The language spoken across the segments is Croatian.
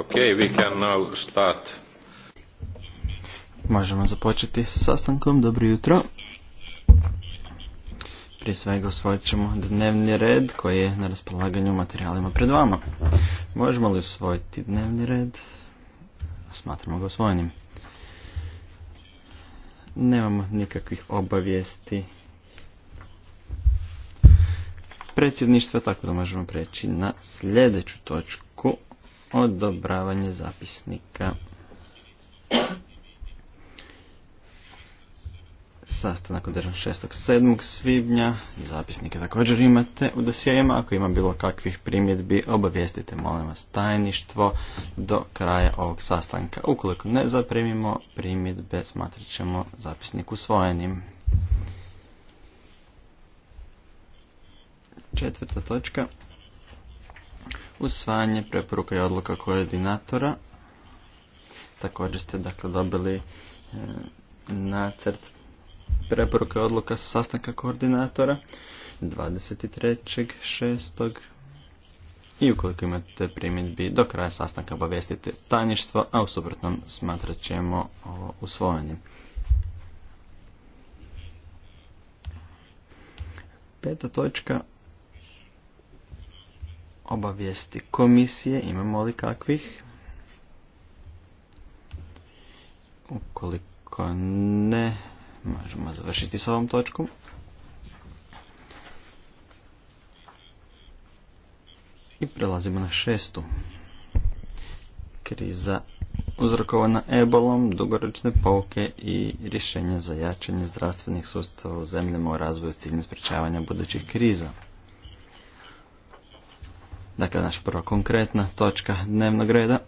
Okay, we can now start. Možemo započeti sa sastankom. Dobro jutro. Prije svega osvojit ćemo dnevni red koji je na raspolaganju materijalima pred vama. Možemo li osvojiti dnevni red? Smatramo ga osvojenim. Nemamo nikakvih obavijesti predsjedništva, tako da možemo preći na sljedeću točku odobravanje zapisnika. Sastanak održan 6.7. svibnja. Zapisnike također imate u dosijajima. Ako ima bilo kakvih primjedbi, obavijestite molim vas tajništvo do kraja ovog sastanka. Ukoliko ne zaprimimo primjedbe, smatrat ćemo zapisnik usvojenim. Četvrta točka usvajanje preporuka i odluka koordinatora. Također ste dakle dobili e, nacrt preporuka i odluka sa sastanka koordinatora 23.6. I ukoliko imate primjedbi do kraja sastanka obavestite tajništvo, a u suprotnom smatrat ćemo ovo usvojenjem. Peta točka obavijesti komisije, imamo li kakvih? Ukoliko ne, možemo završiti s ovom točkom. I prelazimo na šestu. Kriza uzrokovana ebolom, dugoročne pouke i rješenje za jačanje zdravstvenih sustava u zemljama u razvoju s sprečavanja budućih kriza. Dakle, naša prva konkretna točka dnevnog reda.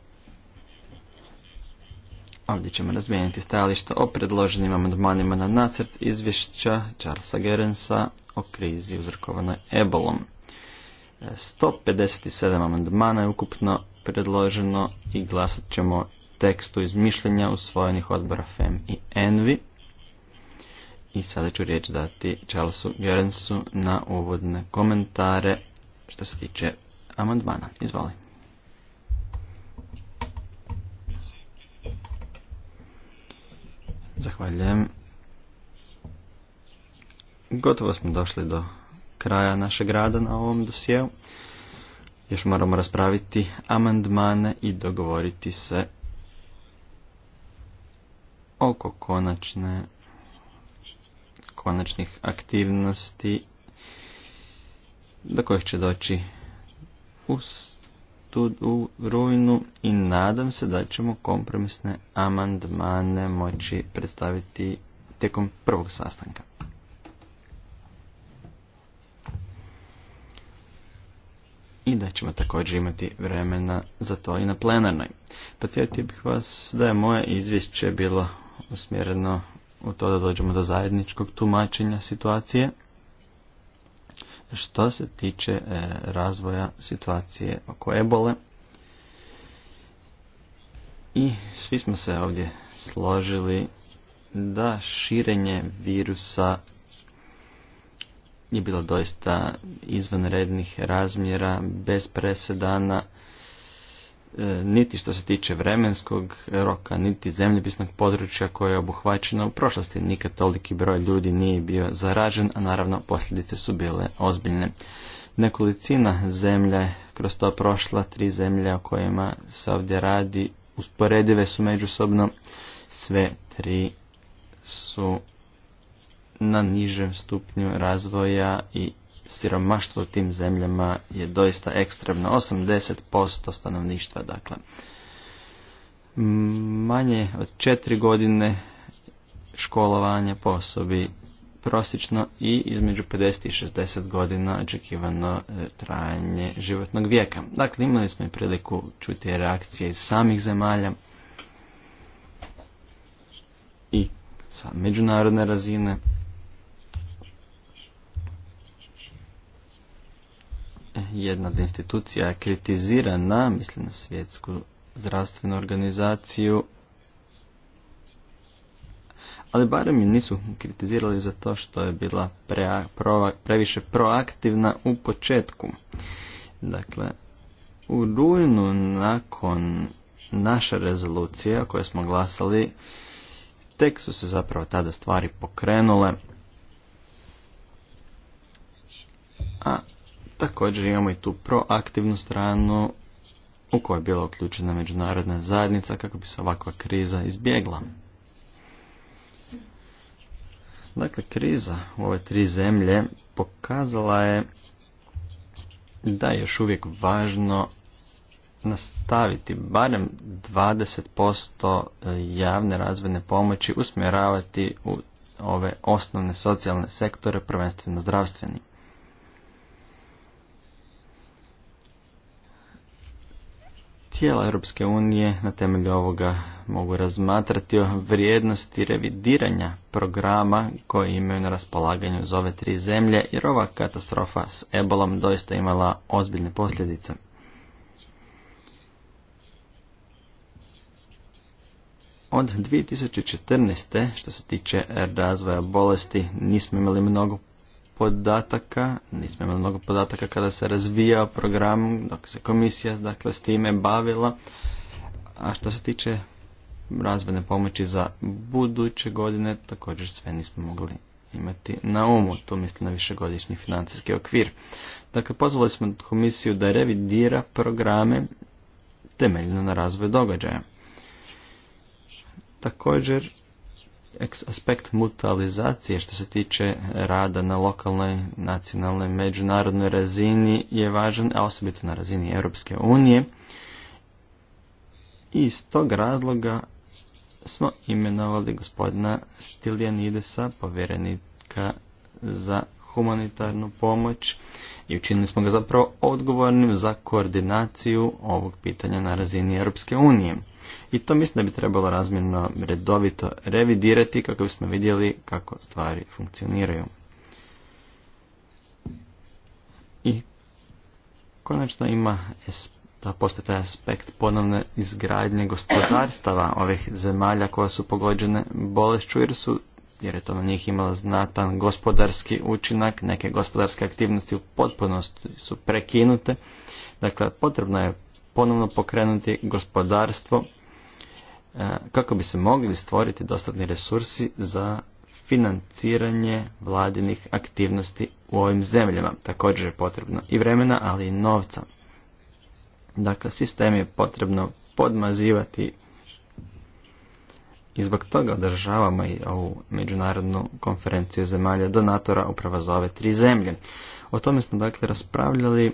Ovdje ćemo razmijeniti stajališta o predloženim amandmanima na nacrt izvješća Charlesa Gerensa o krizi uzrokovanoj ebolom. 157 e, amandmana je ukupno predloženo i glasat ćemo tekstu iz mišljenja usvojenih odbora FEM i ENVI. I sada ću riječ dati Charlesu Gerensu na uvodne komentare što se tiče amandmana. Izvoli. Zahvaljujem. Gotovo smo došli do kraja našeg rada na ovom dosjeu. Još moramo raspraviti amandmane i dogovoriti se oko konačne konačnih aktivnosti do kojih će doći u, rujnu i nadam se da ćemo kompromisne amandmane moći predstaviti tijekom prvog sastanka. i da ćemo također imati vremena za to i na plenarnoj. Podsjetio bih vas da je moje izvješće bilo usmjereno u to da dođemo do zajedničkog tumačenja situacije što se tiče e, razvoja situacije oko ebole. I svi smo se ovdje složili da širenje virusa je bilo doista izvanrednih razmjera, bez presedana E, niti što se tiče vremenskog roka, niti zemljopisnog područja koje je obuhvaćeno u prošlosti. Nikad toliki broj ljudi nije bio zaražen, a naravno posljedice su bile ozbiljne. Nekolicina zemlje kroz to prošla, tri zemlje o kojima se ovdje radi, usporedive su međusobno, sve tri su na nižem stupnju razvoja i siromaštvo u tim zemljama je doista ekstremno. 80% stanovništva, dakle. Manje od četiri godine školovanja po osobi prosječno i između 50 i 60 godina očekivano e, trajanje životnog vijeka. Dakle, imali smo i priliku čuti reakcije iz samih zemalja i sa međunarodne razine jedna od institucija je kritizirana, mislim na svjetsku zdravstvenu organizaciju, ali barem mi nisu kritizirali za to što je bila pre, previše proaktivna u početku. Dakle, u rujnu nakon naše rezolucije o kojoj smo glasali, tek su se zapravo tada stvari pokrenule, a Također imamo i tu proaktivnu stranu u kojoj je bila uključena međunarodna zajednica kako bi se ovakva kriza izbjegla. Dakle, kriza u ove tri zemlje pokazala je da je još uvijek važno nastaviti barem 20% e, javne razvojne pomoći usmjeravati u ove osnovne socijalne sektore, prvenstveno zdravstveni. tijela Europske unije na temelju ovoga mogu razmatrati o vrijednosti revidiranja programa koji imaju na raspolaganju za ove tri zemlje, jer ova katastrofa s ebolom doista imala ozbiljne posljedice. Od 2014. što se tiče razvoja bolesti nismo imali mnogo podataka, nismo imali mnogo podataka kada se razvijao program, dok se komisija dakle, s time bavila. A što se tiče razvojne pomoći za buduće godine, također sve nismo mogli imati na umu, tu mislim na višegodišnji financijski okvir. Dakle, pozvali smo komisiju da revidira programe temeljno na razvoju događaja. Također, aspekt mutualizacije što se tiče rada na lokalnoj, nacionalnoj, međunarodnoj razini je važan, a osobito na razini Europske unije. I iz tog razloga smo imenovali gospodina Stiljanidesa, povjerenika za humanitarnu pomoć i učinili smo ga zapravo odgovornim za koordinaciju ovog pitanja na razini Europske unije. I to mislim da bi trebalo razmjerno redovito revidirati kako bismo vidjeli kako stvari funkcioniraju. I konačno ima da postoji taj aspekt ponovne izgradnje gospodarstava ovih zemalja koja su pogođene bolešću jer su jer je to na njih imalo znatan gospodarski učinak, neke gospodarske aktivnosti u potpunosti su prekinute. Dakle, potrebno je ponovno pokrenuti gospodarstvo e, kako bi se mogli stvoriti dostatni resursi za financiranje vladinih aktivnosti u ovim zemljama. Također je potrebno i vremena, ali i novca. Dakle, sistem je potrebno podmazivati i zbog toga održavamo i ovu međunarodnu konferenciju zemalja donatora upravo za ove tri zemlje. O tome smo dakle raspravljali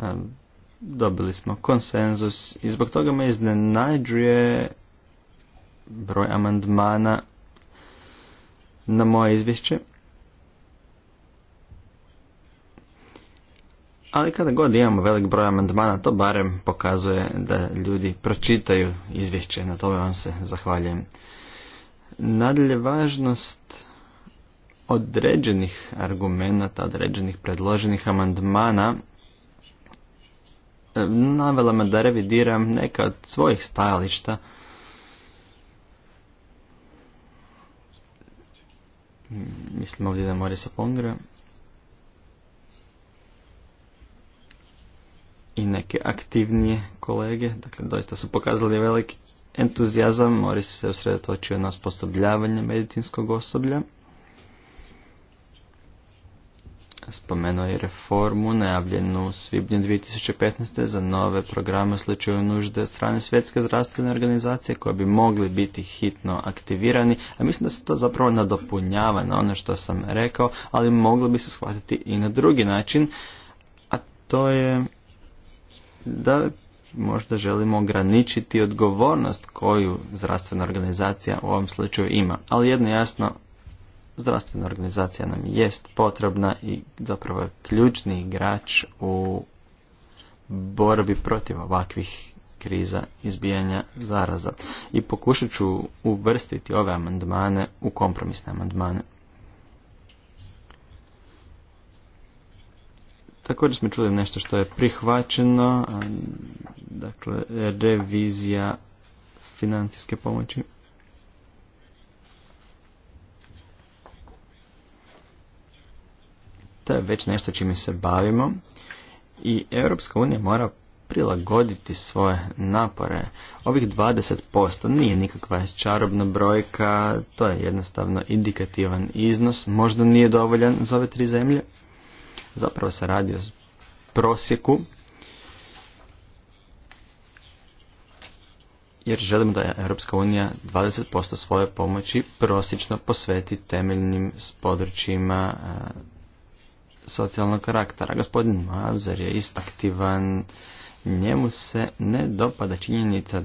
e, dobili smo konsenzus i zbog toga me iznenađuje broj amandmana na moje izvješće. Ali kada god imamo velik broj amandmana, to barem pokazuje da ljudi pročitaju izvješće. Na tome vam se zahvaljujem. Nadalje, važnost određenih argumenata, određenih predloženih amandmana navela me da revidiram neka od svojih stajališta. Mislim ovdje da mora se Pongra. I neke aktivnije kolege. Dakle, doista su pokazali veliki entuzijazam. Moris se usredotočio na osposobljavanje medicinskog osoblja. spomenuo je reformu najavljenu u svibnju 2015. za nove programe u slučaju nužde strane svjetske zdravstvene organizacije koje bi mogli biti hitno aktivirani, a mislim da se to zapravo nadopunjava na ono što sam rekao, ali moglo bi se shvatiti i na drugi način, a to je da možda želimo ograničiti odgovornost koju zdravstvena organizacija u ovom slučaju ima. Ali jedno jasno zdravstvena organizacija nam jest potrebna i zapravo je ključni igrač u borbi protiv ovakvih kriza izbijanja zaraza. I pokušat ću uvrstiti ove amandmane u kompromisne amandmane. Također smo čuli nešto što je prihvaćeno, dakle revizija financijske pomoći. To je već nešto čime se bavimo i Europska unija mora prilagoditi svoje napore. Ovih 20% nije nikakva čarobna brojka, to je jednostavno indikativan iznos, možda nije dovoljan za ove tri zemlje. Zapravo se radi o prosjeku, jer želimo da je Europska unija 20% svoje pomoći prosječno posveti temeljnim područjima socijalnog karaktera. Gospodin Mavzer je aktivan, njemu se ne dopada činjenica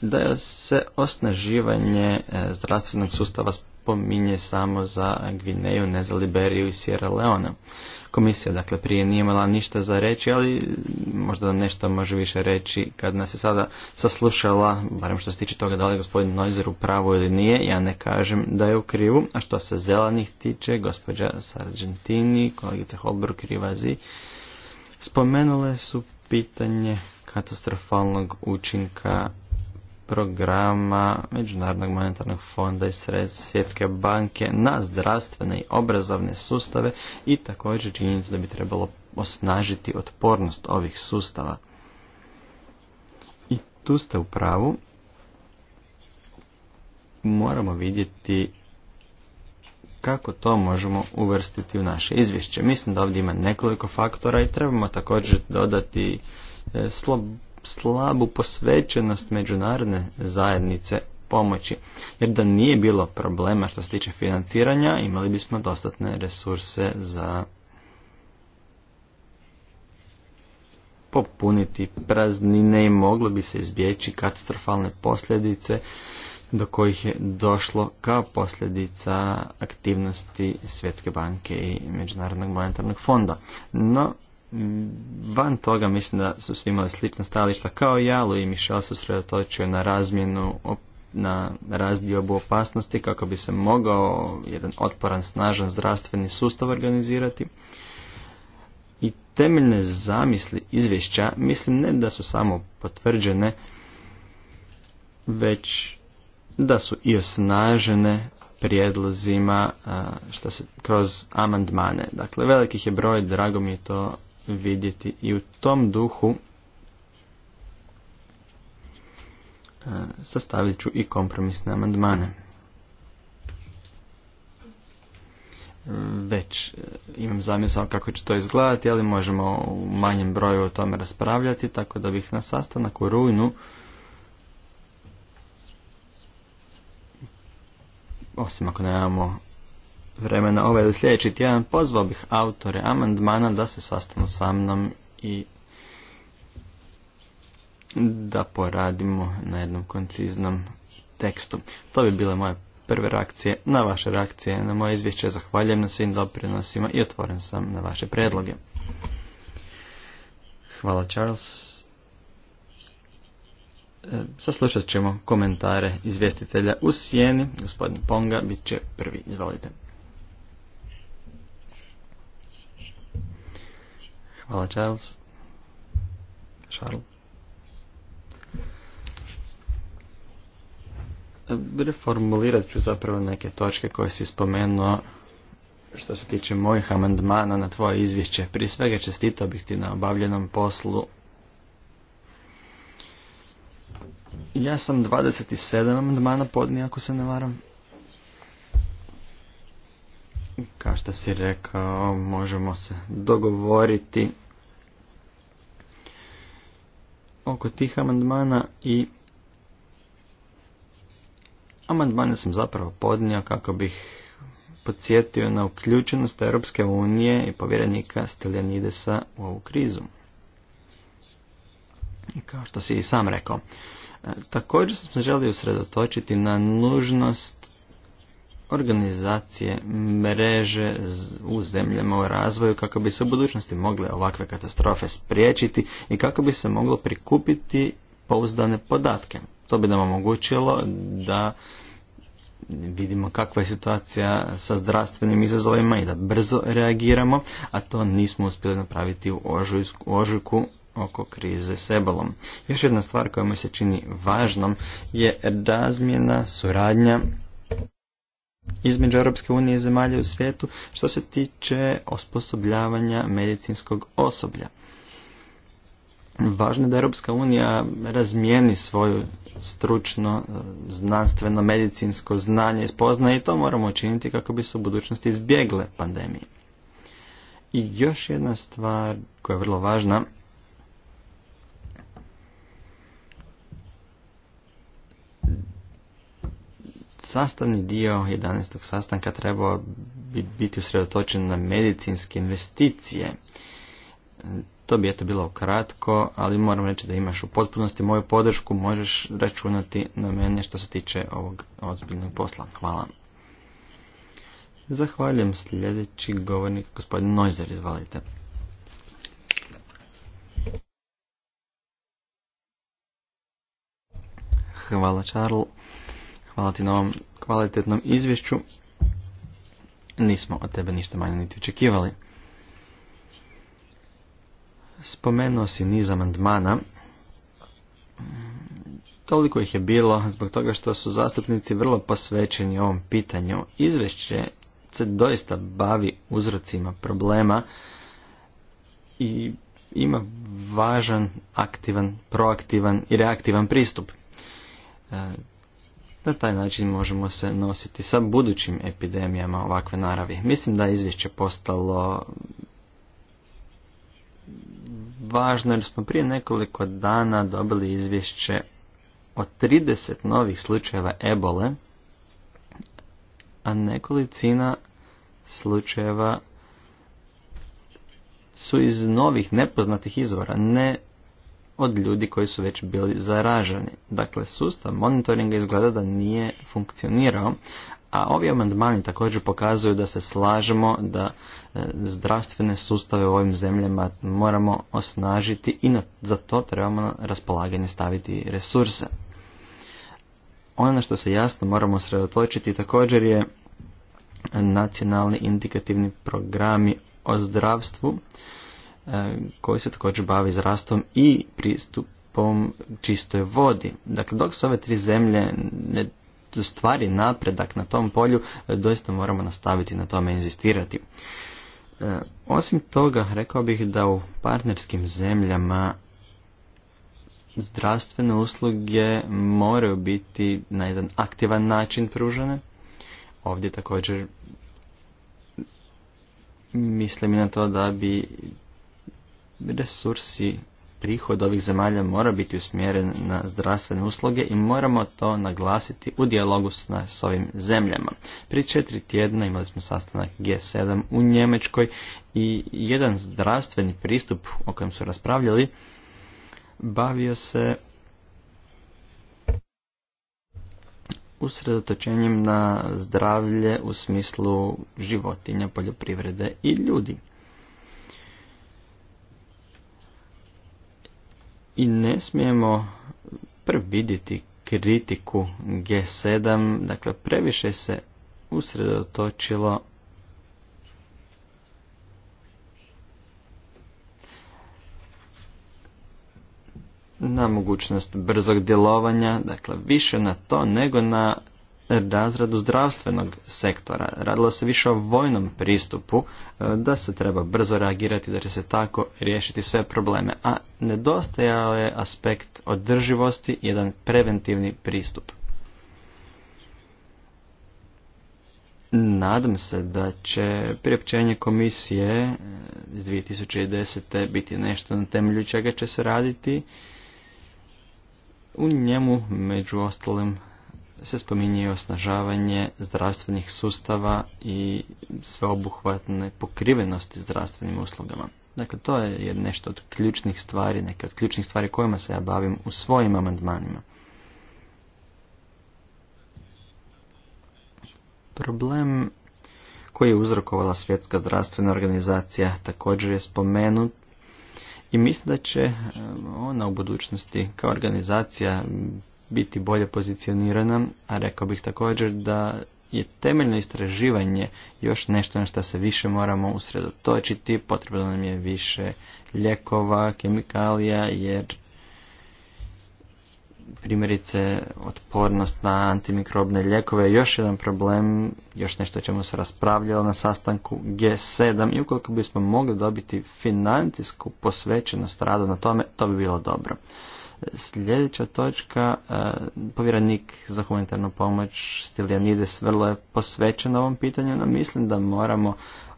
da se osnaživanje e, zdravstvenog sustava spominje samo za Gvineju, ne za Liberiju i Sierra Leone. Komisija dakle prije nije imala ništa za reći, ali možda nešto može više reći kad nas je sada saslušala, barem što se tiče toga da li gospodin Noizer u pravu ili nije, ja ne kažem da je u krivu, a što se zelanih tiče, gospođa Sargentini, kolegica Holbrook Krivazi, spomenule su pitanje katastrofalnog učinka programa Međunarodnog monetarnog fonda i sred svjetske banke na zdravstvene i obrazovne sustave i također činjenicu da bi trebalo osnažiti otpornost ovih sustava. I tu ste u pravu. Moramo vidjeti kako to možemo uvrstiti u naše izvješće. Mislim da ovdje ima nekoliko faktora i trebamo također dodati e, slabu posvećenost međunarodne zajednice pomoći. Jer da nije bilo problema što se tiče financiranja, imali bismo dostatne resurse za popuniti praznine i moglo bi se izbjeći katastrofalne posljedice do kojih je došlo kao posljedica aktivnosti Svjetske banke i Međunarodnog monetarnog fonda. No, Mm, van toga mislim da su svi imali slična stališta kao i Jalu i Mišel su usredotočio na razmjenu na razdiobu opasnosti kako bi se mogao jedan otporan, snažan zdravstveni sustav organizirati. I temeljne zamisli izvješća mislim ne da su samo potvrđene, već da su i osnažene prijedlozima što se, kroz amandmane. Dakle, velikih je broj, drago mi je to vidjeti. I u tom duhu e, sastavit ću i kompromisne amandmane. Već e, imam zamisao kako će to izgledati, ali možemo u manjem broju o tome raspravljati, tako da bih na sastanak u rujnu osim ako nemamo vremena ovaj ili sljedeći tjedan, pozvao bih autore amandmana da se sastanu sa mnom i da poradimo na jednom konciznom tekstu. To bi bile moje prve reakcije na vaše reakcije, na moje izvješće. Zahvaljujem na svim doprinosima i otvoren sam na vaše predloge. Hvala Charles. E, saslušat ćemo komentare izvjestitelja u sjeni. Gospodin Ponga bit će prvi. Izvolite. Hvala Charles. Charles. Reformulirat ću zapravo neke točke koje si spomenuo što se tiče mojih amandmana na tvoje izvješće. Prije svega čestito bih ti na obavljenom poslu. Ja sam 27 amandmana podnio, ako se ne varam. Kao što si rekao, možemo se dogovoriti oko tih amandmana i amandmane sam zapravo podnio kako bih podsjetio na uključenost Europske unije i povjerenika Steljanidesa u ovu krizu. I Kao što si i sam rekao. E, također sam želio usredotočiti na nužnost organizacije mreže u zemljama u razvoju kako bi se u budućnosti mogle ovakve katastrofe spriječiti i kako bi se moglo prikupiti pouzdane podatke. To bi nam omogućilo da vidimo kakva je situacija sa zdravstvenim izazovima i da brzo reagiramo, a to nismo uspjeli napraviti u ožujku oko krize s ebolom. Još jedna stvar koja mi se čini važnom je razmjena, suradnja između Europske unije i zemalja u svijetu što se tiče osposobljavanja medicinskog osoblja. Važno je da Europska unija razmijeni svoju stručno, e, znanstveno, medicinsko znanje i spoznaje i to moramo učiniti kako bi se u budućnosti izbjegle pandemije. I još jedna stvar koja je vrlo važna sastavni dio 11. sastanka trebao biti usredotočen na medicinske investicije. To bi eto bilo kratko, ali moram reći da imaš u potpunosti moju podršku, možeš računati na mene što se tiče ovog ozbiljnog posla. Hvala. Zahvaljujem sljedeći govornik, gospodin Nojzer, izvalite. Hvala, Charles. Hvala ti na ovom kvalitetnom izvješću. Nismo od tebe ništa manje niti očekivali. Spomenuo si niz amandmana. Toliko ih je bilo zbog toga što su zastupnici vrlo posvećeni ovom pitanju. Izvješće se doista bavi uzrocima problema i ima važan, aktivan, proaktivan i reaktivan pristup. E, na taj način možemo se nositi sa budućim epidemijama ovakve naravi. Mislim da je izvješće postalo važno jer smo prije nekoliko dana dobili izvješće o 30 novih slučajeva ebole, a nekolicina slučajeva su iz novih nepoznatih izvora, ne od ljudi koji su već bili zaraženi. Dakle, sustav monitoringa izgleda da nije funkcionirao, a ovi amandmani također pokazuju da se slažemo da e, zdravstvene sustave u ovim zemljama moramo osnažiti i za to trebamo na raspolaganje staviti resurse. Ono što se jasno moramo sredotočiti također je nacionalni indikativni programi o zdravstvu E, koji se također bavi zrastom i pristupom čistoj vodi. Dakle, dok se ove tri zemlje ne stvari napredak na tom polju, e, doista moramo nastaviti na tome inzistirati. E, osim toga, rekao bih da u partnerskim zemljama zdravstvene usluge moraju biti na jedan aktivan način pružene. Ovdje također mislim i na to da bi resursi prihod ovih zemalja mora biti usmjeren na zdravstvene usluge i moramo to naglasiti u dijalogu s, s ovim zemljama. Prije četiri tjedna imali smo sastanak G7 u Njemačkoj i jedan zdravstveni pristup o kojem su raspravljali bavio se usredotočenjem na zdravlje u smislu životinja, poljoprivrede i ljudi. i ne smijemo prviditi kritiku G7, dakle previše se usredotočilo na mogućnost brzog djelovanja, dakle više na to nego na razradu zdravstvenog sektora. Radilo se više o vojnom pristupu, e, da se treba brzo reagirati, da će se tako riješiti sve probleme. A nedostajao je aspekt održivosti, jedan preventivni pristup. Nadam se da će priopćenje komisije e, iz 2010. biti nešto na temelju čega će se raditi. U njemu, među ostalim, se spominje osnažavanje zdravstvenih sustava i sveobuhvatne pokrivenosti zdravstvenim uslugama. Dakle, to je nešto od ključnih stvari, neke od ključnih stvari kojima se ja bavim u svojim amandmanima. Problem koji je uzrokovala svjetska zdravstvena organizacija također je spomenut i mislim da će ehm, ona u budućnosti kao organizacija biti bolje pozicionirana, a rekao bih također da je temeljno istraživanje još nešto na što se više moramo usredotočiti, potrebno nam je više ljekova, kemikalija, jer primjerice otpornost na antimikrobne ljekove je još jedan problem, još nešto ćemo se raspravljalo na sastanku G7 i ukoliko bismo mogli dobiti financijsku posvećenost radu na tome, to bi bilo dobro. Sljedeća točka, e, povjerenik za humanitarnu pomoć Stilianides vrlo je posvećen ovom pitanju, no mislim da moramo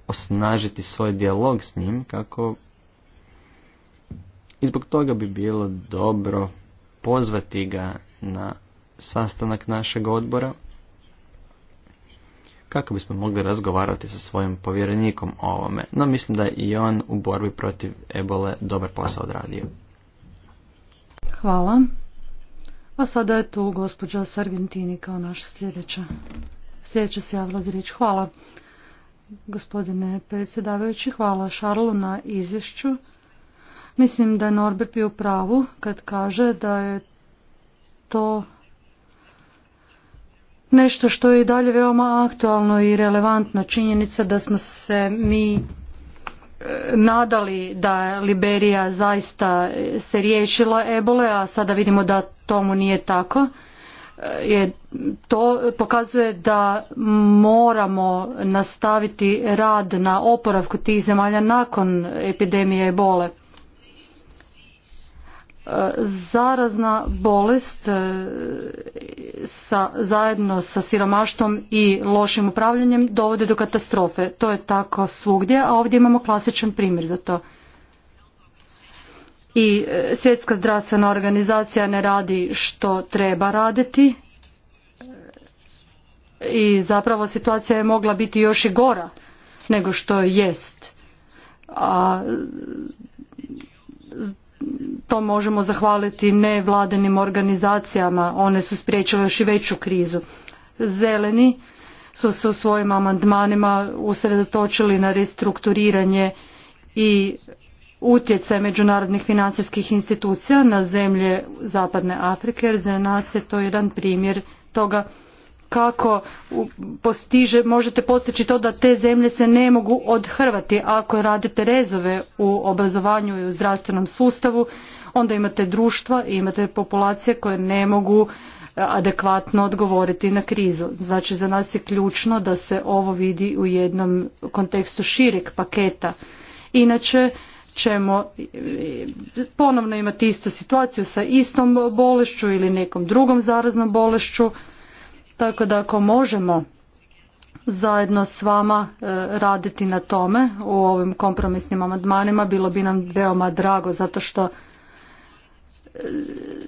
osnažiti svoj dijalog s njim kako i zbog toga bi bilo dobro pozvati ga na sastanak našeg odbora kako bismo mogli razgovarati sa svojim povjerenikom o ovome, no mislim da je i on u borbi protiv ebole dobar posao odradio. Hvala. A sada je tu gospođa Sargentini kao naša sljedeća. Sljedeća se javila za riječ. Hvala. Gospodine predsjedavajući, hvala Šarlu na izvješću. Mislim da je Norbert bio u pravu kad kaže da je to nešto što je i dalje veoma aktualno i relevantna činjenica da smo se mi nadali da je Liberija zaista se riješila ebole, a sada vidimo da tomu nije tako. E, to pokazuje da moramo nastaviti rad na oporavku tih zemalja nakon epidemije ebole zarazna bolest e, zajedno sa siromaštom i lošim upravljanjem dovode do katastrofe. To je tako svugdje, a ovdje imamo klasičan primjer za to. I e, svjetska zdravstvena organizacija ne radi što treba raditi e, i zapravo situacija je mogla biti još i gora nego što jest. A to možemo zahvaliti nevladenim organizacijama, one su spriječile još i veću krizu. Zeleni su se u svojim amandmanima usredotočili na restrukturiranje i utjecaj međunarodnih financijskih institucija na zemlje Zapadne Afrike, jer za nas je to jedan primjer toga kako postiže, možete postići to da te zemlje se ne mogu odhrvati ako radite rezove u obrazovanju i u zdravstvenom sustavu onda imate društva i imate populacije koje ne mogu e, adekvatno odgovoriti na krizu. Znači za nas je ključno da se ovo vidi u jednom kontekstu šireg paketa. Inače ćemo e, ponovno imati istu situaciju sa istom bolešću ili nekom drugom zaraznom bolešću tako da ako možemo zajedno s vama e, raditi na tome u ovim kompromisnim amandmanima bilo bi nam veoma drago zato što e,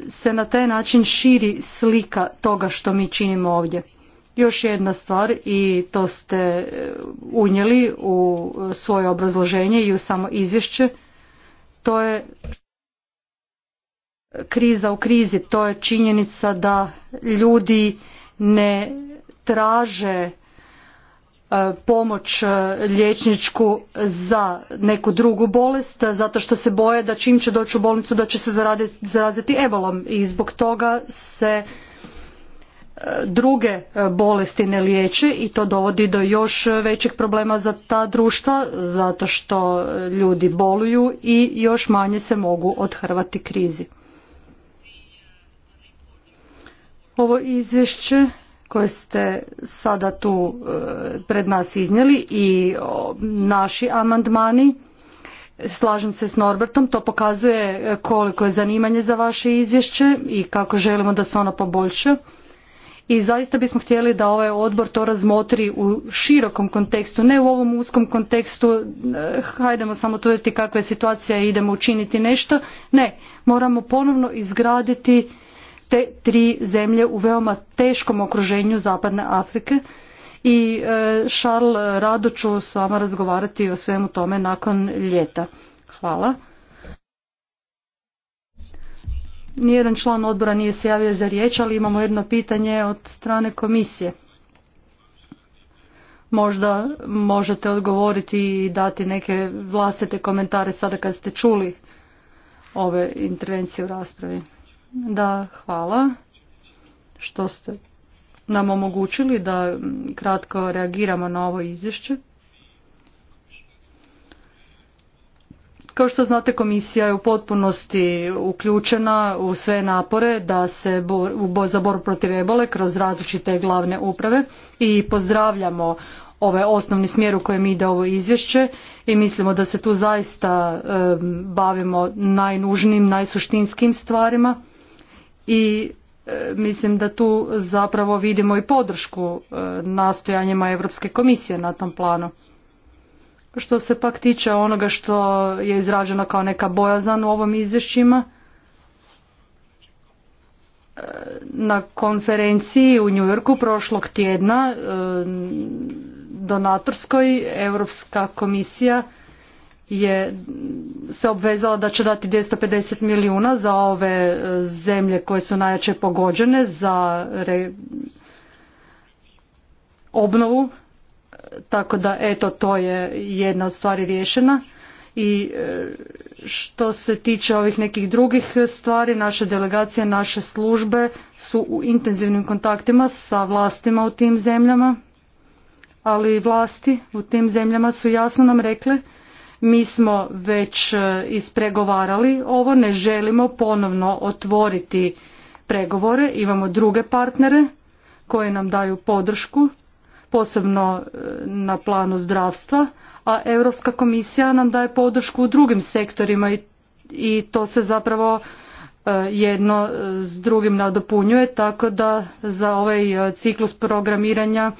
se na taj način širi slika toga što mi činimo ovdje. Još jedna stvar i to ste e, unijeli u svoje obrazloženje i u samo izvješće, to je kriza u krizi, to je činjenica da ljudi ne traže e, pomoć e, liječničku za neku drugu bolest zato što se boje da čim će doći u bolnicu da će se zaraziti ebolom i zbog toga se e, druge bolesti ne liječe i to dovodi do još većeg problema za ta društva zato što ljudi boluju i još manje se mogu odhrvati krizi. ovo izvješće koje ste sada tu e, pred nas iznijeli i naši amandmani. Slažem se s Norbertom, to pokazuje koliko je zanimanje za vaše izvješće i kako želimo da se ono poboljša. I zaista bismo htjeli da ovaj odbor to razmotri u širokom kontekstu, ne u ovom uskom kontekstu, e, hajdemo samo tvrditi kakva je situacija i idemo učiniti nešto. Ne, moramo ponovno izgraditi te tri zemlje u veoma teškom okruženju Zapadne Afrike i e, Šarl rado ću s vama razgovarati o svemu tome nakon ljeta. Hvala. Nijedan član odbora nije se javio za riječ, ali imamo jedno pitanje od strane komisije. Možda možete odgovoriti i dati neke vlastite komentare sada kad ste čuli ove intervencije u raspravi. Da, hvala što ste nam omogućili da kratko reagiramo na ovo izvješće. Kao što znate, komisija je u potpunosti uključena u sve napore da se za borbu protiv ebole kroz različite glavne uprave i pozdravljamo ovaj osnovni smjer u kojem ide ovo izvješće i mislimo da se tu zaista bavimo najnužnim, najsuštinskim stvarima i e, mislim da tu zapravo vidimo i podršku e, nastojanjima Europske komisije na tom planu. Što se pak tiče onoga što je izraženo kao neka bojazan u ovom izvješćima, e, na konferenciji u Njujorku prošlog tjedna donatorskoj Europska komisija je se obvezala da će dati 250 milijuna za ove e, zemlje koje su najjače pogođene za obnovu e, tako da eto to je jedna od stvari riješena i e, što se tiče ovih nekih drugih stvari naše delegacije naše službe su u intenzivnim kontaktima sa vlastima u tim zemljama ali vlasti u tim zemljama su jasno nam rekle mi smo već e, ispregovarali ovo, ne želimo ponovno otvoriti pregovore, imamo druge partnere koje nam daju podršku, posebno e, na planu zdravstva, a Europska komisija nam daje podršku u drugim sektorima i to se zapravo e, jedno s drugim nadopunjuje, tako da za ovaj ciklus programiranja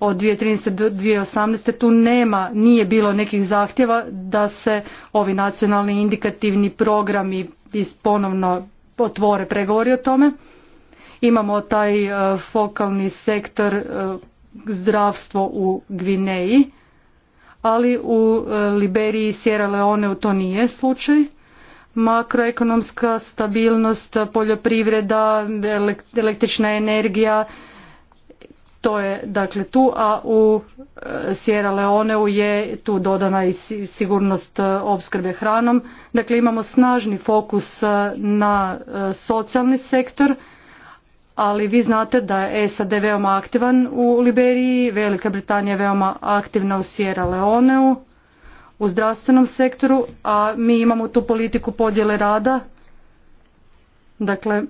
od 2013. do 2018. tu nema, nije bilo nekih zahtjeva da se ovi nacionalni indikativni programi ponovno otvore pregovori o tome. Imamo taj e, fokalni sektor e, zdravstvo u Gvineji, ali u e, Liberiji i Sierra Leone to nije slučaj. Makroekonomska stabilnost, poljoprivreda, električna energija, to je dakle tu, a u e, Sierra Leoneu je tu dodana i sigurnost e, opskrbe hranom. Dakle, imamo snažni fokus e, na socijalni sektor, ali vi znate da je SAD veoma aktivan u Liberiji, Velika Britanija je veoma aktivna u Sierra Leoneu, u zdravstvenom sektoru, a mi imamo tu politiku podjele rada. Dakle,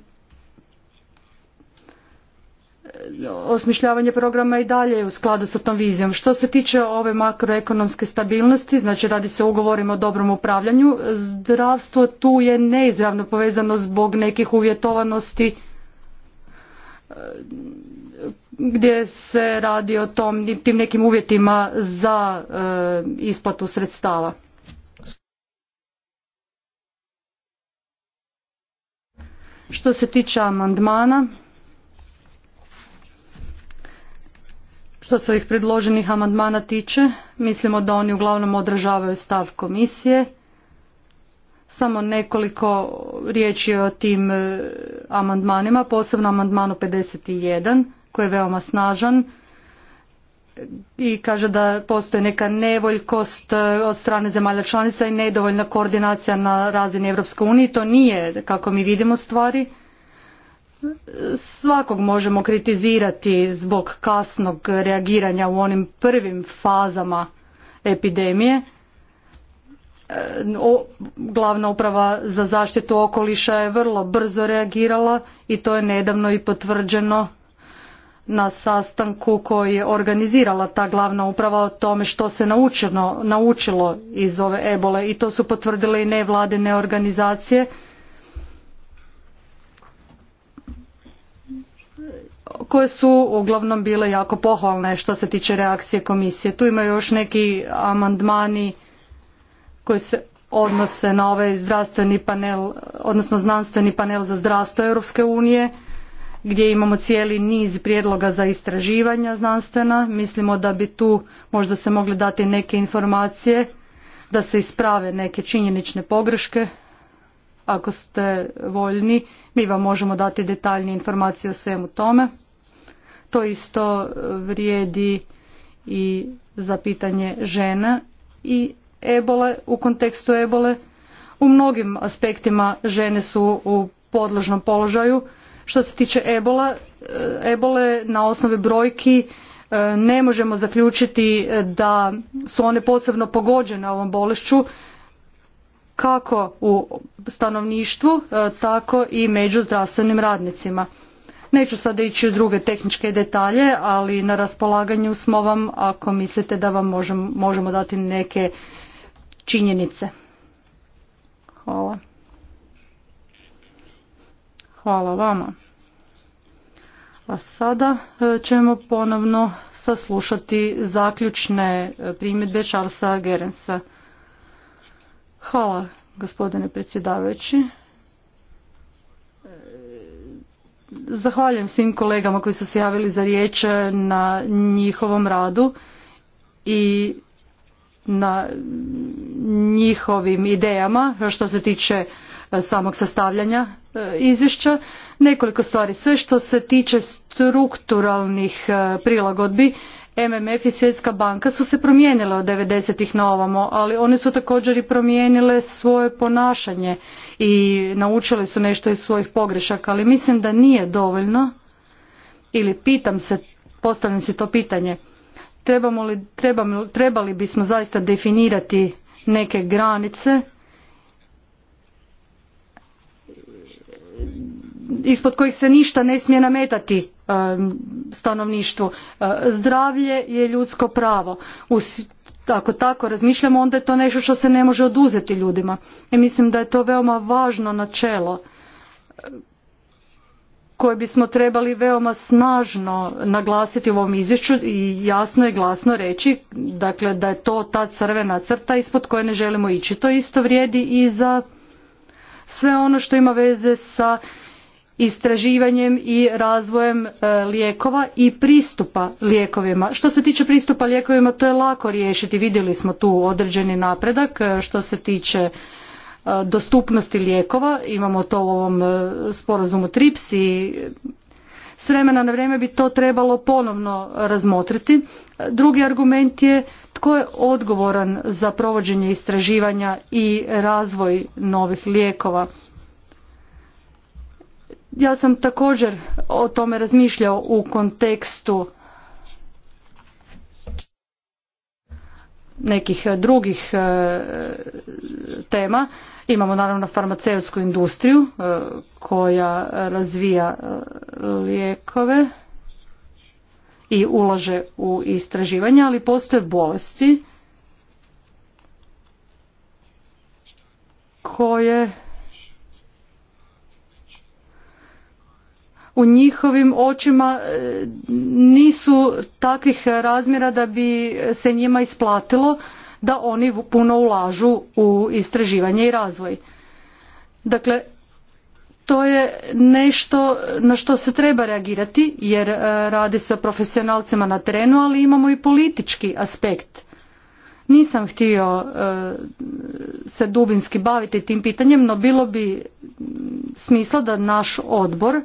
osmišljavanje programa i dalje u skladu sa tom vizijom. Što se tiče ove makroekonomske stabilnosti, znači radi se o ugovorima o dobrom upravljanju, zdravstvo tu je neizravno povezano zbog nekih uvjetovanosti gdje se radi o tom, tim nekim uvjetima za e, isplatu sredstava. Što se tiče amandmana, Što se ovih predloženih amandmana tiče, mislimo da oni uglavnom odražavaju stav komisije. Samo nekoliko riječi o tim e, amandmanima, posebno amandmanu 51 koji je veoma snažan i kaže da postoji neka nevoljkost e, od strane zemalja članica i nedovoljna koordinacija na razini EU. To nije kako mi vidimo stvari svakog možemo kritizirati zbog kasnog reagiranja u onim prvim fazama epidemije. E, glavna uprava za zaštitu okoliša je vrlo brzo reagirala i to je nedavno i potvrđeno na sastanku koji je organizirala ta glavna uprava o tome što se naučeno, naučilo iz ove ebole i to su potvrdile i nevladine organizacije koje su uglavnom bile jako pohvalne što se tiče reakcije komisije. Tu imaju još neki amandmani koji se odnose na ovaj zdravstveni panel, odnosno znanstveni panel za zdravstvo Europske unije, gdje imamo cijeli niz prijedloga za istraživanja znanstvena. Mislimo da bi tu možda se mogli dati neke informacije da se isprave neke činjenične pogreške ako ste voljni, mi vam možemo dati detaljnije informacije o svemu tome. To isto vrijedi i za pitanje žena i ebole, u kontekstu ebole. U mnogim aspektima žene su u podložnom položaju. Što se tiče ebola, eh, ebole na osnovi brojki eh, ne možemo zaključiti da su one posebno pogođene ovom bolešću kako u stanovništvu, e, tako i među zdravstvenim radnicima. Neću sada ići u druge tehničke detalje, ali na raspolaganju smo vam ako mislite da vam možemo, možemo dati neke činjenice. Hvala. Hvala vama. A sada e, ćemo ponovno saslušati zaključne e, primjedbe Charlesa Gerensa. Hvala gospodine predsjedavajući. Zahvaljujem svim kolegama koji su se javili za riječ na njihovom radu i na njihovim idejama što se tiče e, samog sastavljanja e, izvješća. Nekoliko stvari. Sve što se tiče strukturalnih e, prilagodbi MMF i Svjetska banka su se promijenile od 90-ih na ovamo, ali one su također i promijenile svoje ponašanje i naučile su nešto iz svojih pogrešaka, ali mislim da nije dovoljno ili pitam se, postavljam si to pitanje, trebamo li, trebali bismo zaista definirati neke granice ispod kojih se ništa ne smije nametati Um, stanovništvu. Uh, zdravlje je ljudsko pravo. Ako tako razmišljamo, onda je to nešto što se ne može oduzeti ljudima. I mislim da je to veoma važno načelo koje bismo trebali veoma snažno naglasiti u ovom izvješću i jasno i glasno reći dakle, da je to ta crvena crta ispod koje ne želimo ići. To isto vrijedi i za sve ono što ima veze sa istraživanjem i razvojem e, lijekova i pristupa lijekovima. Što se tiče pristupa lijekovima, to je lako riješiti. Vidjeli smo tu određeni napredak e, što se tiče e, dostupnosti lijekova. Imamo to u ovom sporazumu TRIPS i s vremena na vrijeme bi to trebalo ponovno razmotriti. Drugi argument je tko je odgovoran za provođenje istraživanja i razvoj novih lijekova ja sam također o tome razmišljao u kontekstu nekih e, drugih e, tema. Imamo naravno farmaceutsku industriju e, koja razvija lijekove i ulaže u istraživanja, ali postoje bolesti koje u njihovim očima e, nisu takvih razmjera da bi se njima isplatilo da oni puno ulažu u istraživanje i razvoj. Dakle, to je nešto na što se treba reagirati jer e, radi se o profesionalcima na terenu, ali imamo i politički aspekt. Nisam htio e, se dubinski baviti tim pitanjem, no bilo bi smisla da naš odbor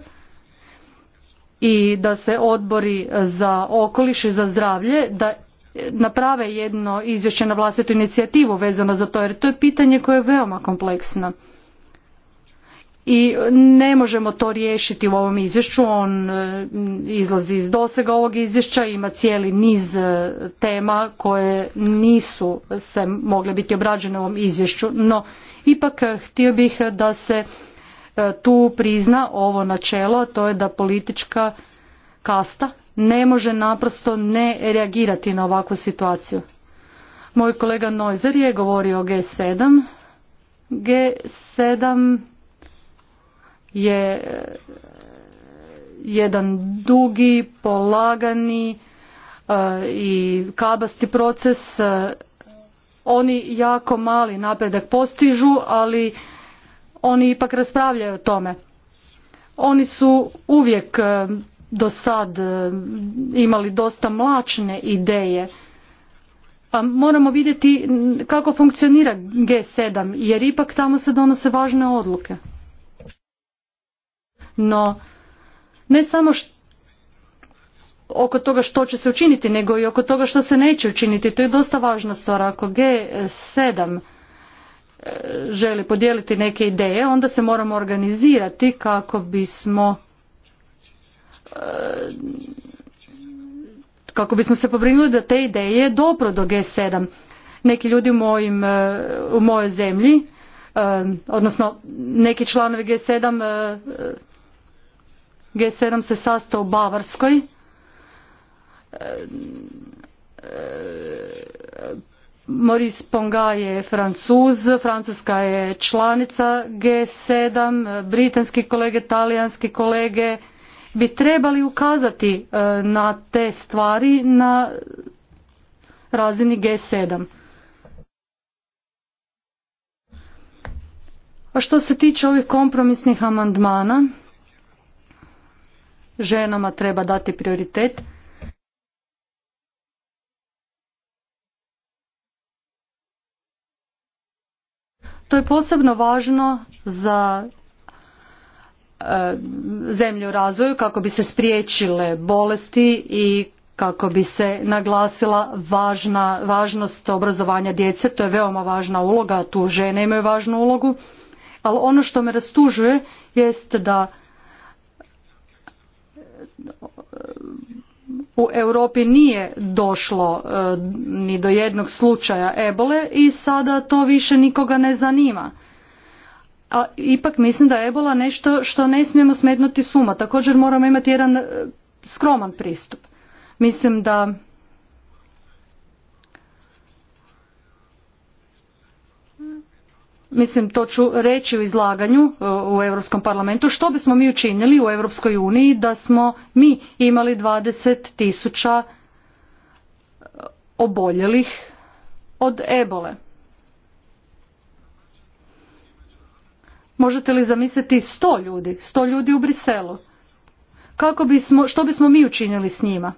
i da se odbori za okoliš i za zdravlje da naprave jedno izvješće na vlastitu inicijativu vezano za to jer to je pitanje koje je veoma kompleksno i ne možemo to riješiti u ovom izvješću on e, izlazi iz dosega ovog izvješća ima cijeli niz e, tema koje nisu se mogle biti obrađene u ovom izvješću no ipak e, htio bih da se E, tu prizna ovo načelo, to je da politička kasta ne može naprosto ne reagirati na ovakvu situaciju. Moj kolega Nojzer je govorio o G7. G7 je e, jedan dugi, polagani e, i kabasti proces. Oni jako mali napredak postižu, ali oni ipak raspravljaju o tome. Oni su uvijek e, do sad e, imali dosta mlačne ideje. A moramo vidjeti kako funkcionira G7, jer ipak tamo se donose važne odluke. No, ne samo oko toga što će se učiniti, nego i oko toga što se neće učiniti. To je dosta važna stvar. Ako G7 želi podijeliti neke ideje, onda se moramo organizirati kako bismo e, kako bismo se pobrinuli da te ideje dobro do G7. Neki ljudi u, mojim, e, u mojoj zemlji, e, odnosno neki članovi G7, G7 se sastao u Bavarskoj, Maurice Ponga je francuz, francuska je članica G7, britanski kolege, talijanski kolege bi trebali ukazati e, na te stvari na razini G7. A što se tiče ovih kompromisnih amandmana, ženama treba dati prioritet. To je posebno važno za e, zemlju u razvoju kako bi se spriječile bolesti i kako bi se naglasila važna, važnost obrazovanja djece. To je veoma važna uloga, tu žene imaju važnu ulogu. Ali ono što me rastužuje jest da u Europi nije došlo e, ni do jednog slučaja ebole i sada to više nikoga ne zanima. A ipak mislim da je ebola nešto što ne smijemo smetnuti suma. Također moramo imati jedan e, skroman pristup. Mislim da mislim to ću reći u izlaganju e, u Europskom parlamentu, što bismo mi učinili u Europskoj uniji da smo mi imali dvadeset tisuća e, oboljelih od ebole. Možete li zamisliti sto ljudi, sto ljudi u Briselu? Kako bismo, što bismo mi učinili s njima?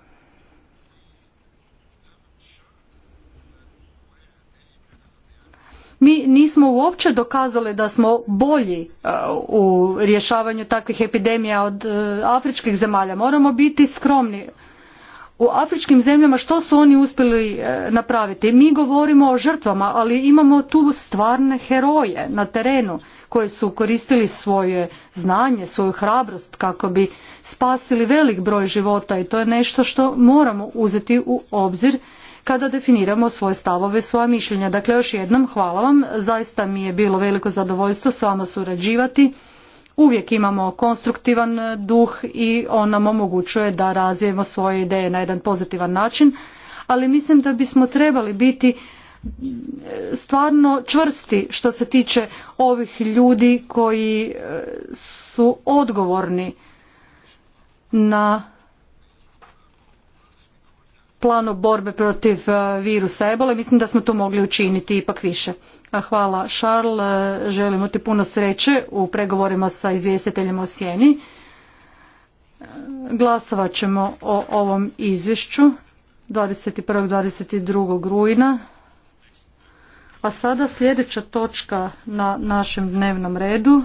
Mi nismo uopće dokazali da smo bolji e, u rješavanju takvih epidemija od e, afričkih zemalja. Moramo biti skromni u afričkim zemljama što su oni uspjeli e, napraviti mi govorimo o žrtvama ali imamo tu stvarne heroje na terenu koji su koristili svoje znanje svoju hrabrost kako bi spasili velik broj života i to je nešto što moramo uzeti u obzir kada definiramo svoje stavove, svoja mišljenja. Dakle, još jednom hvala vam, zaista mi je bilo veliko zadovoljstvo s vama surađivati. Uvijek imamo konstruktivan duh i on nam omogućuje da razvijemo svoje ideje na jedan pozitivan način, ali mislim da bismo trebali biti e, stvarno čvrsti što se tiče ovih ljudi koji e, su odgovorni na planu borbe protiv e, virusa ebole. Mislim da smo to mogli učiniti ipak više. Hvala Šarl, e, želimo ti puno sreće u pregovorima sa izvjestiteljem o sjeni. E, glasovat ćemo o ovom izvješću 21. 22. rujna. A sada sljedeća točka na našem dnevnom redu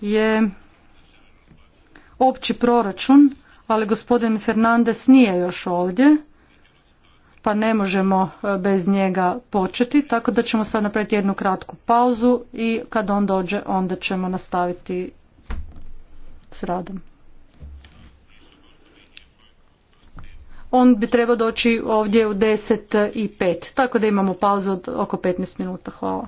je opći proračun, ali gospodin Fernandez nije još ovdje pa ne možemo e, bez njega početi, tako da ćemo sad napraviti jednu kratku pauzu i kad on dođe onda ćemo nastaviti s radom. On bi trebao doći ovdje u 10 i 5, tako da imamo pauzu od oko 15 minuta. Hvala.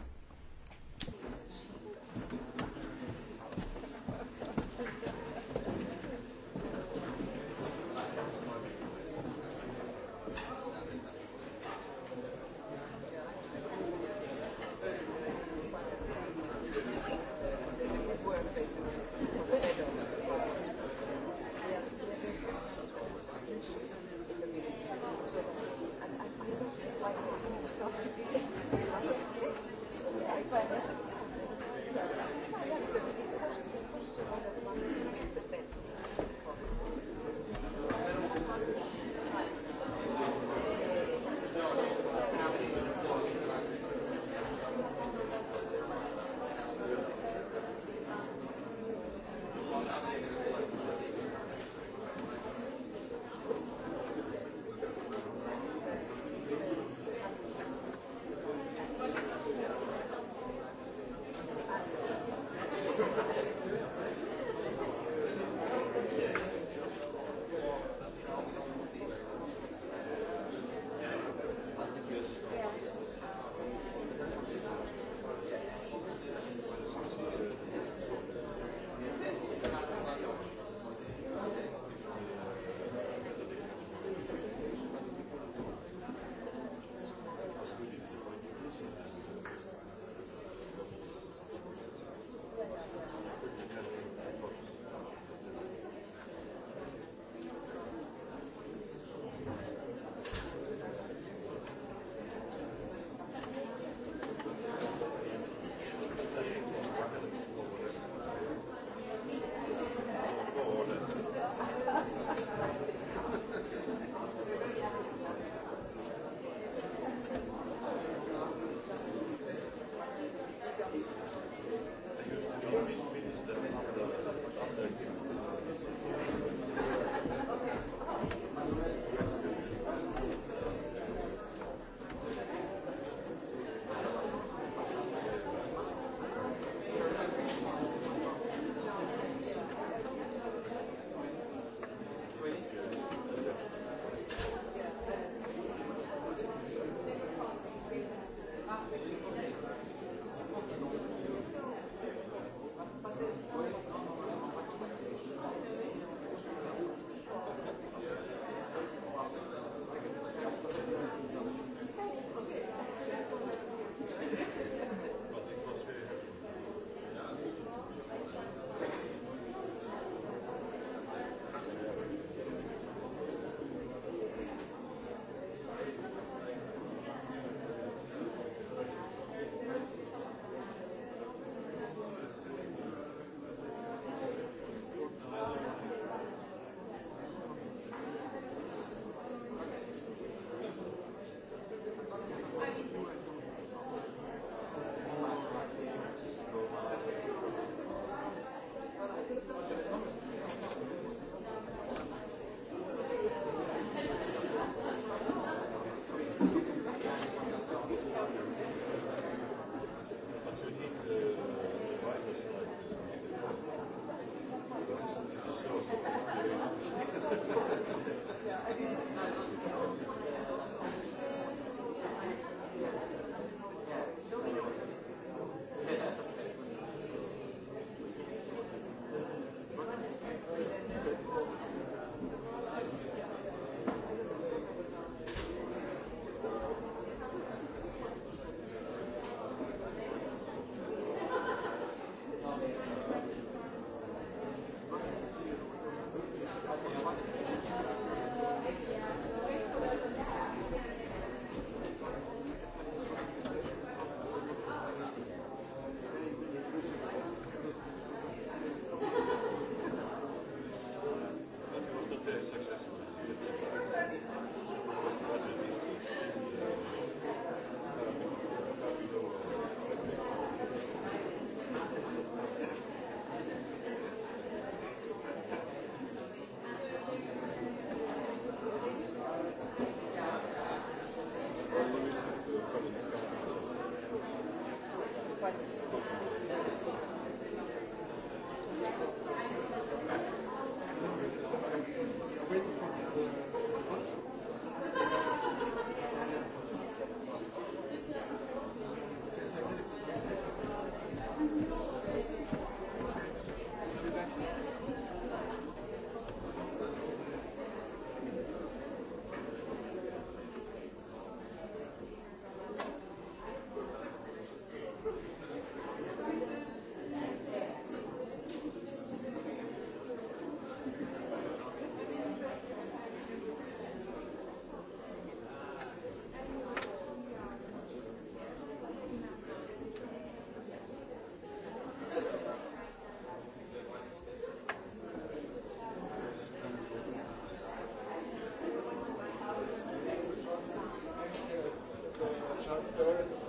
Hvala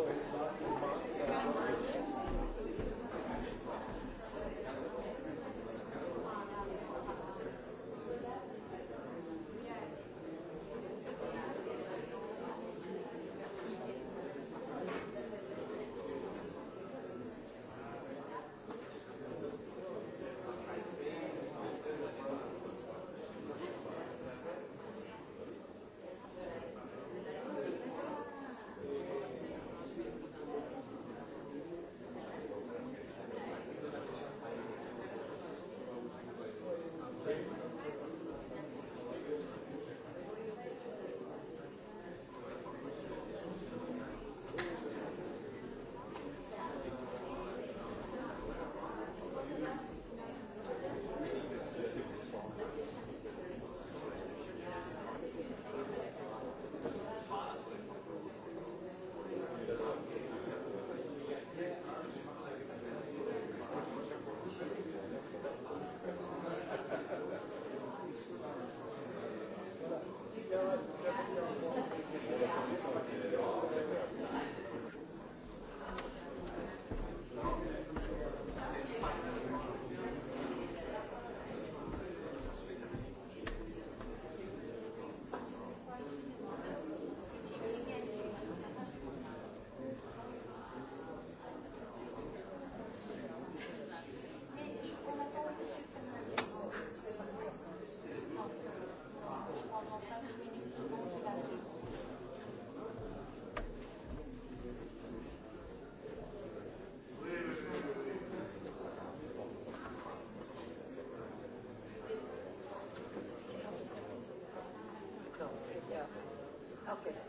Okay.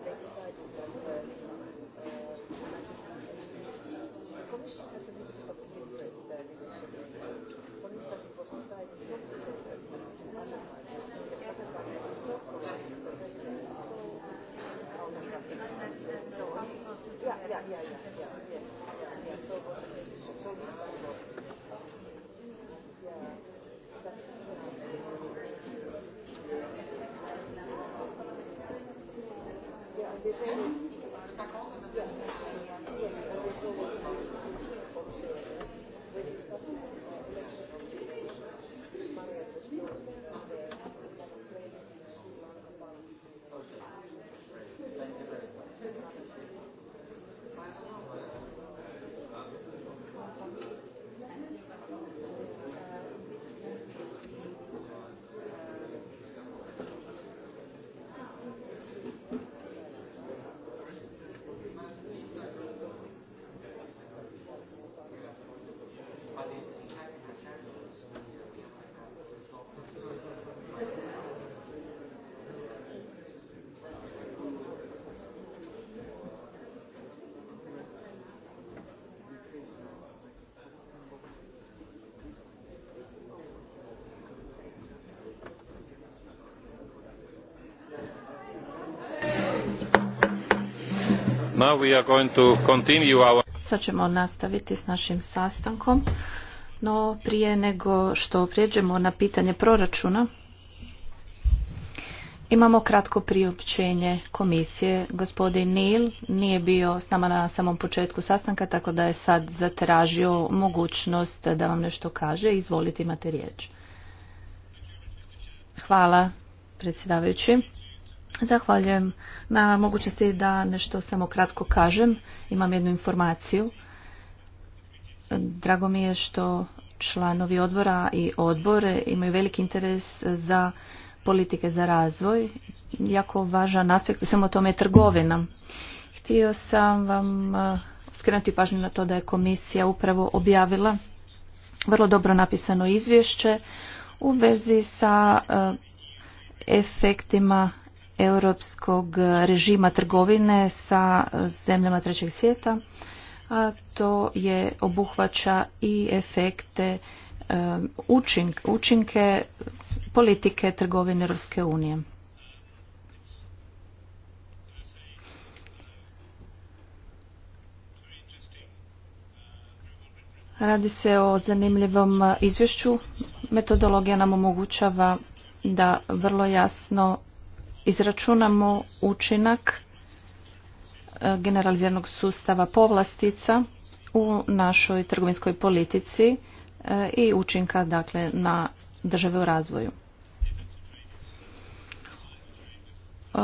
Uzbekistan Now we Sad ćemo nastaviti s našim sastankom, no prije nego što prijeđemo na pitanje proračuna, Imamo kratko priopćenje komisije. Gospodin Nil nije bio s nama na samom početku sastanka, tako da je sad zatražio mogućnost da vam nešto kaže. Izvolite, imate riječ. Hvala, predsjedavajući. Zahvaljujem na mogućnosti da nešto samo kratko kažem. Imam jednu informaciju. Drago mi je što članovi odbora i odbore imaju veliki interes za politike za razvoj. Jako važan aspekt u svemu tome je trgovina. Htio sam vam eh, skrenuti pažnju na to da je komisija upravo objavila vrlo dobro napisano izvješće u vezi sa eh, efektima europskog režima trgovine sa zemljama trećeg svijeta, a to je obuhvaća i efekte učinke politike trgovine Ruske unije. Radi se o zanimljivom izvješću. Metodologija nam omogućava da vrlo jasno izračunamo učinak e, generaliziranog sustava povlastica u našoj trgovinskoj politici e, i učinka dakle na države u razvoju. E,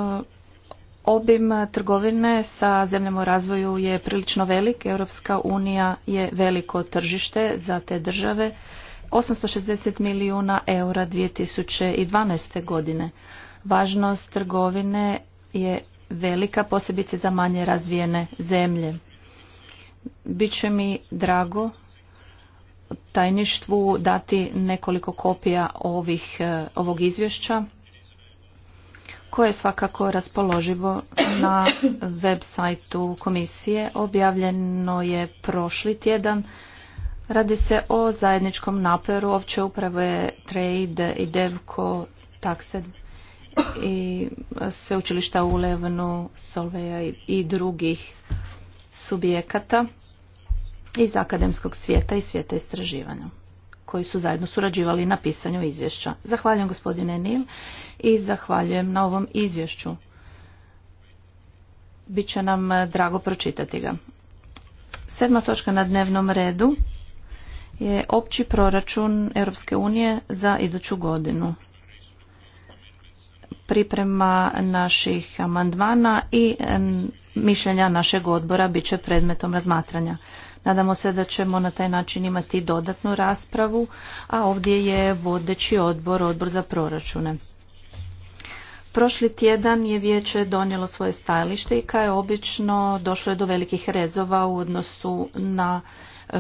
obim trgovine sa zemljama u razvoju je prilično velik. Europska unija je veliko tržište za te države. 860 milijuna eura 2012. godine. Važnost trgovine je velika, posebice za manje razvijene zemlje. Biće mi drago tajništvu dati nekoliko kopija ovih, e, ovog izvješća koje je svakako raspoloživo na web sajtu komisije. Objavljeno je prošli tjedan. Radi se o zajedničkom naperu opće uprave Trade i Devko Taxed i sveučilišta u Levnu, Solveja i drugih subjekata iz akademskog svijeta i svijeta istraživanja koji su zajedno surađivali na pisanju izvješća. Zahvaljujem gospodine Nil i zahvaljujem na ovom izvješću. Biće nam eh, drago pročitati ga. Sedma točka na dnevnom redu je opći proračun Europske unije za iduću godinu priprema naših amandmana i mišljenja našeg odbora bit će predmetom razmatranja. Nadamo se da ćemo na taj način imati dodatnu raspravu, a ovdje je vodeći odbor, odbor za proračune. Prošli tjedan je vijeće donijelo svoje stajalište i kao je obično došlo je do velikih rezova u odnosu na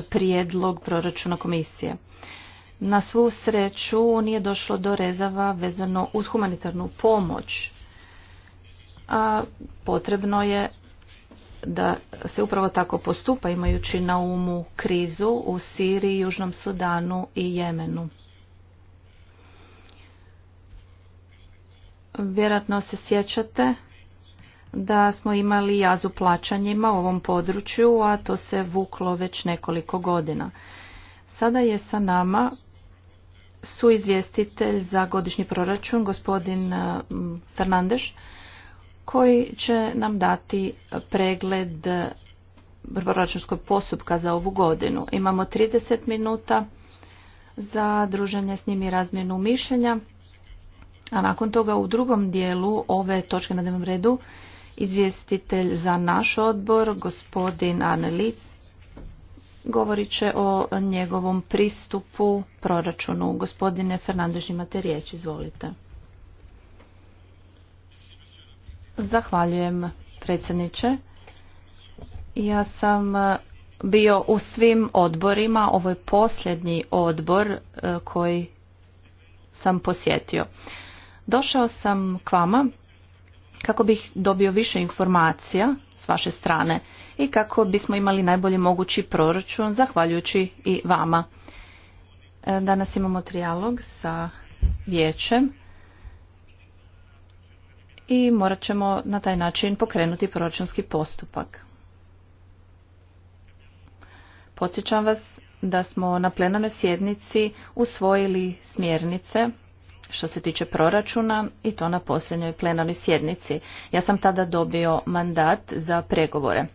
prijedlog proračuna komisije. Na svu sreću nije došlo do rezava vezano uz humanitarnu pomoć. A potrebno je da se upravo tako postupa imajući na umu krizu u Siriji, Južnom Sudanu i Jemenu. Vjerojatno se sjećate da smo imali jazu plaćanjima u ovom području, a to se vuklo već nekoliko godina. Sada je sa nama su izvjestitelj za godišnji proračun, gospodin eh, Fernandeš, koji će nam dati pregled proračunskog postupka za ovu godinu. Imamo 30 minuta za druženje s njim i razmjenu mišljenja, a nakon toga u drugom dijelu ove točke na dnevnom redu izvjestitelj za naš odbor, gospodin Arne Litz, govorit će o njegovom pristupu proračunu. Gospodine Fernandež, imate riječ, izvolite. Zahvaljujem predsjedniče. Ja sam bio u svim odborima, ovo je posljednji odbor e, koji sam posjetio. Došao sam k vama kako bih dobio više informacija s vaše strane i kako bismo imali najbolji mogući proračun zahvaljujući i vama. E, danas imamo trijalog sa vijećem i morat ćemo na taj način pokrenuti proračunski postupak. Podsjećam vas da smo na plenarnoj sjednici usvojili smjernice što se tiče proračuna i to na posljednjoj plenarnoj sjednici. Ja sam tada dobio mandat za pregovore.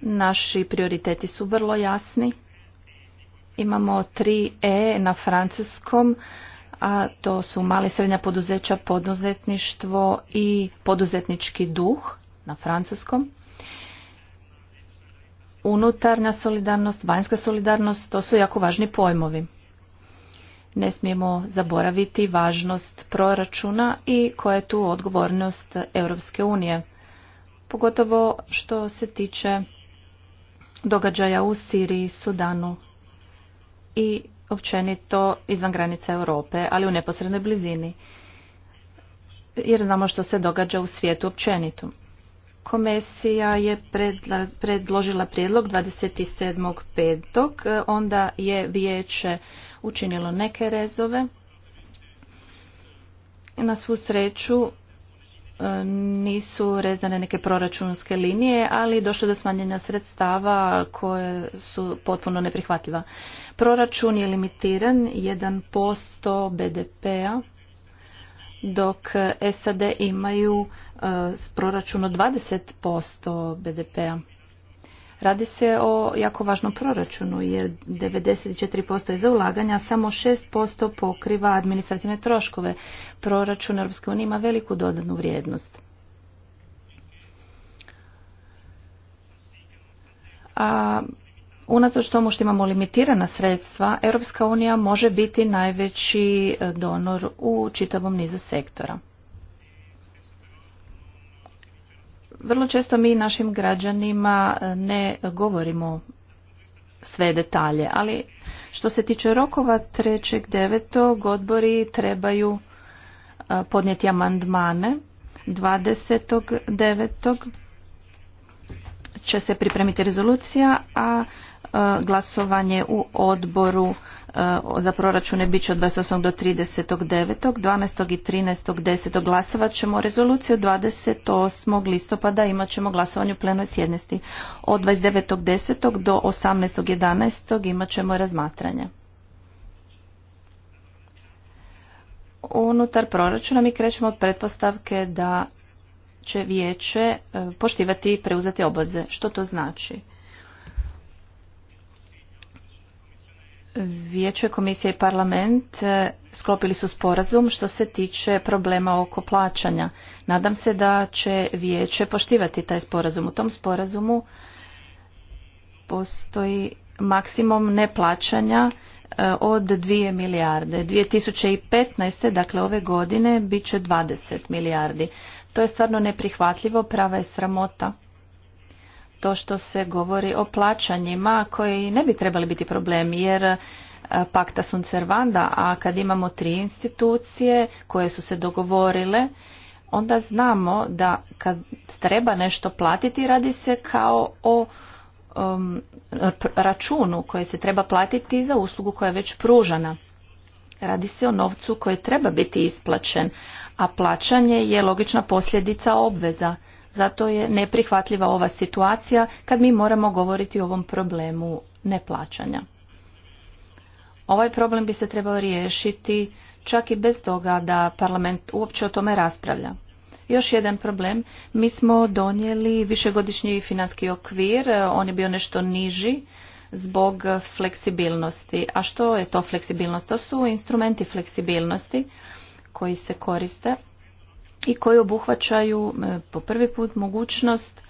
Naši prioriteti su vrlo jasni. Imamo tri E na francuskom, a to su mali srednja poduzeća, poduzetništvo i poduzetnički duh na francuskom. Unutarnja solidarnost, vanjska solidarnost, to su jako važni pojmovi. Ne smijemo zaboraviti važnost proračuna i koja je tu odgovornost Europske unije. Pogotovo što se tiče događaja u Siriji, Sudanu i općenito izvan granica Europe, ali u neposrednoj blizini. Jer znamo što se događa u svijetu općenito. Komisija je predložila prijedlog 27.5. Onda je vijeće učinilo neke rezove. Na svu sreću e, nisu rezane neke proračunske linije, ali došlo do smanjenja sredstava koje su potpuno neprihvatljiva. Proračun je limitiran 1% BDP-a, dok SAD imaju e, proračun od 20% BDP-a. Radi se o jako važnom proračunu jer 94% je za ulaganja, a samo 6% pokriva administrativne troškove. Proračun EU ima veliku dodanu vrijednost. A Unatoč tomu što imamo limitirana sredstva, Europska unija može biti najveći donor u čitavom nizu sektora. vrlo često mi našim građanima eh, ne govorimo sve detalje, ali što se tiče rokova 3.9. odbori trebaju eh, podnijeti amandmane 20.9. će se pripremiti rezolucija, a E, glasovanje u odboru e, za proračune bit će od 28. do 30.9. 12. i 13. 10. glasovat ćemo rezoluciju 28. listopada imat ćemo glasovanje u plenoj sjednici. Od 29. 10. do 18. 11. imat ćemo razmatranje. Unutar proračuna mi krećemo od pretpostavke da će vijeće e, poštivati i preuzeti obaze. Što to znači? Vijeće komisije i parlament e, sklopili su sporazum što se tiče problema oko plaćanja. Nadam se da će vijeće poštivati taj sporazum. U tom sporazumu postoji maksimum neplaćanja e, od 2 milijarde. 2015. dakle ove godine bit će 20 milijardi. To je stvarno neprihvatljivo, prava je sramota to što se govori o plaćanjima koji ne bi trebali biti problemi jer e, pakta sunt servanda, a kad imamo tri institucije koje su se dogovorile, onda znamo da kad treba nešto platiti radi se kao o um, računu koje se treba platiti za uslugu koja je već pružana. Radi se o novcu koji treba biti isplaćen, a plaćanje je logična posljedica obveza. Zato je neprihvatljiva ova situacija kad mi moramo govoriti o ovom problemu neplaćanja. Ovaj problem bi se trebao riješiti čak i bez toga da parlament uopće o tome raspravlja. Još jedan problem, mi smo donijeli višegodišnji financijski okvir, on je bio nešto niži zbog fleksibilnosti. A što je to fleksibilnost? To su instrumenti fleksibilnosti koji se koriste i koji obuhvaćaju e, po prvi put mogućnost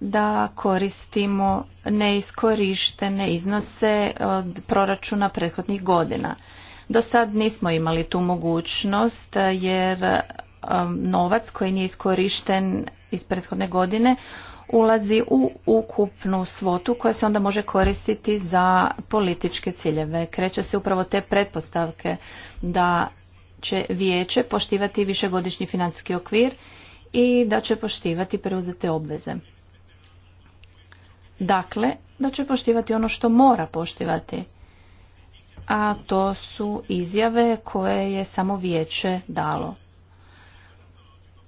da koristimo neiskorištene iznose od proračuna prethodnih godina. Do sad nismo imali tu mogućnost e, jer e, novac koji nije iskorišten iz prethodne godine ulazi u ukupnu svotu koja se onda može koristiti za političke ciljeve. Kreće se upravo te pretpostavke da će vijeće poštivati višegodišnji financijski okvir i da će poštivati preuzete obveze. Dakle, da će poštivati ono što mora poštivati. A to su izjave koje je samo vijeće dalo.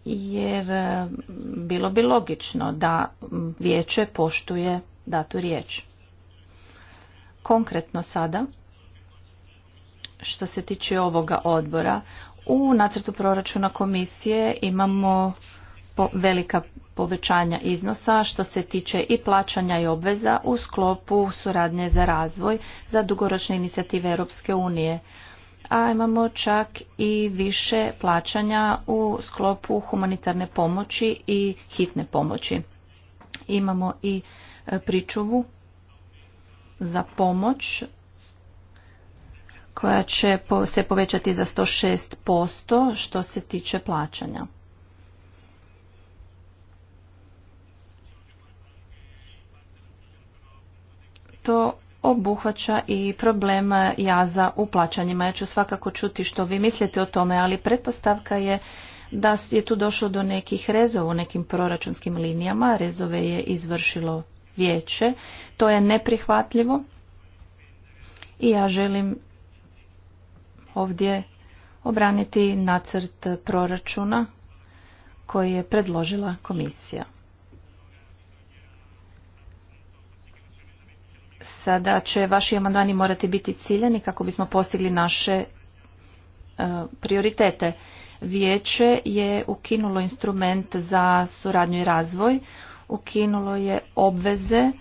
Jer e, bilo bi logično da vijeće poštuje datu riječ. Konkretno sada što se tiče ovoga odbora. U nacrtu proračuna komisije imamo velika povećanja iznosa što se tiče i plaćanja i obveza u sklopu suradnje za razvoj za dugoročne inicijative Europske unije. A imamo čak i više plaćanja u sklopu humanitarne pomoći i hitne pomoći. Imamo i e, pričuvu za pomoć koja će se povećati za 106% što se tiče plaćanja. To obuhvaća i problem jaza u plaćanjima. Ja ću svakako čuti što vi mislite o tome, ali pretpostavka je da je tu došlo do nekih rezova u nekim proračunskim linijama. Rezove je izvršilo vijeće. To je neprihvatljivo i ja želim ovdje obraniti nacrt proračuna koji je predložila komisija. Sada će vaši amandmani morati biti ciljani kako bismo postigli naše e, prioritete. Vijeće je ukinulo instrument za suradnju i razvoj, ukinulo je obveze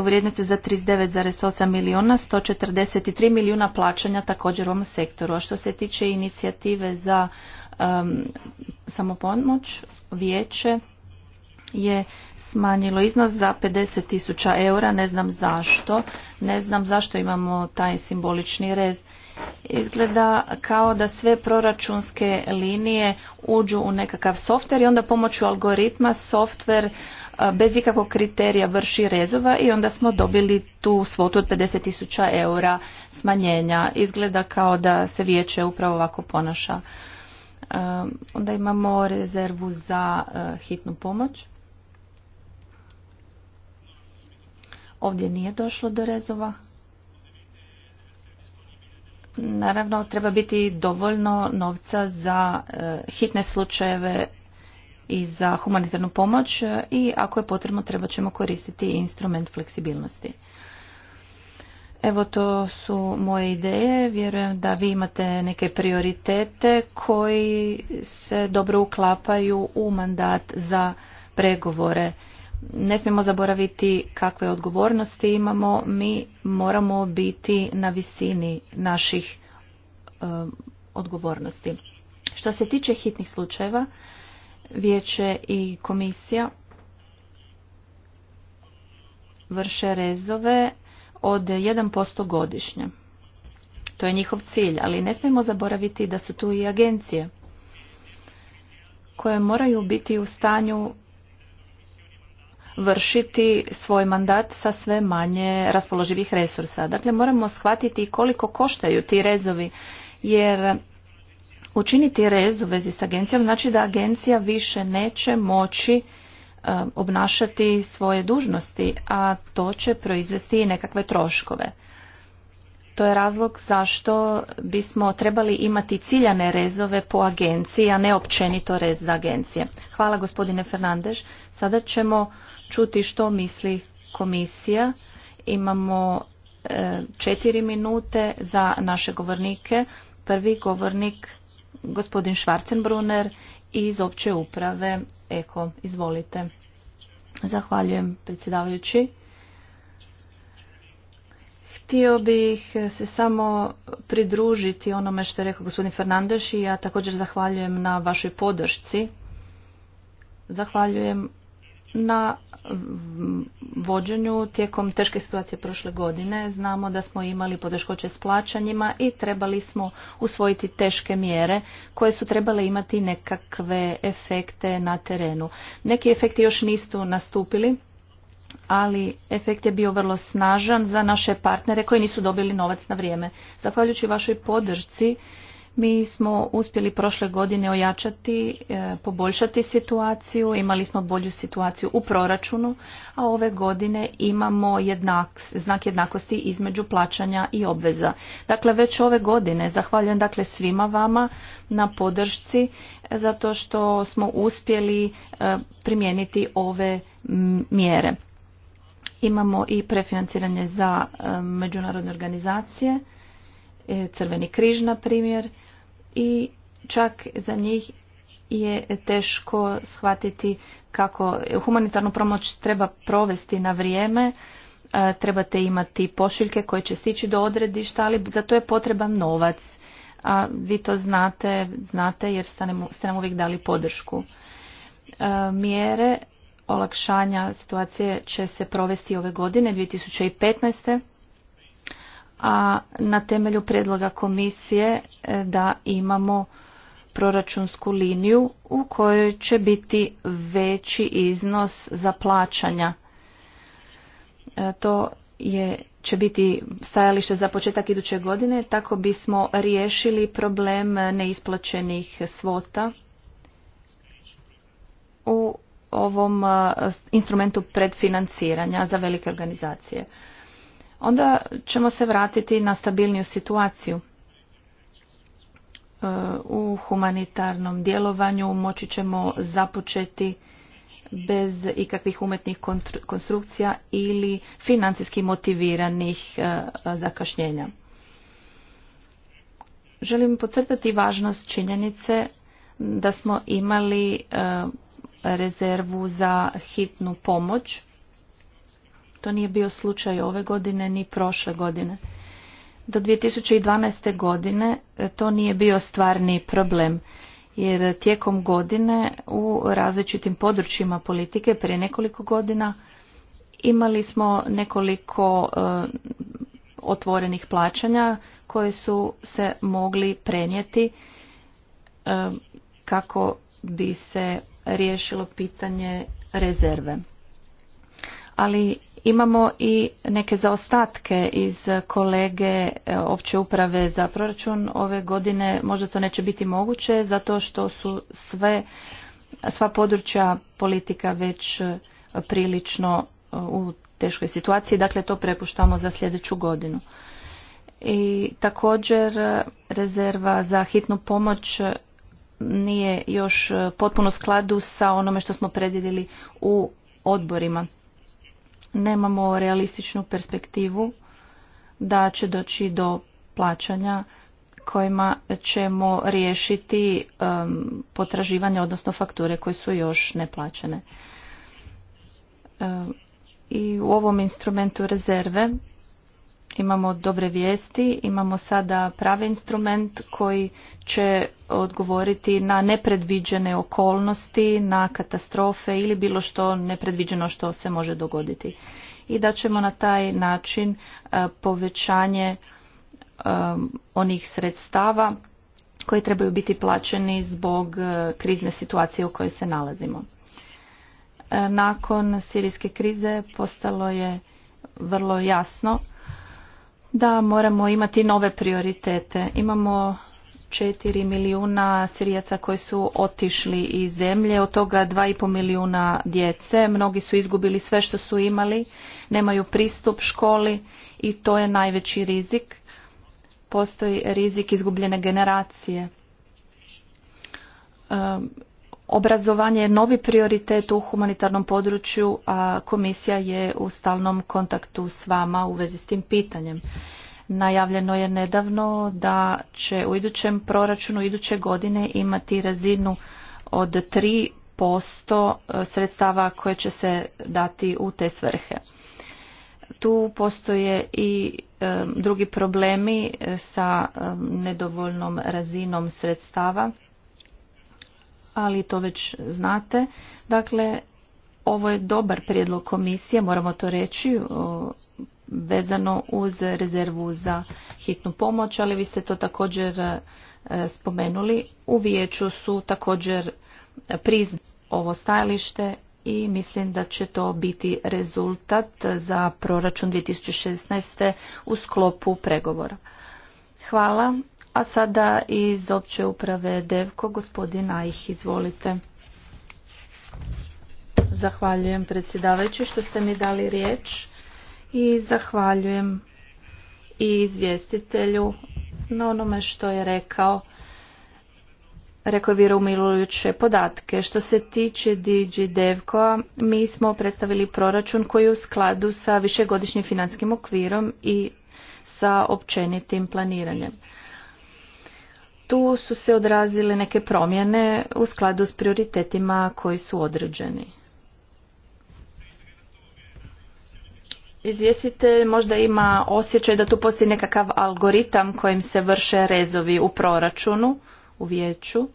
u vrijednosti za 39,8 milijuna, 143 milijuna plaćanja također u ovom sektoru. A što se tiče inicijative za um, samopomoć, vijeće je smanjilo iznos za 50 tisuća eura, ne znam zašto, ne znam zašto imamo taj simbolični rez. Izgleda kao da sve proračunske linije uđu u nekakav softver i onda pomoću algoritma softver bez ikakvog kriterija vrši rezova i onda smo dobili tu svotu od 50.000 eura smanjenja. Izgleda kao da se vijeće upravo ovako ponaša. Onda imamo rezervu za hitnu pomoć. Ovdje nije došlo do rezova. Naravno, treba biti dovoljno novca za hitne slučajeve i za humanitarnu pomoć i ako je potrebno treba ćemo koristiti instrument fleksibilnosti. Evo to su moje ideje. Vjerujem da vi imate neke prioritete koji se dobro uklapaju u mandat za pregovore. Ne smijemo zaboraviti kakve odgovornosti imamo. Mi moramo biti na visini naših eh, odgovornosti. Što se tiče hitnih slučajeva, Vijeće i komisija vrše rezove od 1% godišnje. To je njihov cilj, ali ne smijemo zaboraviti da su tu i agencije koje moraju biti u stanju vršiti svoj mandat sa sve manje raspoloživih resursa. Dakle, moramo shvatiti koliko koštaju ti rezovi, jer učiniti rez u vezi s agencijom, znači da agencija više neće moći e, obnašati svoje dužnosti, a to će proizvesti i nekakve troškove. To je razlog zašto bismo trebali imati ciljane rezove po agenciji, a ne općenito rez za agencije. Hvala gospodine Fernandez. Sada ćemo čuti što misli komisija. Imamo e, četiri minute za naše govornike. Prvi govornik gospodin Schwarzenbrunner iz opće uprave Eko. Izvolite. Zahvaljujem predsjedavajući. Htio bih se samo pridružiti onome što je rekao gospodin Fernandez i ja također zahvaljujem na vašoj podršci. Zahvaljujem na vođenju tijekom teške situacije prošle godine. Znamo da smo imali poteškoće s plaćanjima i trebali smo usvojiti teške mjere koje su trebale imati nekakve efekte na terenu. Neki efekti još nisu nastupili, ali efekt je bio vrlo snažan za naše partnere koji nisu dobili novac na vrijeme. Zahvaljujući vašoj podršci mi smo uspjeli prošle godine ojačati, e, poboljšati situaciju, imali smo bolju situaciju u proračunu, a ove godine imamo jednak, znak jednakosti između plaćanja i obveza. Dakle, već ove godine zahvaljujem dakle svima vama na podršci zato što smo uspjeli e, primijeniti ove mjere. Imamo i prefinanciranje za e, međunarodne organizacije E, Crveni križ, na primjer, i čak za njih je teško shvatiti kako humanitarnu promoć treba provesti na vrijeme, e, trebate imati pošiljke koje će stići do odredišta, ali za to je potreban novac. A vi to znate, znate jer ste nam uvijek dali podršku. E, mjere olakšanja situacije će se provesti ove godine, 2015 a na temelju predloga komisije e, da imamo proračunsku liniju u kojoj će biti veći iznos za plaćanja. E, to je, će biti stajalište za početak iduće godine, tako bismo riješili problem neisplaćenih svota u ovom e, instrumentu predfinanciranja za velike organizacije onda ćemo se vratiti na stabilniju situaciju. E, u humanitarnom djelovanju moći ćemo započeti bez ikakvih umetnih konstrukcija ili financijski motiviranih e, zakašnjenja. Želim pocrtati važnost činjenice da smo imali e, rezervu za hitnu pomoć to nije bio slučaj ove godine ni prošle godine. Do 2012. godine e, to nije bio stvarni problem jer tijekom godine u različitim područjima politike prije nekoliko godina imali smo nekoliko e, otvorenih plaćanja koje su se mogli prenijeti e, kako bi se riješilo pitanje rezerve ali imamo i neke zaostatke iz kolege e, opće uprave za proračun ove godine. Možda to neće biti moguće zato što su sve, sva područja politika već e, prilično e, u teškoj situaciji, dakle to prepuštamo za sljedeću godinu. I također rezerva za hitnu pomoć nije još potpuno skladu sa onome što smo predvidjeli u odborima nemamo realističnu perspektivu da će doći do plaćanja kojima ćemo riješiti potraživanje, odnosno fakture koje su još neplaćene. I u ovom instrumentu rezerve imamo dobre vijesti, imamo sada pravi instrument koji će odgovoriti na nepredviđene okolnosti, na katastrofe ili bilo što nepredviđeno što se može dogoditi. I da ćemo na taj način e, povećanje e, onih sredstava koji trebaju biti plaćeni zbog e, krizne situacije u kojoj se nalazimo. Nakon sirijske krize postalo je vrlo jasno da, moramo imati nove prioritete. Imamo 4 milijuna Sirijaca koji su otišli iz zemlje, od toga 2,5 milijuna djece. Mnogi su izgubili sve što su imali, nemaju pristup školi i to je najveći rizik. Postoji rizik izgubljene generacije. Ehm, Obrazovanje je novi prioritet u humanitarnom području, a komisija je u stalnom kontaktu s vama u vezi s tim pitanjem. Najavljeno je nedavno da će u idućem proračunu iduće godine imati razinu od 3% e, sredstava koje će se dati u te svrhe. Tu postoje i e, drugi problemi e, sa nedovoljnom razinom sredstava ali to već znate. Dakle, ovo je dobar prijedlog komisije, moramo to reći, vezano uz rezervu za hitnu pomoć, ali vi ste to također e, spomenuli. U vijeću su također prizni ovo stajalište i mislim da će to biti rezultat za proračun 2016. u sklopu pregovora. Hvala. A sada iz opće uprave Devko, gospodin Ajih, izvolite. Zahvaljujem predsjedavajući što ste mi dali riječ i zahvaljujem i izvjestitelju na onome što je rekao. Rekao je podatke. Što se tiče DG devko mi smo predstavili proračun koji je u skladu sa višegodišnjim financijskim okvirom i sa općenitim planiranjem tu su se odrazile neke promjene u skladu s prioritetima koji su određeni. Izvjestitelj možda ima osjećaj da tu postoji nekakav algoritam kojim se vrše rezovi u proračunu, u vijeću.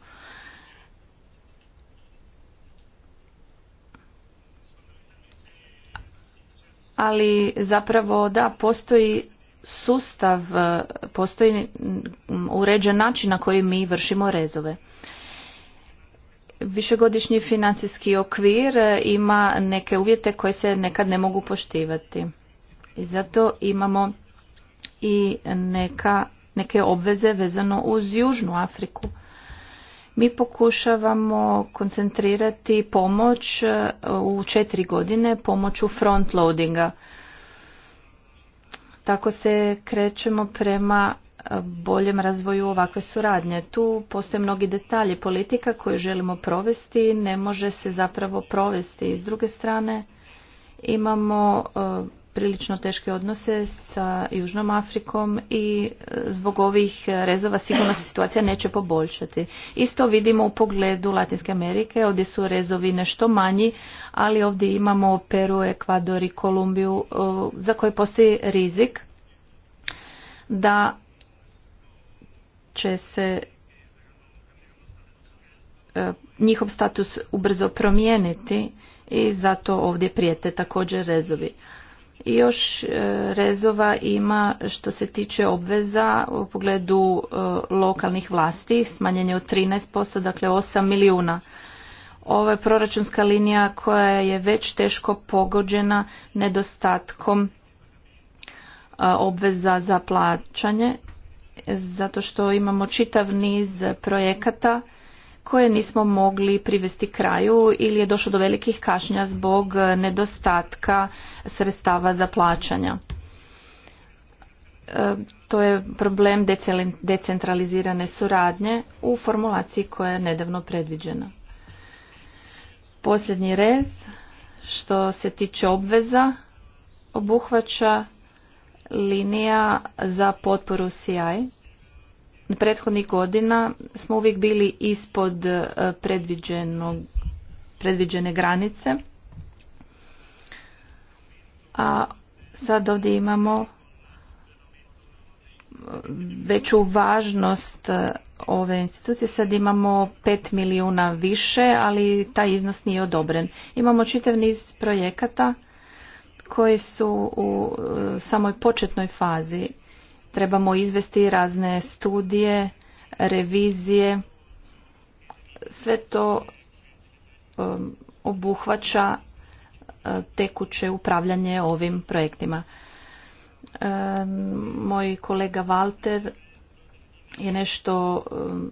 Ali zapravo da, postoji sustav e, postoji uređen način na koji mi vršimo rezove. Višegodišnji financijski okvir e, ima neke uvjete koje se nekad ne mogu poštivati. I zato imamo i neka, neke obveze vezano uz Južnu Afriku. Mi pokušavamo koncentrirati pomoć e, u četiri godine pomoću frontloadinga. Tako se krećemo prema e, boljem razvoju ovakve suradnje. Tu postoje mnogi detalji. Politika koju želimo provesti ne može se zapravo provesti. S druge strane imamo e, prilično teške odnose sa Južnom Afrikom i e, zbog ovih rezova sigurno se situacija neće poboljšati. Isto vidimo u pogledu Latinske Amerike, ovdje su rezovi nešto manji, ali ovdje imamo Peru, Ekvador i Kolumbiju e, za koje postoji rizik da će se e, njihov status ubrzo promijeniti i zato ovdje prijete također rezovi još e, rezova ima što se tiče obveza u pogledu e, lokalnih vlasti, smanjenje od 13%, dakle 8 milijuna. Ovo je proračunska linija koja je već teško pogođena nedostatkom e, obveza za plaćanje, zato što imamo čitav niz projekata koje nismo mogli privesti kraju ili je došlo do velikih kašnja zbog nedostatka sredstava za plaćanja. E, to je problem decentralizirane suradnje u formulaciji koja je nedavno predviđena. Posljednji rez što se tiče obveza obuhvaća linija za potporu CI prethodnih godina smo uvijek bili ispod e, predviđenog, predviđene granice. A sad ovdje imamo e, veću važnost e, ove institucije. Sad imamo 5 milijuna više, ali taj iznos nije odobren. Imamo čitav niz projekata koji su u samoj početnoj fazi trebamo izvesti razne studije, revizije. Sve to um, obuhvaća uh, tekuće upravljanje ovim projektima. Um, moj kolega Walter je nešto um,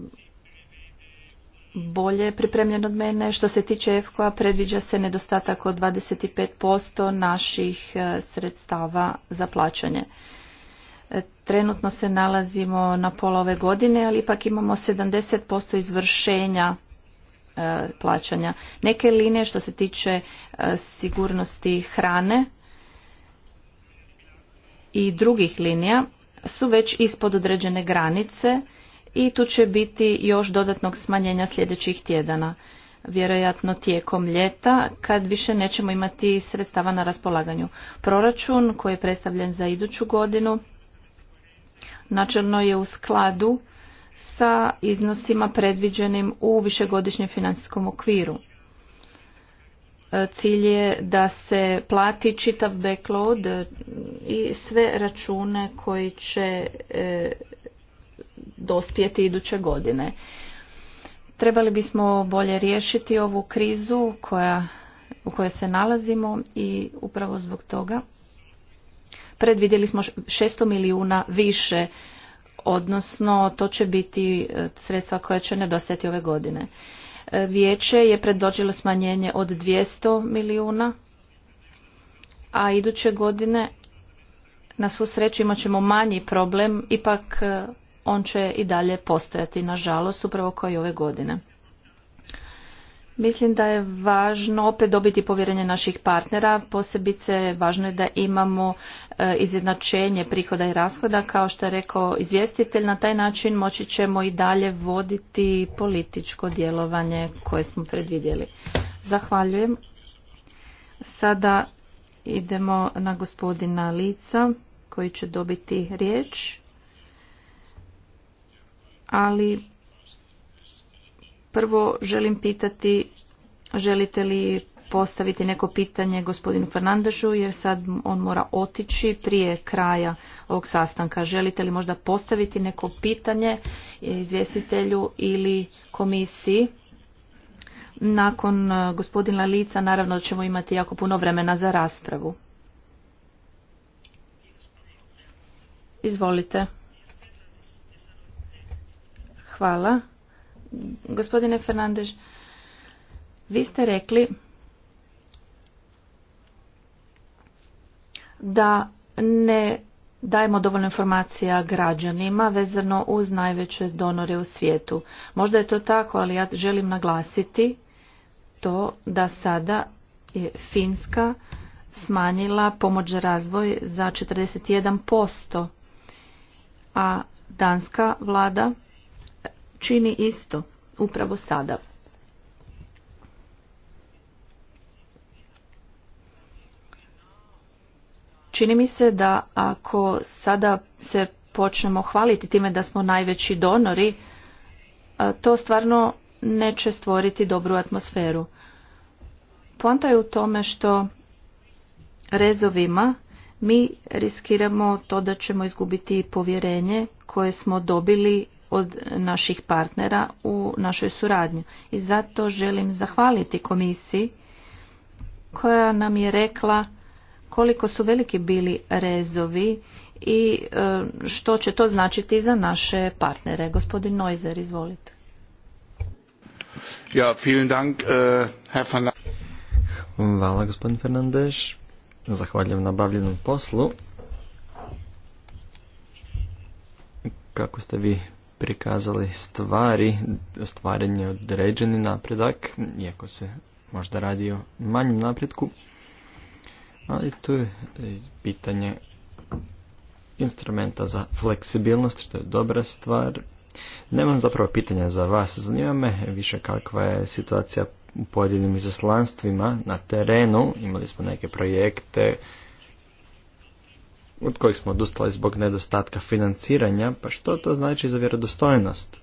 bolje pripremljen od mene. Što se tiče EFKO-a, predviđa se nedostatak od 25% naših uh, sredstava za plaćanje. Trenutno se nalazimo na polove ove godine, ali ipak imamo 70% izvršenja e, plaćanja. Neke linije što se tiče e, sigurnosti hrane i drugih linija su već ispod određene granice i tu će biti još dodatnog smanjenja sljedećih tjedana. Vjerojatno tijekom ljeta kad više nećemo imati sredstava na raspolaganju. Proračun koji je predstavljen za iduću godinu načelno je u skladu sa iznosima predviđenim u višegodišnjem financijskom okviru. E, cilj je da se plati čitav backload i sve račune koji će e, dospjeti iduće godine. Trebali bismo bolje riješiti ovu krizu koja, u kojoj se nalazimo i upravo zbog toga predvidjeli smo 600 milijuna više, odnosno to će biti e, sredstva koja će nedostati ove godine. E, vijeće je predložilo smanjenje od 200 milijuna, a iduće godine na svu sreću imat ćemo manji problem, ipak e, on će i dalje postojati, nažalost, upravo kao i ove godine. Mislim da je važno opet dobiti povjerenje naših partnera, posebice važno je da imamo e, izjednačenje prihoda i rashoda, kao što je rekao izvjestitelj, na taj način moći ćemo i dalje voditi političko djelovanje koje smo predvidjeli. Zahvaljujem. Sada idemo na gospodina Lica koji će dobiti riječ, ali Prvo želim pitati želite li postaviti neko pitanje gospodinu Fernandežu jer sad on mora otići prije kraja ovog sastanka. Želite li možda postaviti neko pitanje izvjestitelju ili komisiji? Nakon e, gospodina Lica naravno ćemo imati jako puno vremena za raspravu. Izvolite. Hvala. Gospodine Fernandez, vi ste rekli da ne dajemo dovoljno informacija građanima vezano uz najveće donore u svijetu. Možda je to tako, ali ja želim naglasiti to da sada je Finska smanjila pomoć za razvoj za 41%, a danska vlada čini isto upravo sada. Čini mi se da ako sada se počnemo hvaliti time da smo najveći donori, e, to stvarno neće stvoriti dobru atmosferu. Poanta je u tome što rezovima mi riskiramo to da ćemo izgubiti povjerenje koje smo dobili od naših partnera u našoj suradnji. I zato želim zahvaliti komisiji koja nam je rekla koliko su veliki bili rezovi i e, što će to značiti za naše partnere. Gospodin Noizer, izvolite. Ja, vielen Dank, e, Hvala, gospodin Fernandez. Zahvaljujem na bavljenom poslu. Kako ste vi prikazali stvari, ostvaren određeni napredak, iako se možda radi o manjem napretku, ali tu je e, pitanje instrumenta za fleksibilnost, što je dobra stvar. Nemam zapravo pitanja za vas, zanima me više kakva je situacija u pojedinim izaslanstvima na terenu. Imali smo neke projekte od kojih smo odustali zbog nedostatka financiranja, pa što to znači za vjerodostojnost?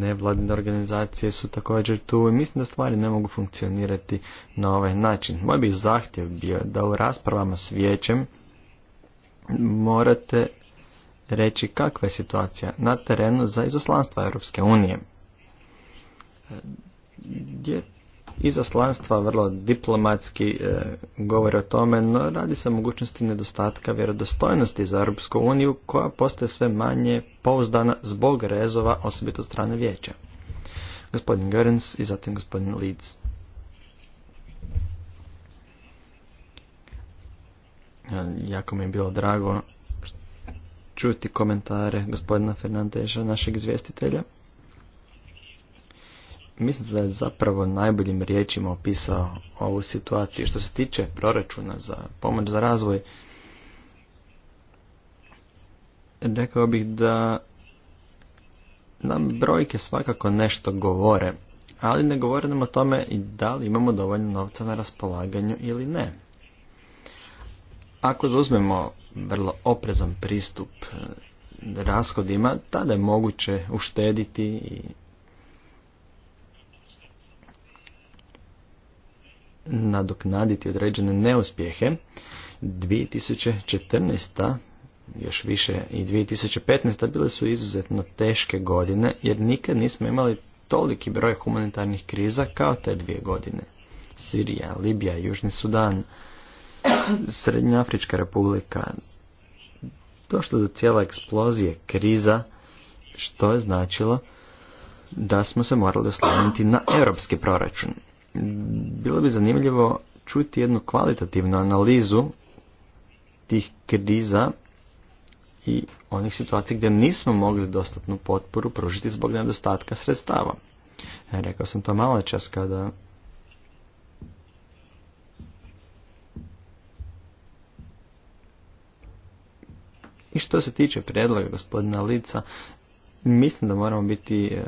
Nevladine organizacije su također tu i mislim da stvari ne mogu funkcionirati na ovaj način. Moj bi zahtjev bio da u raspravama s vijećem morate reći kakva je situacija na terenu za izaslanstva Europske unije. Gdje izaslanstva vrlo diplomatski e, govore o tome, no radi se o mogućnosti nedostatka vjerodostojnosti za Europsku uniju koja postaje sve manje pouzdana zbog rezova osobito strane vijeća. Gospodin Görens i zatim gospodin Leeds. E, jako mi je bilo drago čuti komentare gospodina Fernandeža, našeg izvjestitelja mislim da je zapravo najboljim riječima opisao ovu situaciju. Što se tiče proračuna za pomoć za razvoj, rekao bih da nam brojke svakako nešto govore, ali ne govore nam o tome i da li imamo dovoljno novca na raspolaganju ili ne. Ako zauzmemo vrlo oprezan pristup e, rashodima, tada je moguće uštediti i nadoknaditi određene neuspjehe. 2014. još više i 2015. bile su izuzetno teške godine jer nikad nismo imali toliki broj humanitarnih kriza kao te dvije godine. Sirija, Libija, Južni Sudan, Srednjoafrička republika. Došlo do cijela eksplozije kriza što je značilo da smo se morali osloniti na europski proračun bilo bi zanimljivo čuti jednu kvalitativnu analizu tih kriza i onih situacija gdje nismo mogli dostatnu potporu pružiti zbog nedostatka sredstava. Rekao sam to malo čas kada I što se tiče predloga gospodina Lica, mislim da moramo biti eh,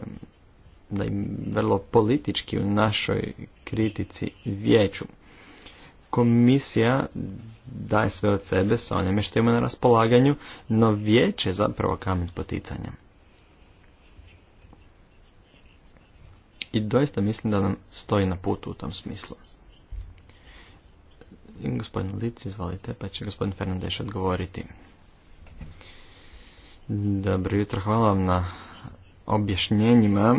da vrlo politički u našoj kritici vijeću. Komisija daje sve od sebe sa onime što ima na raspolaganju, no vijeće je zapravo kamen poticanja. I doista mislim da nam stoji na putu u tom smislu. Gospodin Lic, izvolite, pa će gospodin Fernandeš odgovoriti. Dobro jutro, hvala vam na objašnjenjima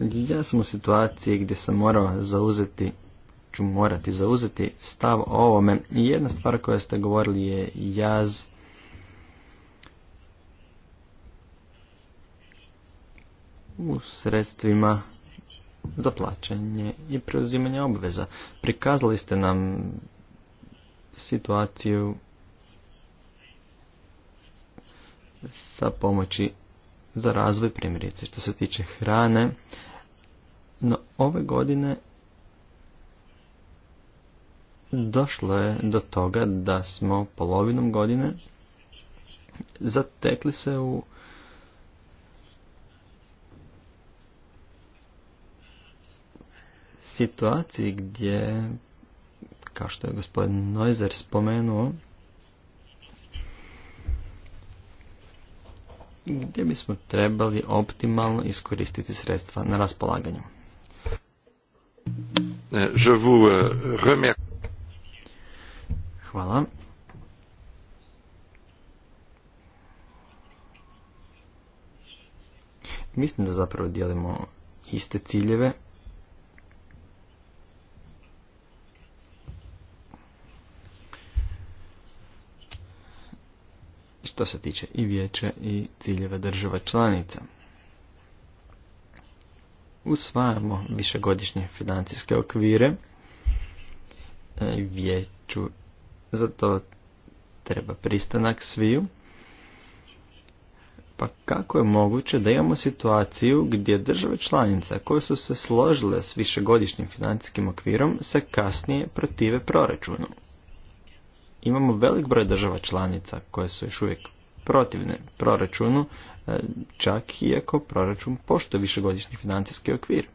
Ja sam u situaciji gdje sam morao zauzeti ću morati zauzeti stav o ovome. I jedna stvar koja ste govorili je jaz u sredstvima za plaćanje i preuzimanje obveza. Prikazali ste nam situaciju sa pomoći za razvoj primjerice što se tiče hrane. No ove godine došlo je do toga da smo polovinom godine zatekli se u situaciji gdje, kao što je gospodin Neuser spomenuo, gdje bismo trebali optimalno iskoristiti sredstva na raspolaganju. E, je vous e, Hvala. Mislim da zapravo dijelimo iste ciljeve. što se tiče i vijeća i ciljeva država članica. Usvajamo višegodišnje financijske okvire. E, vijeću za to treba pristanak sviju. Pa kako je moguće da imamo situaciju gdje države članica koje su se složile s višegodišnjim financijskim okvirom se kasnije protive proračunu? imamo velik broj država članica koje su još uvijek protivne proračunu, e, čak i proračun poštuje višegodišnji financijski okvir.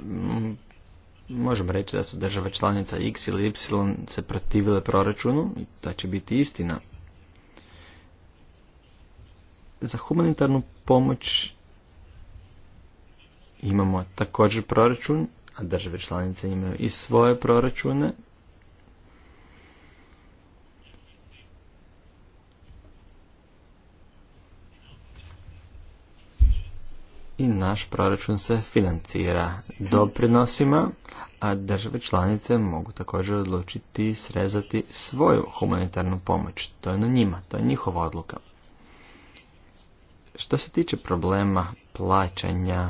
Mm, možemo reći da su države članica X ili Y se protivile proračunu i to će biti istina. Za humanitarnu pomoć imamo također proračun a države članice imaju i svoje proračune. I naš proračun se financira doprinosima, a države članice mogu također odlučiti srezati svoju humanitarnu pomoć. To je na njima, to je njihova odluka. Što se tiče problema plaćanja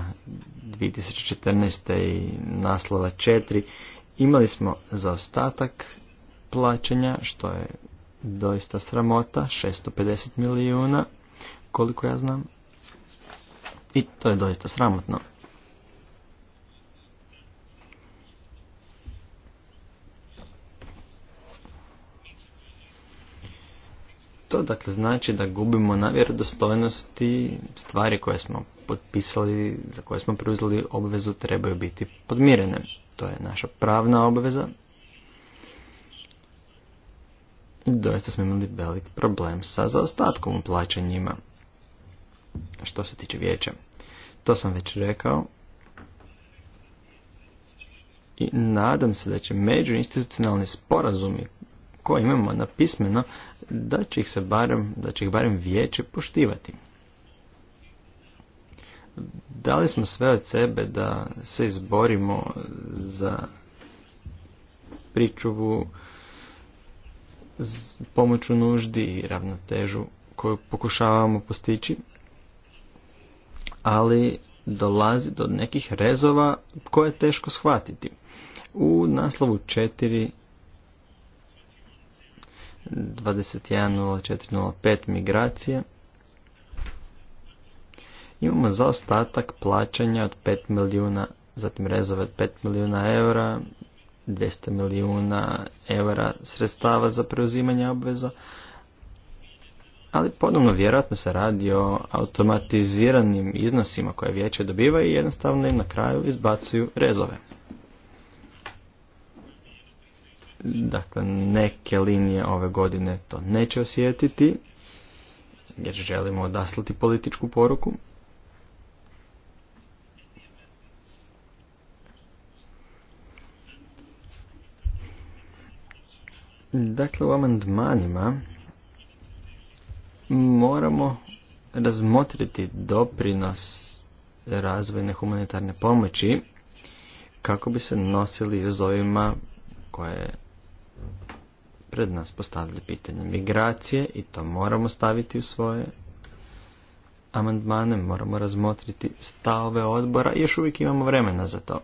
2014. i naslova 4, imali smo zaostatak plaćanja, što je doista sramota, 650 milijuna, koliko ja znam. I to je doista sramotno. To dakle znači da gubimo na vjerodostojnosti stvari koje smo potpisali, za koje smo preuzeli obvezu trebaju biti podmirene. To je naša pravna obveza. I doista smo imali velik problem sa zaostatkom u plaćanjima. Što se tiče vijeća. To sam već rekao. I nadam se da će međuinstitucionalni sporazumi koje imamo napismeno, da će ih se barem, da će ih barem vijeće poštivati. Dali smo sve od sebe da se izborimo za pričuvu pomoću nuždi i ravnotežu koju pokušavamo postići, ali dolazi do nekih rezova koje je teško shvatiti. U naslovu 21.04.05 migracije. Imamo zaostatak plaćanja od 5 milijuna, zatim rezove od 5 milijuna eura, 200 milijuna eura sredstava za preuzimanje obveza, ali ponovno vjerojatno se radi o automatiziranim iznosima koje vijeće dobiva i jednostavno im na kraju izbacuju rezove. Dakle, neke linije ove godine to neće osjetiti, jer želimo odaslati političku poruku. Dakle, u amandmanima moramo razmotriti doprinos razvojne humanitarne pomoći kako bi se nosili izazovima koje pred nas postavlja pitanje migracije i to moramo staviti u svoje amandmane, moramo razmotriti stavove odbora i još uvijek imamo vremena za to.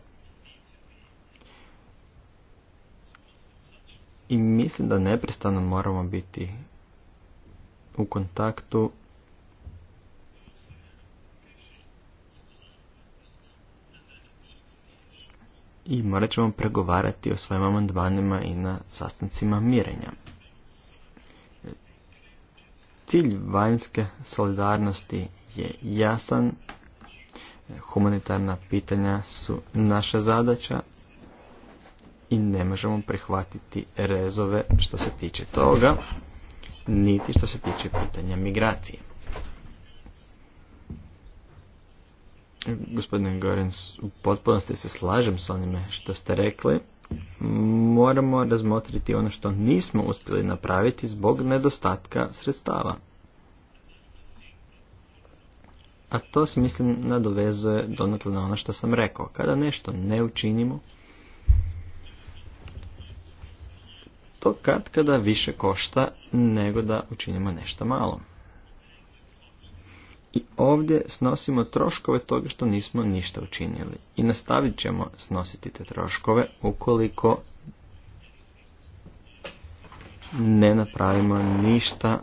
I mislim da neprestano moramo biti u kontaktu i morat ćemo pregovarati o svojim amandmanima i na sastancima mirenja. Cilj vanjske solidarnosti je jasan, humanitarna pitanja su naša zadaća i ne možemo prihvatiti rezove što se tiče toga, niti što se tiče pitanja migracije. Gospodine Gorens, u potpunosti se slažem s onime što ste rekli. Moramo razmotriti ono što nismo uspjeli napraviti zbog nedostatka sredstava. A to se mislim nadovezuje donatno na ono što sam rekao. Kada nešto ne učinimo, to kad kada više košta nego da učinimo nešto malo. I ovdje snosimo troškove toga što nismo ništa učinili. I nastavit ćemo snositi te troškove ukoliko ne napravimo ništa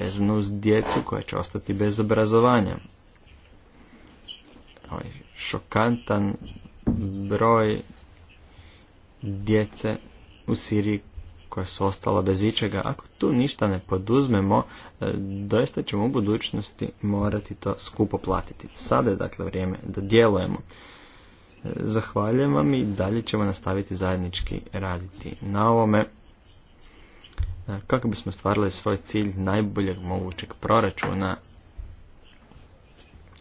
vezano uz djecu koja će ostati bez obrazovanja. Ovaj šokantan broj djece u Siriji koja su ostala bez ičega, ako tu ništa ne poduzmemo, e, doista ćemo u budućnosti morati to skupo platiti. Sada je dakle vrijeme da djelujemo. E, zahvaljujem vam i dalje ćemo nastaviti zajednički raditi na ovome e, kako bismo stvarili svoj cilj najboljeg mogućeg proračuna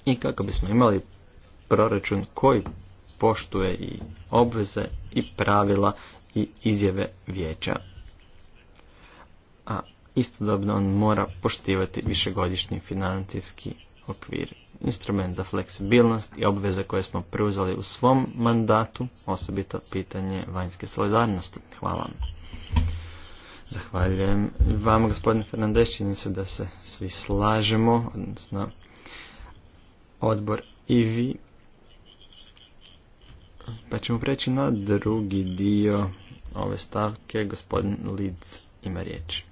i kako bismo imali proračun koji poštuje i obveze i pravila i izjave vijeća a istodobno on mora poštivati višegodišnji financijski okvir. Instrument za fleksibilnost i obveze koje smo preuzeli u svom mandatu, osobito pitanje vanjske solidarnosti. Hvala vam. Zahvaljujem vam, gospodine Fernandez, čini se da se svi slažemo, odnosno odbor i vi. Pa ćemo preći na drugi dio ove stavke, gospodin Lidz ima riječi.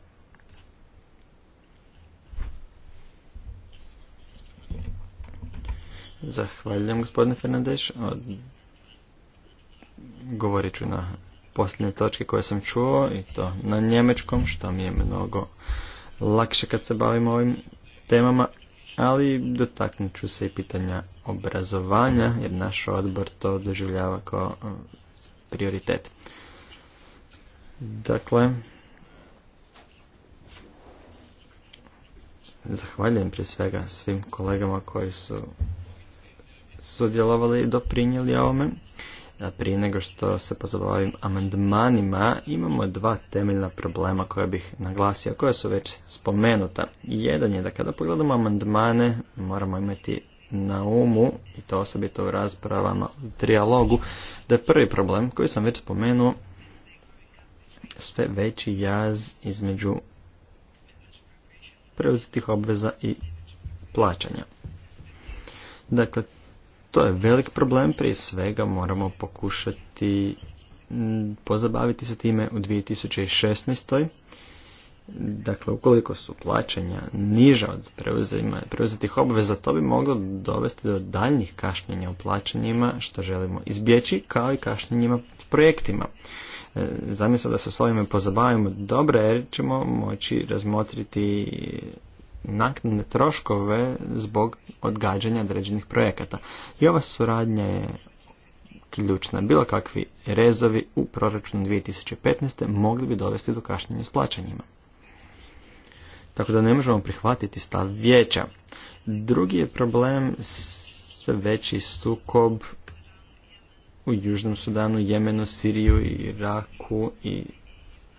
Zahvaljujem gospodine Fernandeš. Govorit ću na posljednje točke koje sam čuo i to na njemečkom, što mi je mnogo lakše kad se bavim ovim temama, ali dotaknut ću se i pitanja obrazovanja, jer naš odbor to doživljava kao prioritet. Dakle, zahvaljujem prije svega svim kolegama koji su sudjelovali i doprinijeli ovome. Prije nego što se pozabavim amandmanima, imamo dva temeljna problema koja bih naglasio, koja su već spomenuta. Jedan je da kada pogledamo amandmane, moramo imati na umu, i to osobito u raspravama, u trialogu, da je prvi problem koji sam već spomenuo, sve veći jaz između preuzetih obveza i plaćanja. Dakle, to je velik problem, prije svega moramo pokušati pozabaviti se time u 2016. Dakle, ukoliko su plaćanja niža od preuzetih obveza, to bi moglo dovesti do daljnjih kašnjenja u plaćanjima, što želimo izbjeći, kao i kašnjenjima s projektima. E, zamislio da se s ovime pozabavimo dobro, jer ćemo moći razmotriti naknadne troškove zbog odgađanja određenih projekata. I ova suradnja je ključna. Bilo kakvi rezovi u proračunu 2015. mogli bi dovesti do kašnjenja s plaćanjima. Tako da ne možemo prihvatiti stav vijeća. Drugi je problem sve veći sukob u Južnom Sudanu, Jemenu, Siriju, Iraku i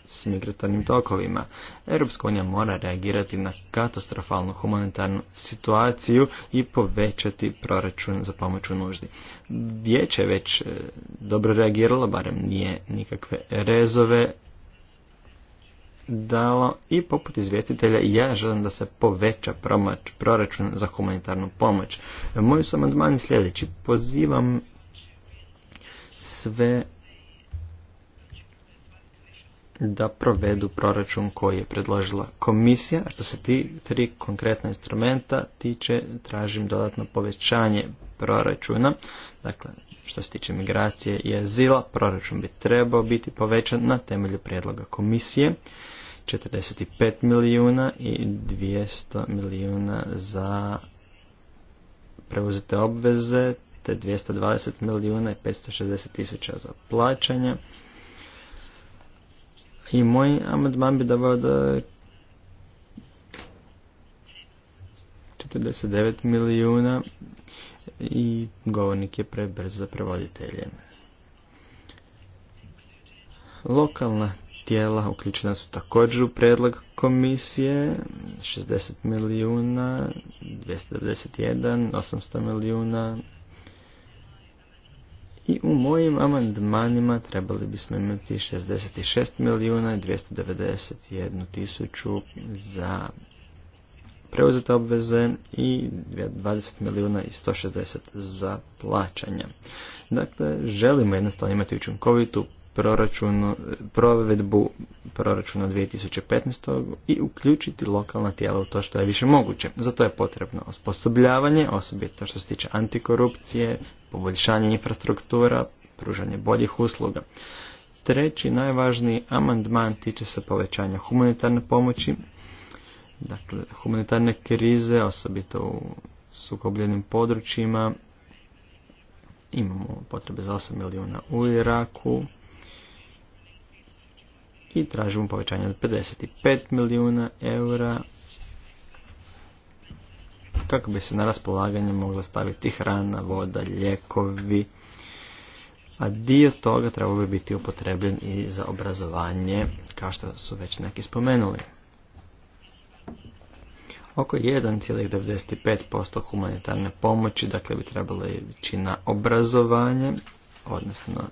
s migratornim tokovima. Europska unija mora reagirati na katastrofalnu humanitarnu situaciju i povećati proračun za pomoć u nuždi. Vijeće je već e, dobro reagiralo, barem nije nikakve rezove dalo i poput izvjestitelja ja želim da se poveća proračun za humanitarnu pomoć. Moju su amandmani sljedeći. Pozivam sve da provedu proračun koji je predložila komisija. što se ti tri konkretna instrumenta tiče, tražim dodatno povećanje proračuna. Dakle, što se tiče migracije i azila, proračun bi trebao biti povećan na temelju prijedloga komisije. 45 milijuna i 200 milijuna za preuzete obveze, te 220 milijuna i 560 tisuća za plaćanje. I moj amandman bi davao da 49 milijuna i govornik je prebrz za prevoditelje. Lokalna tijela uključena su također u predlog komisije 60 milijuna, 291, 800 milijuna, i u mojim amandmanima trebali bismo imati 66 milijuna i 291 tisuću za preuzete obveze i 20 milijuna i 160 za plaćanja. Dakle, želimo jednostavno imati učinkovitu proračunu, provedbu proračuna 2015. i uključiti lokalna tijela u to što je više moguće. Za to je potrebno osposobljavanje, osobito što se tiče antikorupcije, poboljšanje infrastruktura, pružanje boljih usluga. Treći najvažniji amandman tiče se povećanja humanitarne pomoći, dakle humanitarne krize, osobito u sukobljenim područjima. Imamo potrebe za 8 milijuna u Iraku, i tražimo povećanje od 55 milijuna eura kako bi se na raspolaganje mogla staviti hrana, voda, ljekovi, a dio toga trebao bi biti upotrebljen i za obrazovanje, kao što su već neki spomenuli. Oko 1,95% humanitarne pomoći, dakle bi trebalo ići na obrazovanje, odnosno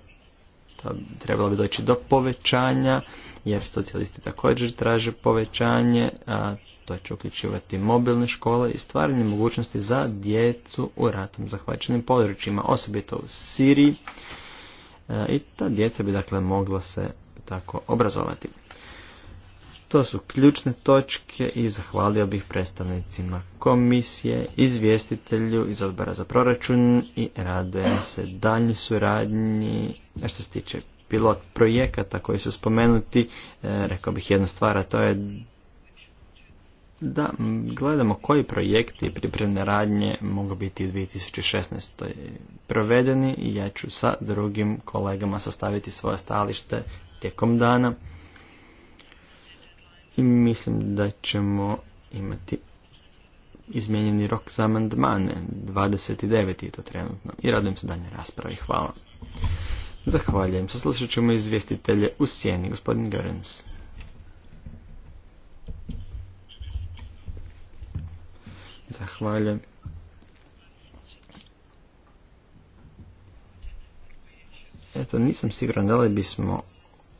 trebalo bi doći do povećanja jer socijalisti također traže povećanje, a to će uključivati mobilne škole i stvaranje mogućnosti za djecu u ratom zahvaćenim područjima, osobito u Siriji. I ta djeca bi dakle mogla se tako obrazovati. To su ključne točke i zahvalio bih predstavnicima komisije, izvjestitelju iz odbora za proračun i rade se daljnji suradnji što se tiče pilot projekata koji su spomenuti, e, rekao bih jedna stvar, a to je da gledamo koji projekti pripremne radnje mogu biti u 2016. provedeni i ja ću sa drugim kolegama sastaviti svoje stalište tijekom dana i mislim da ćemo imati izmijenjeni rok za amandmane 29. je to trenutno i radujem se danje raspravi. Hvala. Zahvaljujem. Saslušat ćemo izvjestitelje u sjeni, gospodin Görens. Zahvaljujem. Eto, nisam siguran da li bismo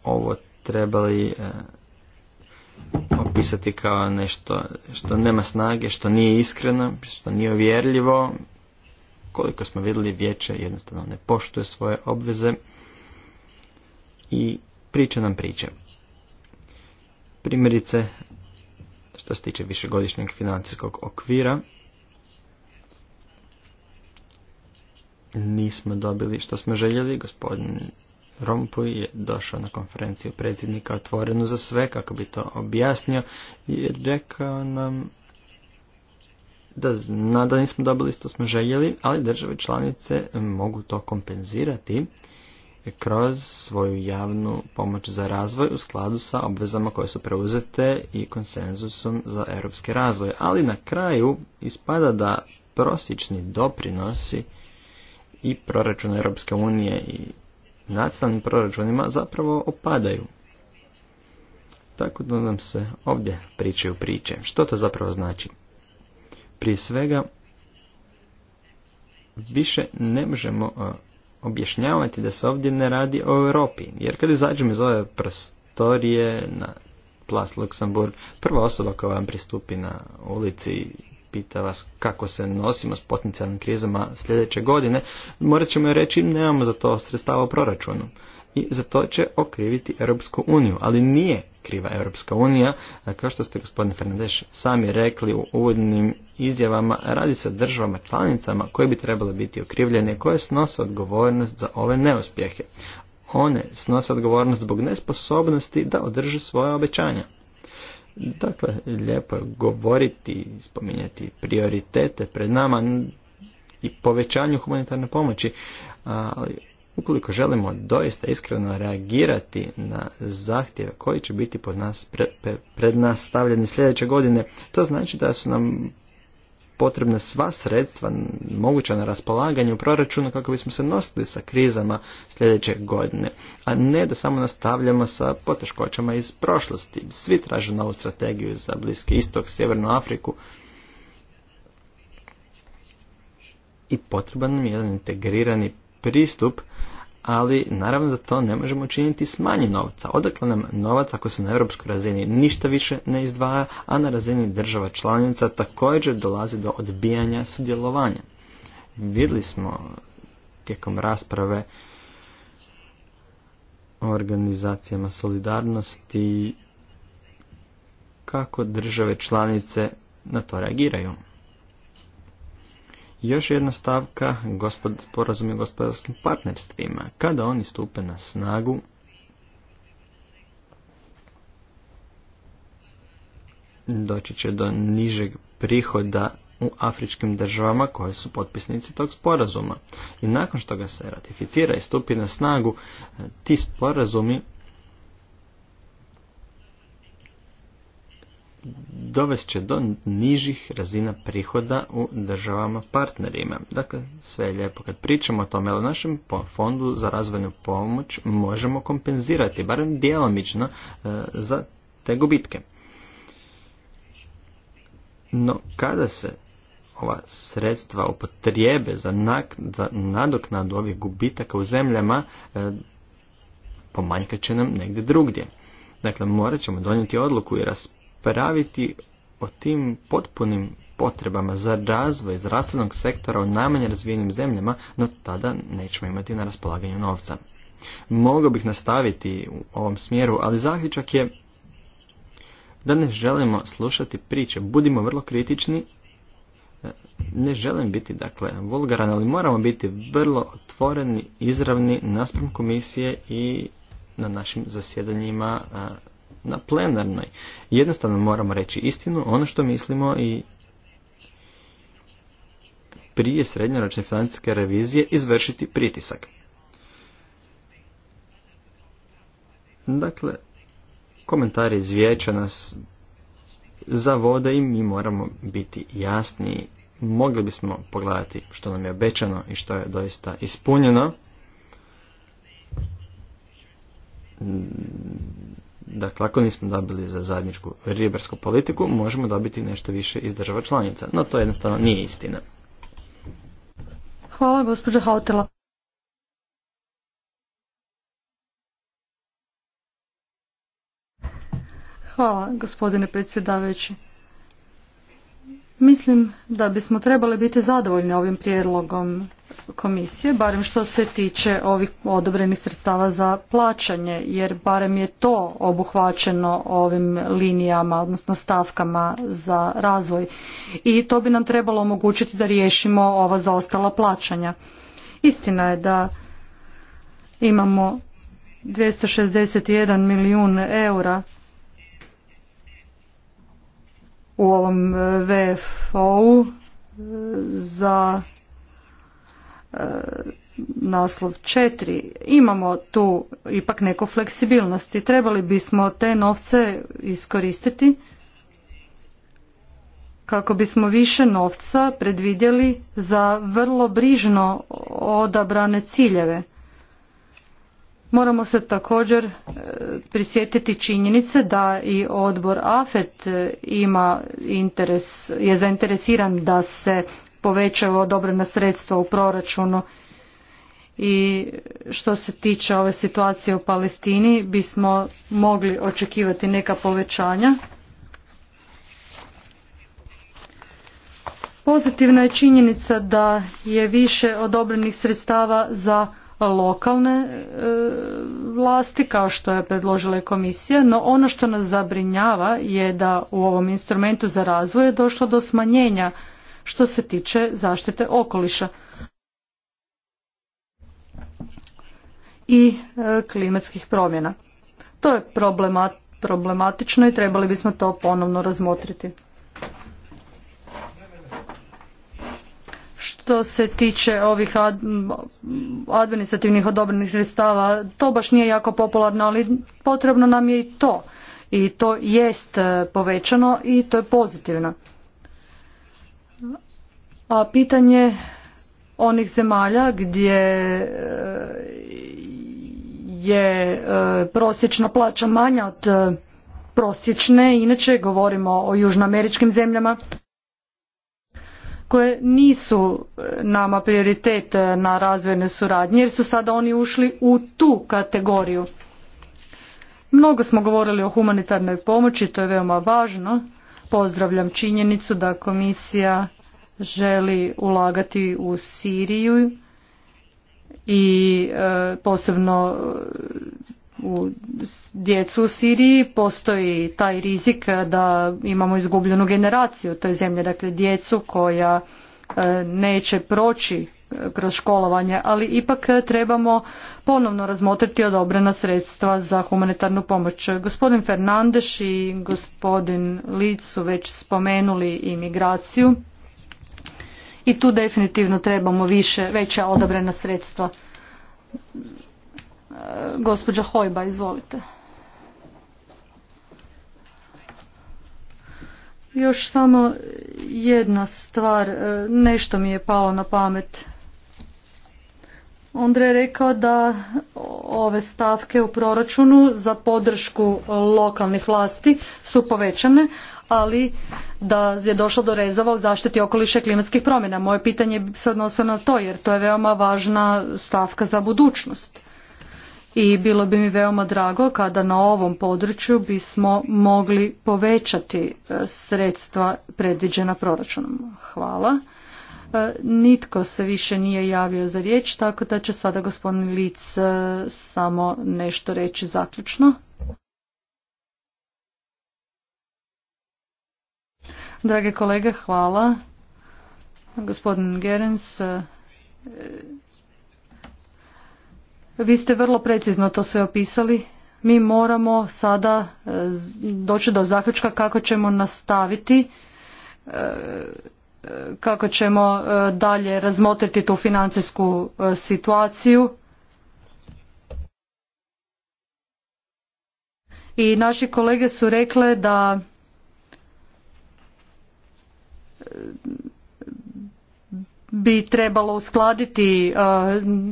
ovo trebali e, opisati kao nešto što nema snage, što nije iskreno, što nije uvjerljivo. Koliko smo vidjeli, vijeće jednostavno ne poštuje svoje obveze i priča nam priče. Primjerice, što se tiče višegodišnjeg financijskog okvira, nismo dobili što smo željeli. Gospodin Rompuy je došao na konferenciju predsjednika otvorenu za sve, kako bi to objasnio, i rekao nam da zna da nismo dobili što smo željeli, ali države članice mogu to kompenzirati kroz svoju javnu pomoć za razvoj u skladu sa obvezama koje su preuzete i konsenzusom za europski razvoj. Ali na kraju ispada da prosječni doprinosi i proračun Europske unije i nacionalnim proračunima zapravo opadaju. Tako da nam se ovdje pričaju priče. Što to zapravo znači? Prije svega, više ne možemo e, objašnjavati da se ovdje ne radi o Europi. Jer kada izađem iz ove prostorije na Plas Luksemburg, prva osoba koja vam pristupi na ulici pita vas kako se nosimo s potencijalnim krizama sljedeće godine, morat ćemo joj reći nemamo za to sredstava u proračunu. I za to će okriviti Europsku uniju, ali nije kriva Europska unija, kao što ste gospodine Fernandeš sami rekli u uvodnim izjavama radi se državama članicama koje bi trebale biti okrivljene koje snose odgovornost za ove neuspjehe. One snose odgovornost zbog nesposobnosti da održe svoje obećanja. Dakle, lijepo je govoriti, spominjati prioritete pred nama i povećanju humanitarne pomoći, ali ukoliko želimo doista iskreno reagirati na zahtjeve koji će biti pod nas, pred nas stavljeni sljedeće godine, to znači da su nam potrebna sva sredstva moguća na raspolaganju proračunu kako bismo se nosili sa krizama sljedeće godine, a ne da samo nastavljamo sa poteškoćama iz prošlosti. Svi traže novu strategiju za Bliski istok, Sjevernu Afriku i potreban nam je jedan integrirani pristup ali naravno da to ne možemo činiti s manje novca. Odakle nam novac ako se na europskoj razini ništa više ne izdvaja, a na razini država članica također dolazi do odbijanja sudjelovanja. Vidjeli smo tijekom rasprave o organizacijama solidarnosti kako države članice na to reagiraju. Još jedna stavka, gospod, sporazum je gospodarskim partnerstvima. Kada oni stupe na snagu, doći će do nižeg prihoda u afričkim državama koje su potpisnici tog sporazuma. I nakon što ga se ratificira i stupi na snagu, ti sporazumi dovest će do nižih razina prihoda u državama partnerima. Dakle, sve je lijepo kad pričamo o tome, ali našem fondu za razvojnu pomoć možemo kompenzirati, barem djelomično, e, za te gubitke. No, kada se ova sredstva upotrijebe za, nadoknadu ovih gubitaka u zemljama, e, pomanjkat će nam negdje drugdje. Dakle, morat ćemo donijeti odluku i raspravljati raspraviti o tim potpunim potrebama za razvoj zdravstvenog sektora u najmanje razvijenim zemljama, no tada nećemo imati na raspolaganju novca. Mogao bih nastaviti u ovom smjeru, ali zaključak je da ne želimo slušati priče. Budimo vrlo kritični, ne želim biti dakle vulgaran, ali moramo biti vrlo otvoreni, izravni naspram komisije i na našim zasjedanjima na plenarnoj. Jednostavno moramo reći istinu, ono što mislimo i prije srednjoročne financijske revizije izvršiti pritisak. Dakle, komentari iz nas nas zavode i mi moramo biti jasniji. Mogli bismo pogledati što nam je obećano i što je doista ispunjeno. Dakle, ako nismo dobili za zajedničku ribarsku politiku, možemo dobiti nešto više iz država članica. No, to jednostavno nije istina. Hvala, gospođa Hvala, gospodine predsjedavajući. Mislim da bismo trebali biti zadovoljni ovim prijedlogom komisije, barem što se tiče ovih odobrenih sredstava za plaćanje, jer barem je to obuhvaćeno ovim linijama, odnosno stavkama za razvoj. I to bi nam trebalo omogućiti da riješimo ova zaostala plaćanja. Istina je da imamo 261 milijun eura u ovom e, vfo e, za e, naslov 4 imamo tu ipak neko fleksibilnosti. Trebali bismo te novce iskoristiti kako bismo više novca predvidjeli za vrlo brižno odabrane ciljeve. Moramo se također e, prisjetiti činjenice da i odbor AFET e, ima interes, je zainteresiran da se povećaju odobrena sredstva u proračunu i što se tiče ove situacije u Palestini bismo mogli očekivati neka povećanja. Pozitivna je činjenica da je više odobrenih sredstava za lokalne e, vlasti kao što je predložila i komisija, no ono što nas zabrinjava je da u ovom instrumentu za razvoj je došlo do smanjenja što se tiče zaštite okoliša. i e, klimatskih promjena. To je problematično i trebali bismo to ponovno razmotriti. što se tiče ovih administrativnih odobrenih sredstava, to baš nije jako popularno, ali potrebno nam je i to. I to jest e, povećano i to je pozitivno. A pitanje onih zemalja gdje e, je e, prosječna plaća manja od prosječne, inače govorimo o južnoameričkim zemljama, koje nisu e, nama prioritet e, na razvojne suradnje jer su sada oni ušli u tu kategoriju. Mnogo smo govorili o humanitarnoj pomoći, to je veoma važno. Pozdravljam činjenicu da komisija želi ulagati u Siriju i e, posebno u djecu u Siriji postoji taj rizik eh, da imamo izgubljenu generaciju toj zemlji, dakle djecu koja eh, neće proći eh, kroz školovanje, ali ipak trebamo ponovno razmotriti odobrena sredstva za humanitarnu pomoć. Gospodin Fernandeš i gospodin Lid su već spomenuli imigraciju i tu definitivno trebamo više, veća odobrena sredstva Gospođa Hojba, izvolite. Još samo jedna stvar, e, nešto mi je palo na pamet. Ondre je rekao da ove stavke u proračunu za podršku lokalnih vlasti su povećane, ali da je došlo do rezova u zaštiti okoliša i klimatskih promjena. Moje pitanje se odnosilo na to jer to je veoma važna stavka za budućnost i bilo bi mi veoma drago kada na ovom području bismo mogli povećati e, sredstva predviđena proračunom. Hvala. E, nitko se više nije javio za riječ, tako da će sada gospodin Lic e, samo nešto reći zaključno. Drage kolege, hvala. Gospodin Gerens, vi ste vrlo precizno to sve opisali. Mi moramo sada e, doći do zaključka kako ćemo nastaviti e, e, kako ćemo dalje razmotriti tu financijsku situaciju. I naši kolege su rekle da bi trebalo uskladiti e,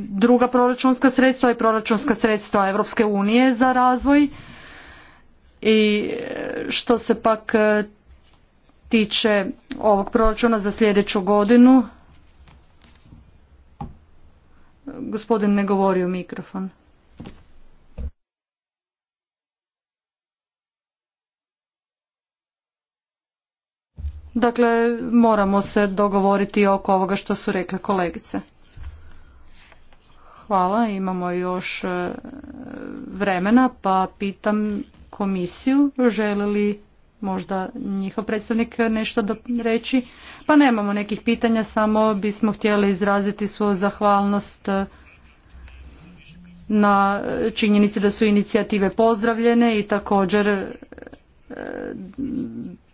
druga proračunska sredstva i proračunska sredstva Europske unije za razvoj i e, što se pak e, tiče ovog proračuna za sljedeću godinu gospodin ne govori u mikrofon Dakle, moramo se dogovoriti oko ovoga što su rekle kolegice. Hvala, imamo još e, vremena, pa pitam komisiju, želi li možda njihov predstavnik nešto da reći? Pa nemamo nekih pitanja, samo bismo htjeli izraziti svoju zahvalnost e, na činjenici da su inicijative pozdravljene i također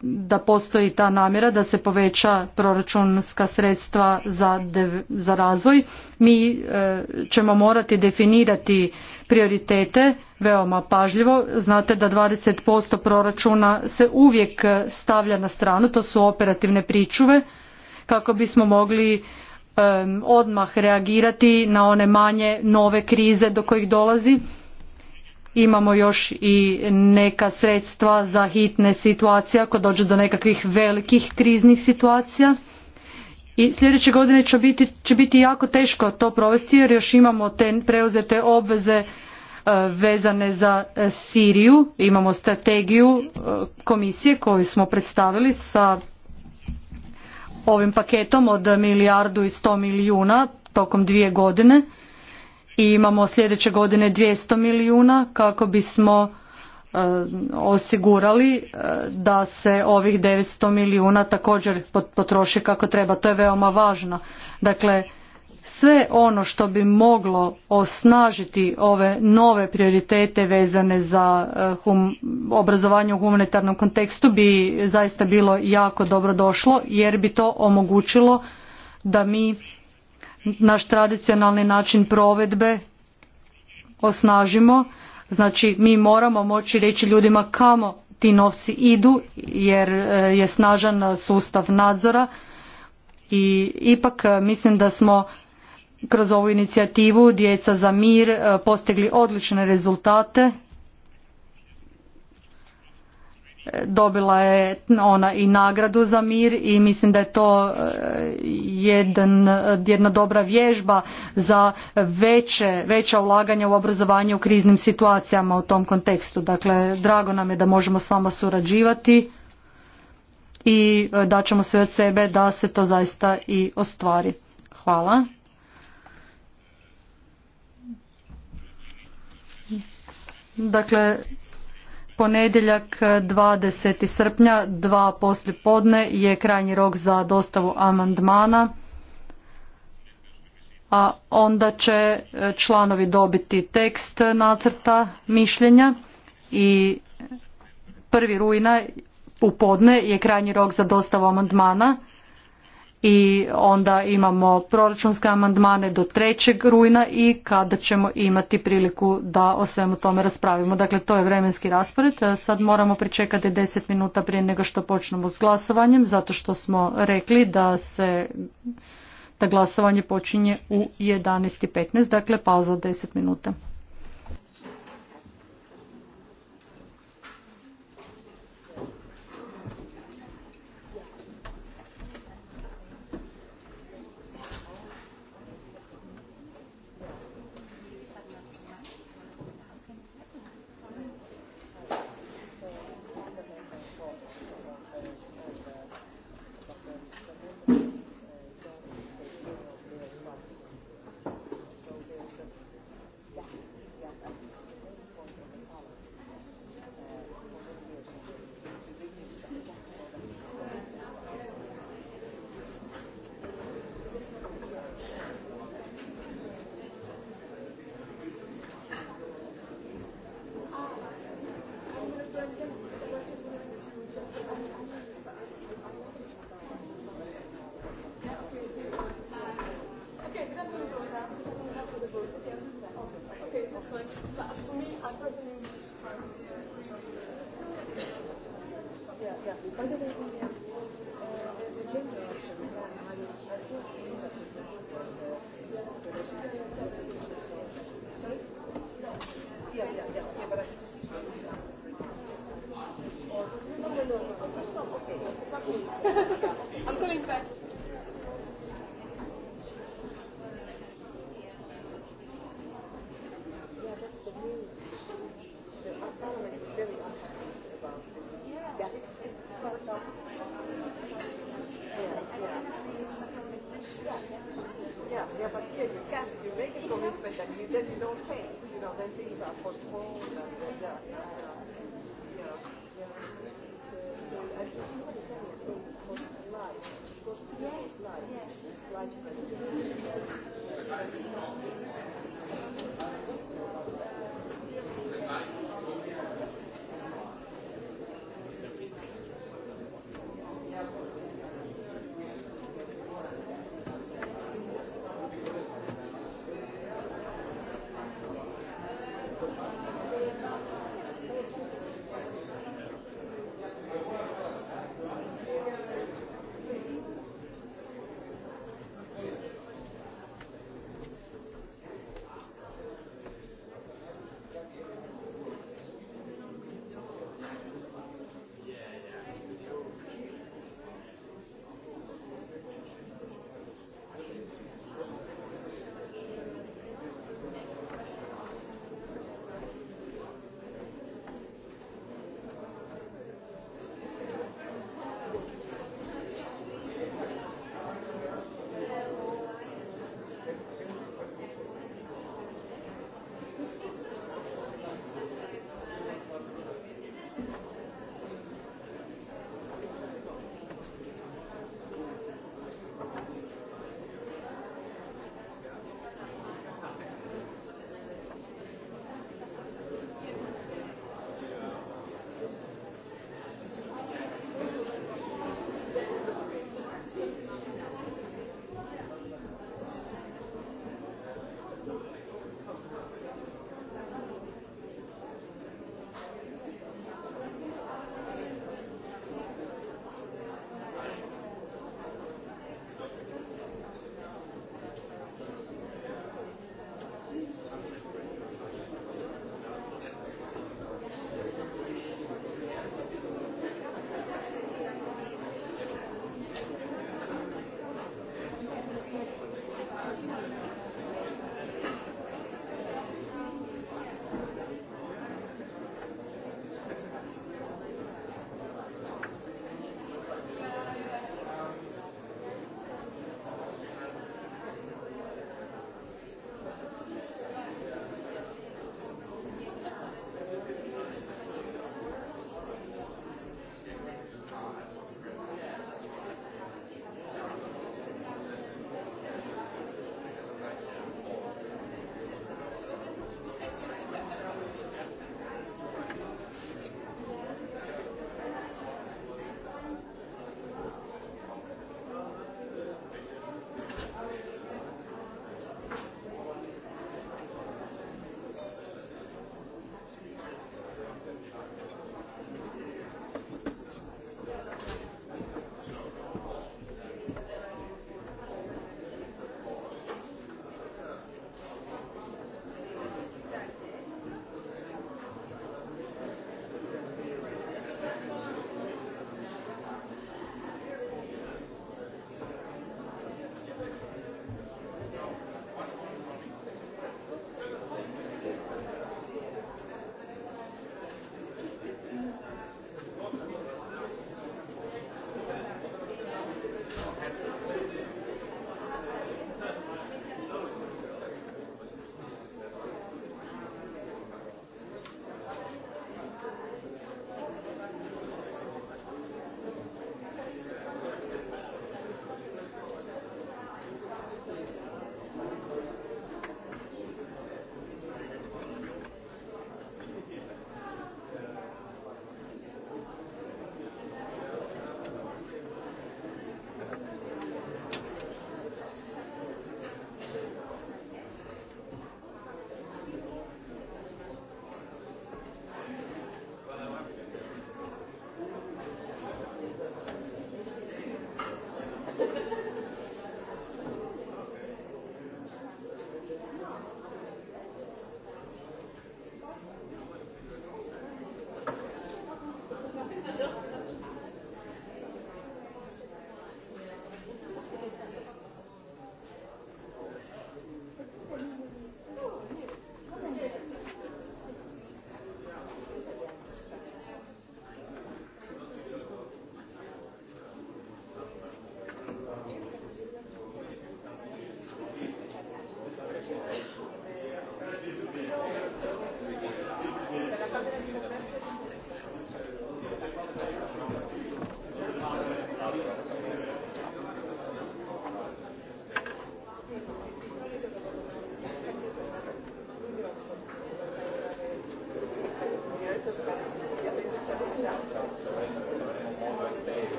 da postoji ta namjera da se poveća proračunska sredstva za, za razvoj. Mi e, ćemo morati definirati prioritete veoma pažljivo. Znate da 20% proračuna se uvijek stavlja na stranu, to su operativne pričuve kako bismo mogli odmah reagirati na one manje nove krize do kojih dolazi imamo još i neka sredstva za hitne situacije ako dođe do nekakvih velikih kriznih situacija. I sljedeće godine će biti, će biti jako teško to provesti jer još imamo te preuzete obveze e, vezane za e, Siriju. Imamo strategiju e, komisije koju smo predstavili sa ovim paketom od milijardu i sto milijuna tokom dvije godine i imamo sljedeće godine 200 milijuna kako bismo e, osigurali e, da se ovih 900 milijuna također potroši kako treba. To je veoma važno. Dakle, sve ono što bi moglo osnažiti ove nove prioritete vezane za e, obrazovanje u humanitarnom kontekstu bi zaista bilo jako dobro došlo jer bi to omogućilo da mi naš tradicionalni način provedbe osnažimo. Znači mi moramo moći reći ljudima kamo ti novci idu jer e, je snažan sustav nadzora i ipak e, mislim da smo kroz ovu inicijativu Djeca za mir e, postigli odlične rezultate dobila je ona i nagradu za mir i mislim da je to e, jedan, jedna dobra vježba za veće, veća ulaganja u obrazovanje u kriznim situacijama u tom kontekstu. Dakle, drago nam je da možemo s vama surađivati i e, dat ćemo sve od sebe da se to zaista i ostvari. Hvala. Dakle, Ponedjeljak 20. Eh, srpnja, dva podne, je krajnji rok za dostavu amandmana, a onda će eh, članovi dobiti tekst nacrta mišljenja i prvi rujna u podne je krajnji rok za dostavu amandmana i onda imamo proračunske amandmane do 3. rujna i kada ćemo imati priliku da o svemu tome raspravimo. Dakle, to je vremenski raspored. Sad moramo pričekati 10 minuta prije nego što počnemo s glasovanjem, zato što smo rekli da se da glasovanje počinje u 11.15, dakle pauza od 10 minuta. that you, you don't pay. You know, then things are postponed. And, yeah, yeah, yeah. So,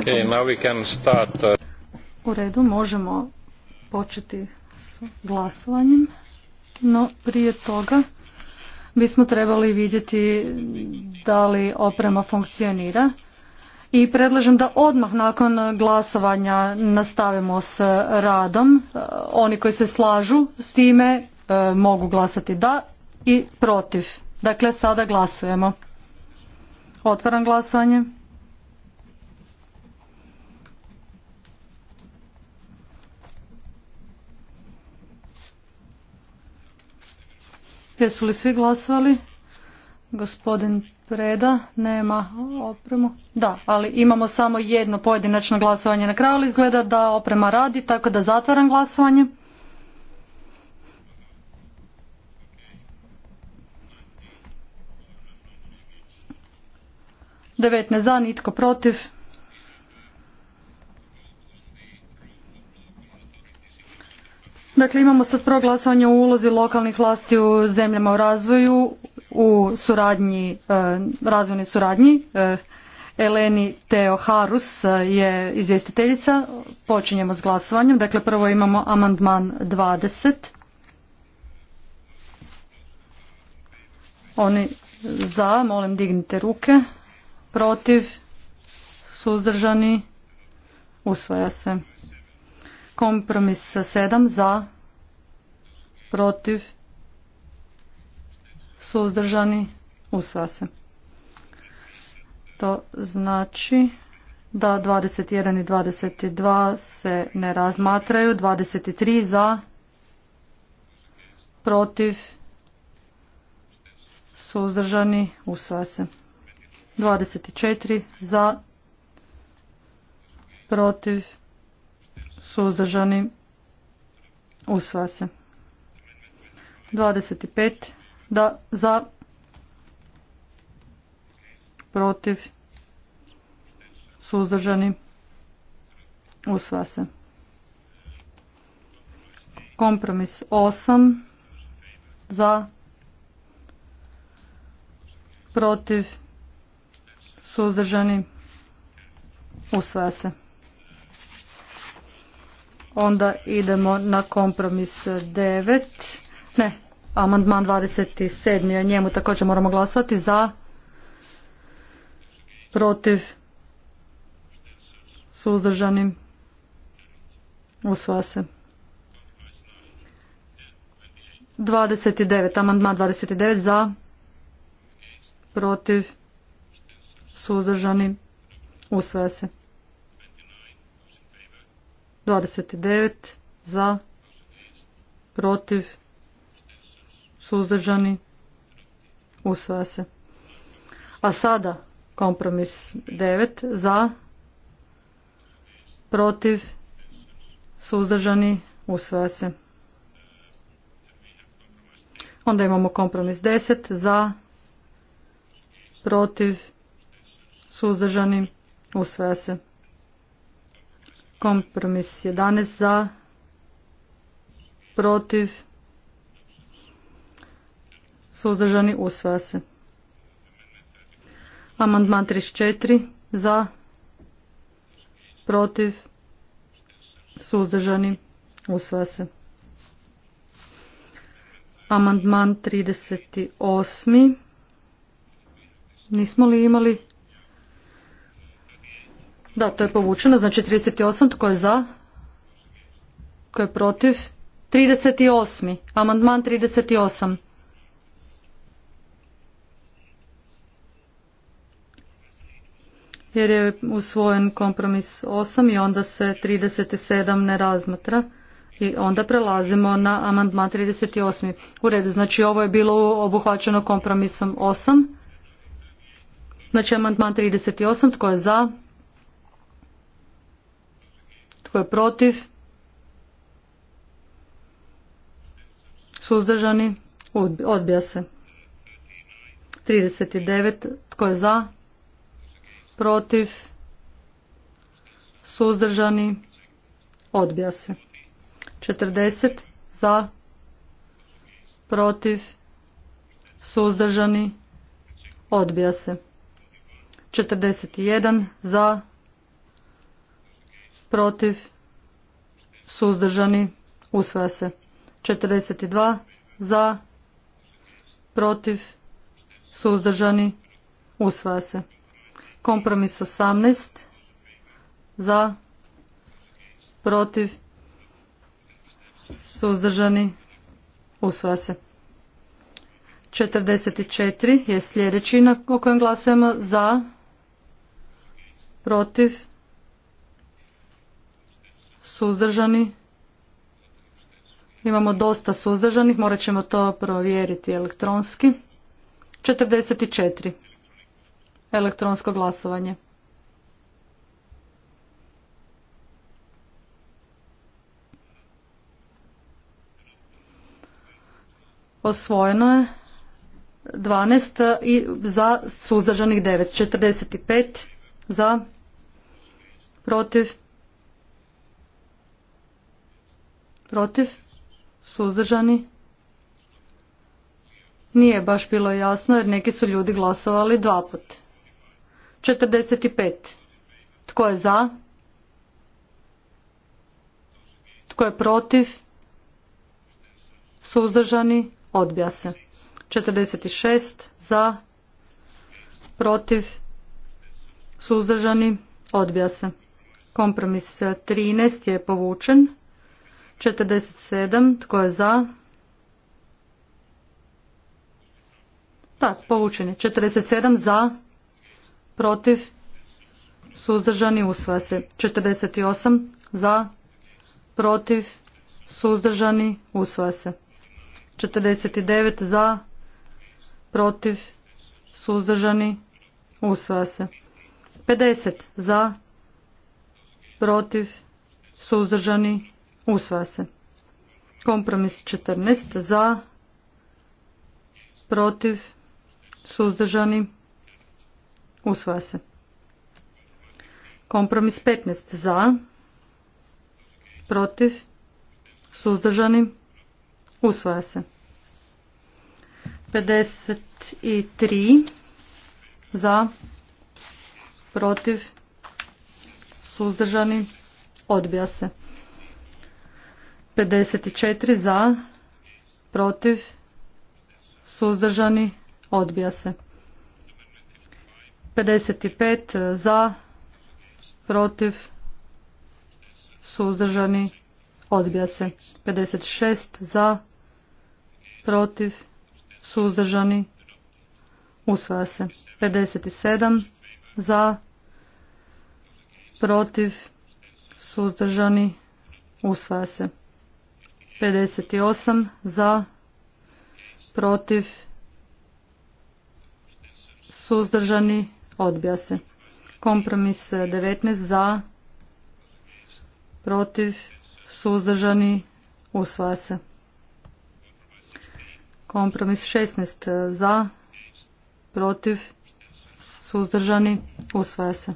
Uh, U redu, možemo početi s glasovanjem, no prije toga bismo trebali vidjeti da li oprema funkcionira i predlažem da odmah nakon glasovanja nastavimo s radom. Oni koji se slažu s time e, mogu glasati da i protiv. Dakle, sada glasujemo. Otvaram glasovanje. Jesu li svi glasovali? Gospodin Preda nema opremu. Da, ali imamo samo jedno pojedinačno glasovanje na kraju, ali izgleda da oprema radi, tako da zatvaram glasovanje. 19 za, nitko protiv. Dakle, imamo sad prvo glasovanje o ulozi lokalnih vlasti u zemljama u razvoju, u suradnji, e, razvojnoj suradnji. E, Eleni Teo Harus e, je izvjestiteljica. Počinjemo s glasovanjem. Dakle, prvo imamo amandman 20. Oni za, molim dignite ruke. Protiv, suzdržani, usvaja se. Kompromis 7 za, protiv, suzdržani, usva se. To znači da 21 i 22 se ne razmatraju, 23 za, protiv, suzdržani, u se. 24 za, protiv, Suzdržani. Usva se. 25. Da, za. Protiv. Suzdržani. Usva se. Kompromis 8. Za. Protiv. Suzdržani. Usvaja se. Onda idemo na kompromis 9. Ne, amandman 27. O njemu također moramo glasovati za, protiv, suzdržanim, usva se. 29. Amandman 29 za, protiv, suzdržani, usvaja se. 29 za, protiv, suzdržani, usvaja se. A sada kompromis 9 za, protiv, suzdržani, usvaja se. Onda imamo kompromis 10 za, protiv, suzdržani, usvaja se. Kompromis 11 za, protiv, suzdržani, usvaja se. Amandman 34 za, protiv, suzdržani, usvaja se. Amandman 38. Nismo li imali da, to je povučeno, znači 38, tko je za? Tko je protiv? 38. Amandman 38. Jer je usvojen kompromis 8 i onda se 37 ne razmatra. I onda prelazimo na amandman 38. U redu, znači ovo je bilo obuhvaćeno kompromisom 8. Znači amandman 38, tko je za? Tko je protiv? Suzdržani? Odbija se. 39. Tko je za? Protiv? Suzdržani? Odbija se. 40. Za? Protiv? Suzdržani? Odbija se. 41. Za? protiv, suzdržani, usvaja se. 42 za, protiv, suzdržani, usvaja se. Kompromis 18 za, protiv, suzdržani, usvaja se. 44 je sljedeći na kojem glasujemo za, protiv, Suzdržani? Imamo dosta suzdržanih, morat ćemo to provjeriti elektronski. 44. Elektronsko glasovanje. Osvojeno je 12 i za suzdržanih 9. 45 za protiv protiv, suzdržani. Nije baš bilo jasno jer neki su ljudi glasovali dva put. 45. Tko je za? Tko je protiv? Suzdržani? Odbija se. 46. Za? Protiv? Suzdržani? Odbija se. Kompromis 13 je povučen. 47. Tko je za? Tak, povučen je. 47 za, protiv, suzdržani, usvaja se. 48 za, protiv, suzdržani, usvaja se. 49 za, protiv, suzdržani, usvaja se. 50 za, protiv, suzdržani, Usvaja se. Kompromis 14 za, protiv, suzdržani, usvaja se. Kompromis 15 za, protiv, suzdržani, usvaja se. 53 za, protiv, suzdržani, odbija se. 54 za, protiv, suzdržani, odbija se. 55 za, protiv, suzdržani, odbija se. 56 za, protiv, suzdržani, usvaja se. 57 za, protiv, suzdržani, usvaja se. 58 za, protiv, suzdržani, odbija se. Kompromis 19 za, protiv, suzdržani, usvaja se. Kompromis 16 za, protiv, suzdržani, usvaja se.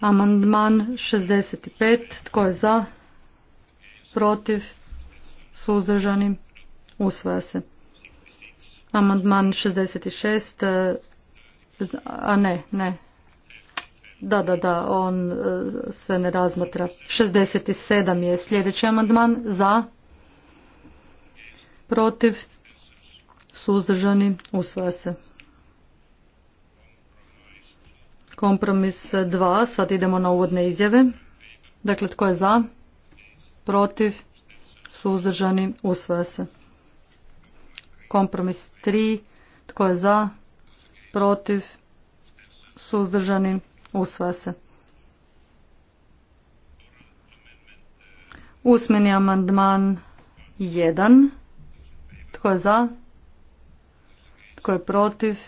Amandman 65, tko je za, protiv, suzdržani, usvaja se. Amandman 66, a ne, ne, da, da, da, on e, se ne razmatra. 67 je sljedeći amandman za, protiv, suzdržani, usvaja se. Kompromis 2, sad idemo na uvodne izjave. Dakle, tko je za? protiv, suzdržani, usvaja se. Kompromis 3, tko je za, protiv, suzdržani, usvaja se. Usmeni amandman 1, tko je za, tko je protiv,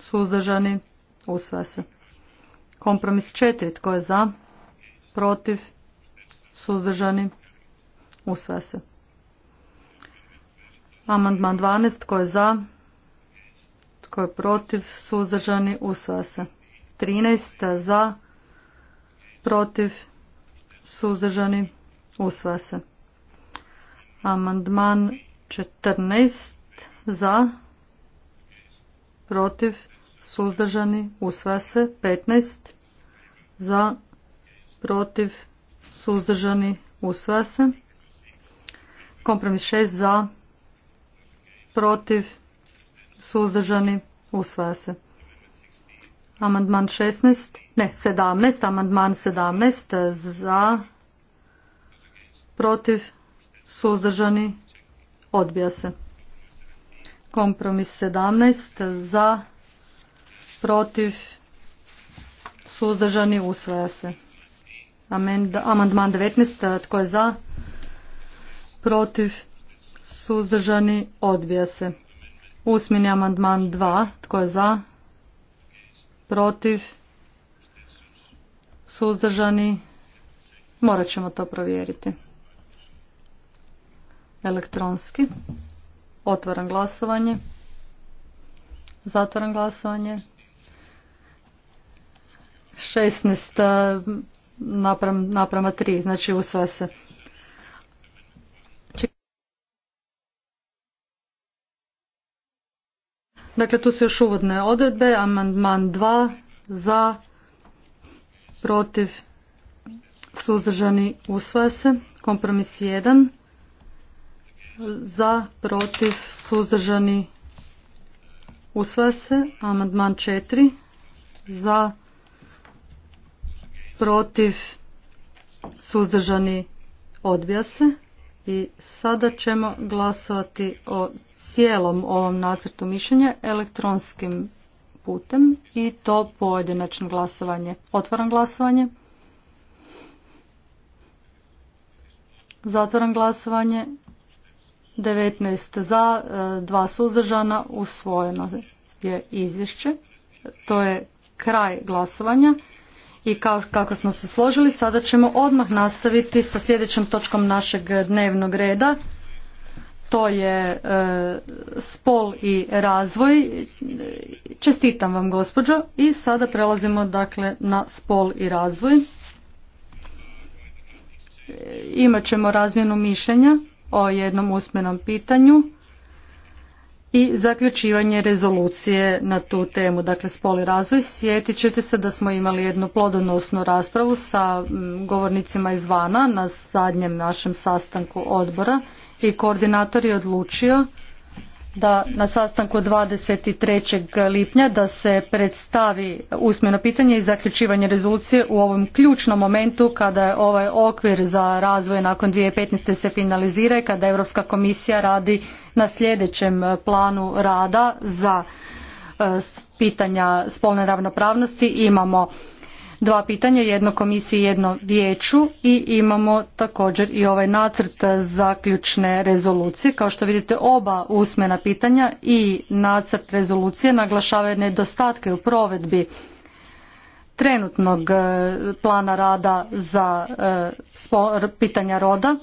suzdržani, usvaja se. Kompromis 4, tko je za, protiv, suzdržani, usvaja se. Amandman 12, tko je za, tko je protiv, suzdržani, usvaja se. 13 za, protiv, suzdržani, usvaja se. Amandman 14 za, protiv, suzdržani, usvaja se. 15 za, protiv, suzdržani, usvaja se. Kompromis 6 za, protiv, suzdržani, usvaja se. Amandman 16, ne 17, amandman 17 za, protiv, suzdržani, odbija se. Kompromis 17 za, protiv, suzdržani, usvaja se. Amandman 19. E, tko je za? Protiv? Suzdržani? Odbija se. Usmini amandman 2. Tko je za? Protiv? Suzdržani? Morat ćemo to provjeriti. Elektronski. Otvoran glasovanje. Zatvoran glasovanje. 16 napram, naprama 3, znači usvaja se. Dakle, tu su još uvodne odredbe, amandman 2 za, protiv, suzdržani, usvaja se. Kompromis 1 za, protiv, suzdržani, usvaja se. Amandman 4 za, protiv, protiv, suzdržani, odbija se. I sada ćemo glasovati o cijelom ovom nacrtu mišljenja elektronskim putem i to pojedinačno glasovanje. Otvaram glasovanje. Zatvaram glasovanje. 19 za, 2 suzdržana, usvojeno je izvješće. To je kraj glasovanja. I kao, kako smo se složili, sada ćemo odmah nastaviti sa sljedećom točkom našeg dnevnog reda. To je e, spol i razvoj. Čestitam vam gospođo i sada prelazimo dakle na spol i razvoj. E, imat ćemo razmjenu mišljenja o jednom usmenom pitanju i zaključivanje rezolucije na tu temu, dakle spoli razvoj. Sjetit ćete se da smo imali jednu plodonosnu raspravu sa mm, govornicima izvana na zadnjem našem sastanku odbora i koordinator je odlučio da na sastanku 23. lipnja da se predstavi usmeno pitanje i zaključivanje rezolucije u ovom ključnom momentu kada je ovaj okvir za razvoj nakon 2015. se finalizira i kada Europska komisija radi na sljedećem planu rada za e, pitanja spolne ravnopravnosti imamo dva pitanja, jedno komisiji, jedno vijeću i imamo također i ovaj nacrt zaključne rezolucije. Kao što vidite oba usmena pitanja i nacrt rezolucije naglašavaju nedostatke u provedbi trenutnog e, plana rada za e, pitanja roda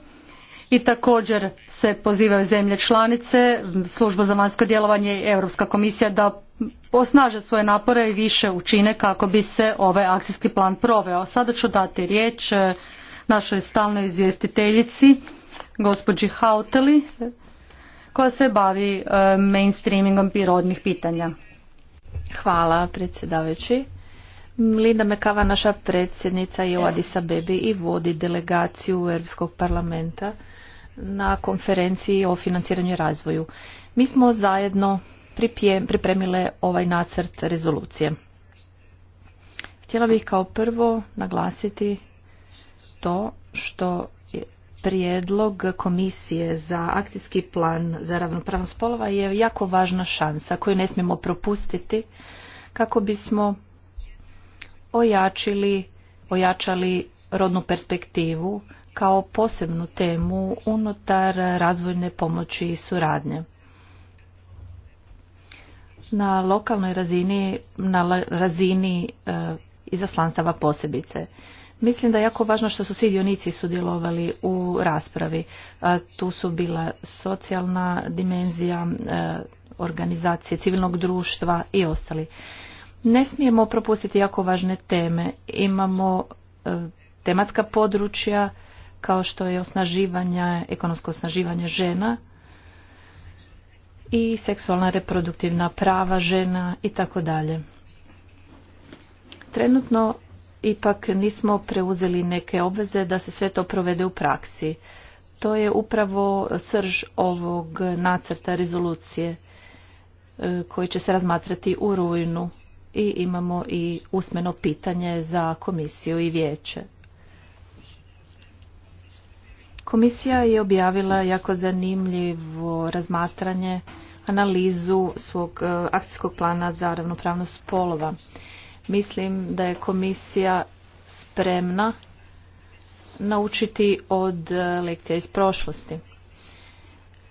i također se pozivaju zemlje članice, služba za vanjsko djelovanje i Europska komisija da osnaže svoje napore i više učine kako bi se ovaj akcijski plan proveo. Sada ću dati riječ e, našoj stalnoj izvjestiteljici, gospođi Hauteli, koja se bavi e, mainstreamingom prirodnih pitanja. Hvala predsjedavajući. Linda Mekava, naša predsjednica, je u Adisa Bebi i vodi delegaciju Europskog parlamenta na konferenciji o financiranju i razvoju. Mi smo zajedno pripremile ovaj nacrt rezolucije. Htjela bih kao prvo naglasiti to što prijedlog komisije za akcijski plan za ravnopravnost spolova je jako važna šansa koju ne smijemo propustiti kako bismo ojačili, ojačali rodnu perspektivu kao posebnu temu unutar razvojne pomoći i suradnje na lokalnoj razini, na razini e, izaslanstava posebice. Mislim da je jako važno što su svi dionici sudjelovali u raspravi. tu su bila socijalna dimenzija, e, organizacije civilnog društva i ostali. Ne smijemo propustiti jako važne teme. Imamo e, tematska područja kao što je osnaživanje, ekonomsko osnaživanje žena, i seksualna reproduktivna prava žena i tako dalje. Trenutno ipak nismo preuzeli neke obveze da se sve to provede u praksi. To je upravo srž ovog nacrta rezolucije e, koji će se razmatrati u rujnu i imamo i usmeno pitanje za komisiju i vijeće. Komisija je objavila jako zanimljivo razmatranje, analizu svog e, akcijskog plana za ravnopravnost spolova. Mislim da je komisija spremna naučiti od e, lekcija iz prošlosti.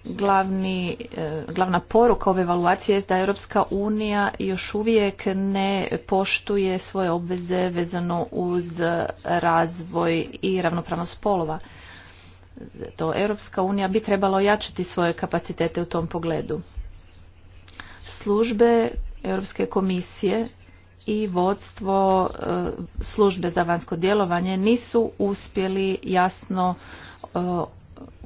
Glavni, e, glavna poruka ove evaluacije je da Europska unija još uvijek ne poštuje svoje obveze vezano uz razvoj i ravnopravnost spolova to Europska unija bi trebala ojačati svoje kapacitete u tom pogledu. Službe Europske komisije i vodstvo e, službe za vanjsko djelovanje nisu uspjeli jasno e,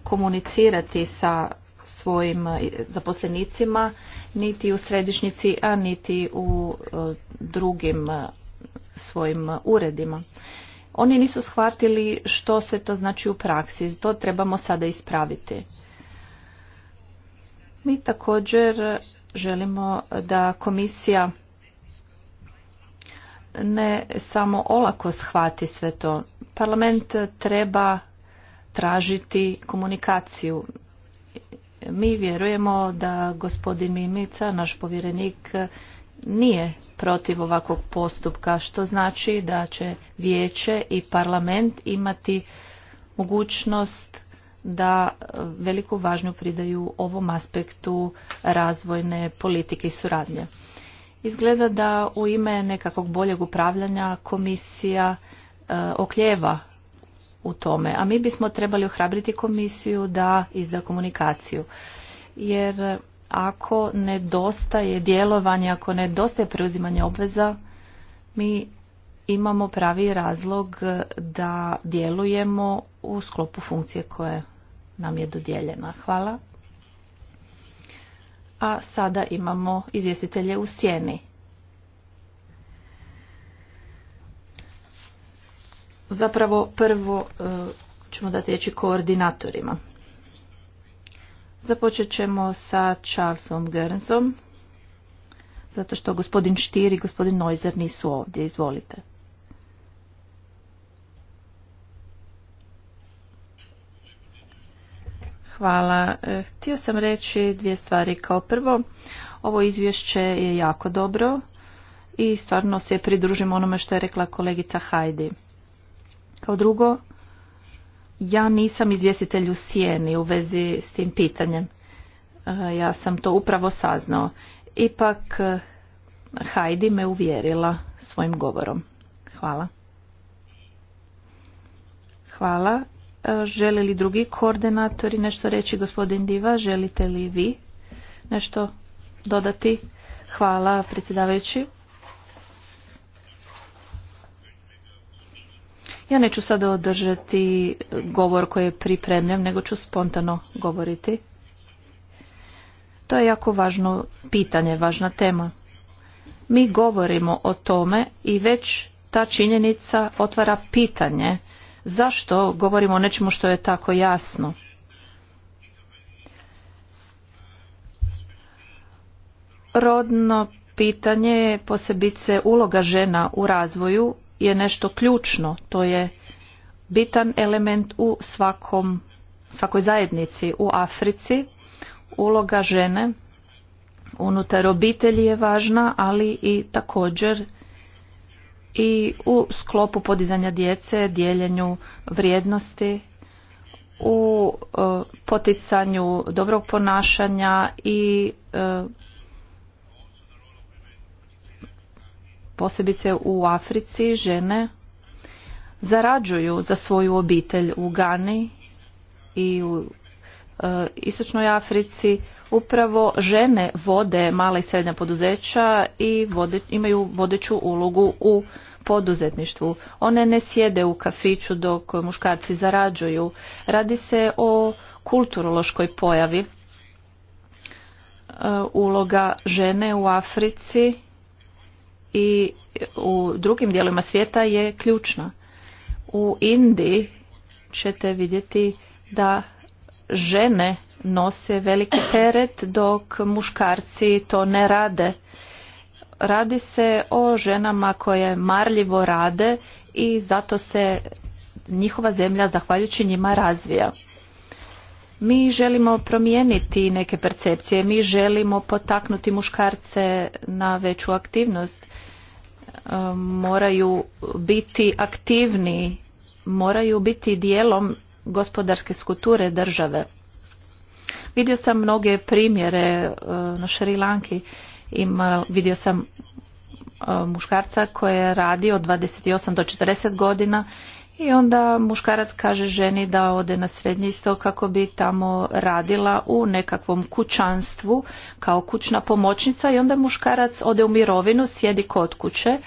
komunicirati sa svojim zaposlenicima niti u središnjici, a niti u e, drugim svojim uredima. Oni nisu shvatili što sve to znači u praksi. To trebamo sada ispraviti. Mi također želimo da komisija ne samo olako shvati sve to. Parlament treba tražiti komunikaciju. Mi vjerujemo da gospodin Mimica, naš povjerenik, nije protiv ovakvog postupka, što znači da će vijeće i parlament imati mogućnost da e, veliku važnju pridaju ovom aspektu razvojne politike i suradnje. Izgleda da u ime nekakvog boljeg upravljanja komisija e, okljeva u tome, a mi bismo trebali ohrabriti komisiju da izda komunikaciju. Jer ako nedostaje djelovanje, ako nedostaje preuzimanje obveza, mi imamo pravi razlog da djelujemo u sklopu funkcije koje nam je dodijeljena. Hvala. A sada imamo izvjestitelje u sjeni. Zapravo prvo e, ćemo dati riječi koordinatorima. Započet ćemo sa Charlesom Gernsom, zato što gospodin Štir i gospodin Noizer nisu ovdje. Izvolite. Hvala. E, htio sam reći dvije stvari. Kao prvo, ovo izvješće je jako dobro i stvarno se pridružimo onome što je rekla kolegica Hajdi. Kao drugo, ja nisam izvjestitelj u sjeni u vezi s tim pitanjem. E, ja sam to upravo saznao. Ipak e, Hajdi me uvjerila svojim govorom. Hvala. Hvala. E, Žele li drugi koordinatori nešto reći? Gospodin Diva, želite li vi nešto dodati? Hvala predsjedavajući. Ja neću sada održati govor koji je pripremljen, nego ću spontano govoriti. To je jako važno pitanje, važna tema. Mi govorimo o tome i već ta činjenica otvara pitanje zašto govorimo o nečemu što je tako jasno. Rodno pitanje je posebice uloga žena u razvoju je nešto ključno, to je bitan element u svakom, svakoj zajednici. U Africi uloga žene unutar obitelji je važna, ali i također i u sklopu podizanja djece, dijeljenju vrijednosti, u e, poticanju dobrog ponašanja i e, posebice u Africi, žene zarađuju za svoju obitelj u Gani i u e, Istočnoj Africi. Upravo žene vode mala i srednja poduzeća i imaju vodeću ulogu u poduzetništvu. One ne sjede u kafiću dok muškarci zarađuju. Radi se o kulturološkoj pojavi. E, uloga žene u Africi i u drugim dijelima svijeta je ključna. U Indiji ćete vidjeti da žene nose veliki teret dok muškarci to ne rade. Radi se o ženama koje marljivo rade i zato se njihova zemlja zahvaljujući njima razvija. Mi želimo promijeniti neke percepcije, mi želimo potaknuti muškarce na veću aktivnost moraju biti aktivni, moraju biti dijelom gospodarske skulture države. Vidio sam mnoge primjere e, na lanki Ima, vidio sam e, muškarca koji je radio od 28 do 40 godina i onda muškarac kaže ženi da ode na srednji istok kako bi tamo radila u nekakvom kućanstvu kao kućna pomoćnica i onda muškarac ode u mirovinu, sjedi kod kuće,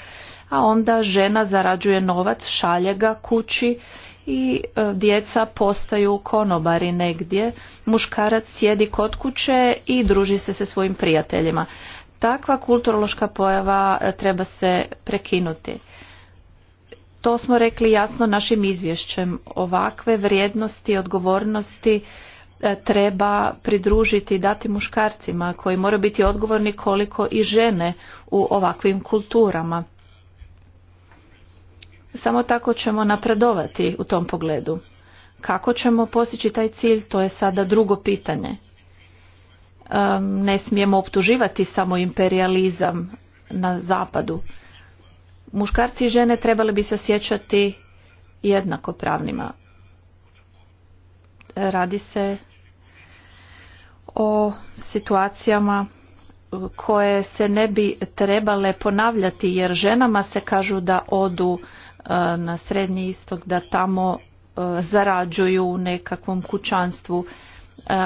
a onda žena zarađuje novac, šalje ga kući i e, djeca postaju konobari negdje. Muškarac sjedi kod kuće i druži se sa svojim prijateljima. Takva kulturološka pojava e, treba se prekinuti to smo rekli jasno našim izvješćem. Ovakve vrijednosti, odgovornosti e, treba pridružiti i dati muškarcima koji moraju biti odgovorni koliko i žene u ovakvim kulturama. Samo tako ćemo napredovati u tom pogledu. Kako ćemo postići taj cilj, to je sada drugo pitanje. Ne smijemo optuživati samo imperializam na zapadu. Muškarci i žene trebali bi se osjećati jednako pravnima. Radi se o situacijama koje se ne bi trebale ponavljati jer ženama se kažu da odu e, na srednji istok da tamo e, zarađuju u nekakvom kućanstvu. E,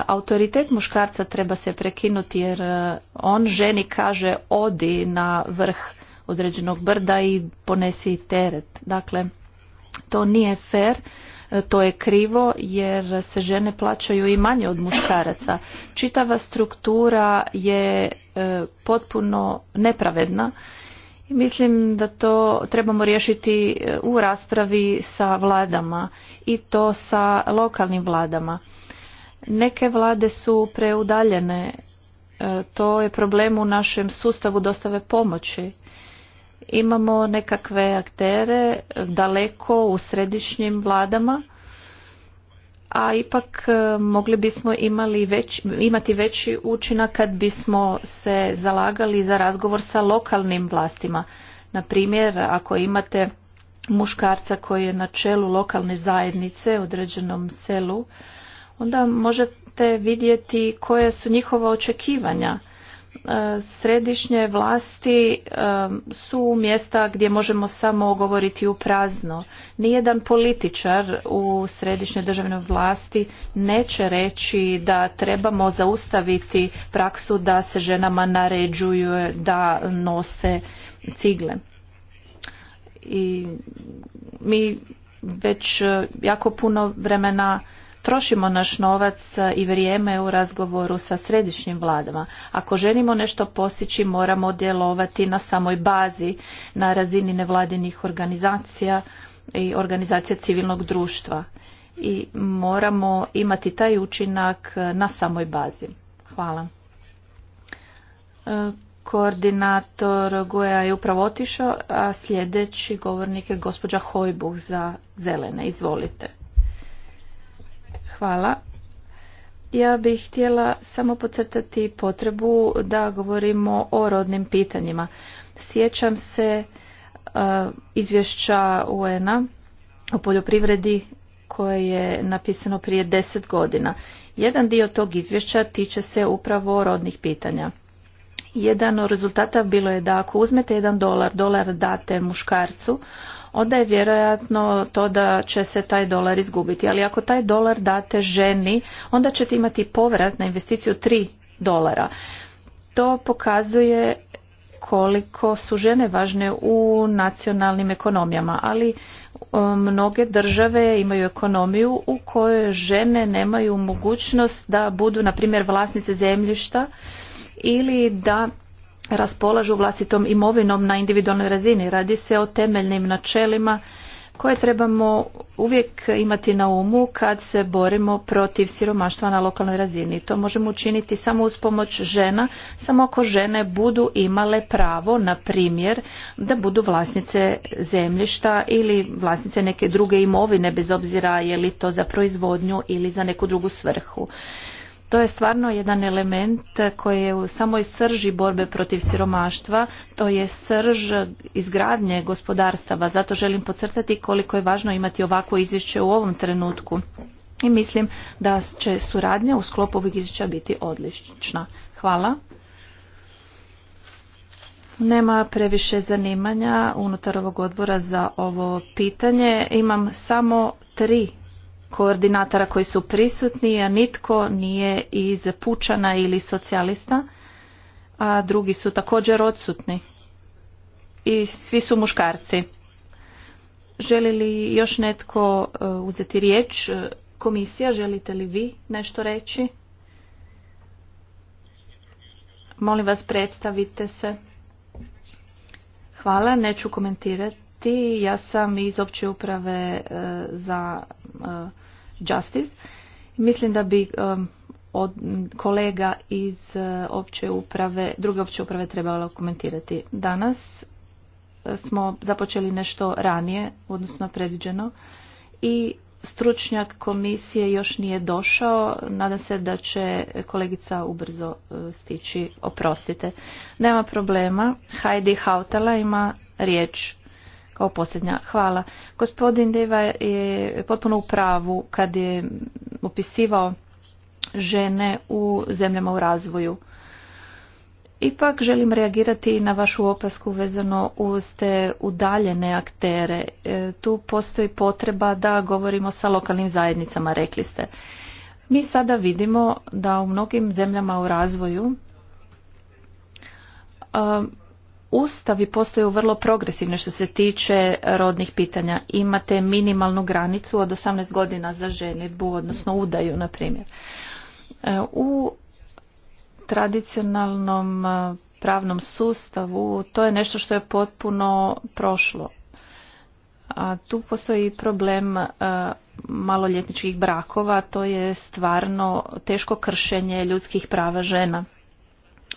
autoritet muškarca treba se prekinuti jer on ženi kaže odi na vrh određenog brda i ponesi teret. Dakle, to nije fair, e, to je krivo jer se žene plaćaju i manje od muškaraca. Čitava struktura je e, potpuno nepravedna i mislim da to trebamo riješiti e, u raspravi sa vladama i to sa lokalnim vladama. Neke vlade su preudaljene, to je problem u našem sustavu dostave pomoći imamo nekakve aktere daleko u središnjim vladama, a ipak e, mogli bismo imali već, imati veći učinak kad bismo se zalagali za razgovor sa lokalnim vlastima. Na primjer, ako imate muškarca koji je na čelu lokalne zajednice u određenom selu, onda možete vidjeti koje su njihova očekivanja E, središnje vlasti e, su mjesta gdje možemo samo govoriti u prazno. Nijedan političar u središnjoj državnoj vlasti neće reći da trebamo zaustaviti praksu da se ženama naređuju da nose cigle. I mi već e, jako puno vremena trošimo naš novac i vrijeme u razgovoru sa središnjim vladama. Ako želimo nešto postići, moramo djelovati na samoj bazi, na razini nevladinih organizacija i organizacija civilnog društva. I moramo imati taj učinak na samoj bazi. Hvala. E, koordinator Goja je upravo otišao, a sljedeći govornik je gospođa Hojbuh za zelene. Izvolite. Hvala. Ja bih htjela samo podcrtati potrebu da govorimo o rodnim pitanjima. Sjećam se e, izvješća UN-a o poljoprivredi koje je napisano prije deset godina. Jedan dio tog izvješća tiče se upravo rodnih pitanja. Jedan od rezultata bilo je da ako uzmete jedan dolar, dolar date muškarcu, onda je vjerojatno to da će se taj dolar izgubiti. Ali ako taj dolar date ženi, onda ćete imati povrat na investiciju 3 dolara. To pokazuje koliko su žene važne u nacionalnim ekonomijama, ali e, mnoge države imaju ekonomiju u kojoj žene nemaju mogućnost da budu, na primjer, vlasnice zemljišta ili da raspolažu vlastitom imovinom na individualnoj razini. Radi se o temeljnim načelima koje trebamo uvijek imati na umu kad se borimo protiv siromaštva na lokalnoj razini. To možemo učiniti samo uz pomoć žena, samo ako žene budu imale pravo, na primjer, da budu vlasnice zemljišta ili vlasnice neke druge imovine, bez obzira je li to za proizvodnju ili za neku drugu svrhu. To je stvarno jedan element koji je u samoj srži borbe protiv siromaštva, to je srž izgradnje gospodarstava. Zato želim podcrtati koliko je važno imati ovakvo izvješće u ovom trenutku. I mislim da će suradnja u sklopu ovog izvješća biti odlična. Hvala. Nema previše zanimanja unutar ovog odbora za ovo pitanje. Imam samo tri koordinatora koji su prisutni, a nitko nije iz Pučana ili socijalista, a drugi su također odsutni. I svi su muškarci. Želi li još netko e, uzeti riječ? Komisija, želite li vi nešto reći? Molim vas, predstavite se. Hvala, neću komentirati ja sam iz opće uprave e, za e, Justice. Mislim da bi e, od kolega iz opće uprave, druge opće uprave trebalo komentirati. Danas smo započeli nešto ranije, odnosno predviđeno, i stručnjak komisije još nije došao. Nadam se da će kolegica ubrzo stići. Oprostite. Nema problema. Heidi Hautala ima riječ kao posljednja. Hvala. Gospodin Deva je potpuno u pravu kad je opisivao žene u zemljama u razvoju. Ipak želim reagirati na vašu opasku vezano uz te udaljene aktere. E, tu postoji potreba da govorimo sa lokalnim zajednicama, rekli ste. Mi sada vidimo da u mnogim zemljama u razvoju e, ustavi postaju vrlo progresivne što se tiče rodnih pitanja. Imate minimalnu granicu od 18 godina za ženitbu, odnosno udaju, na primjer. E, u tradicionalnom e, pravnom sustavu to je nešto što je potpuno prošlo. A tu postoji problem e, maloljetničkih brakova, to je stvarno teško kršenje ljudskih prava žena.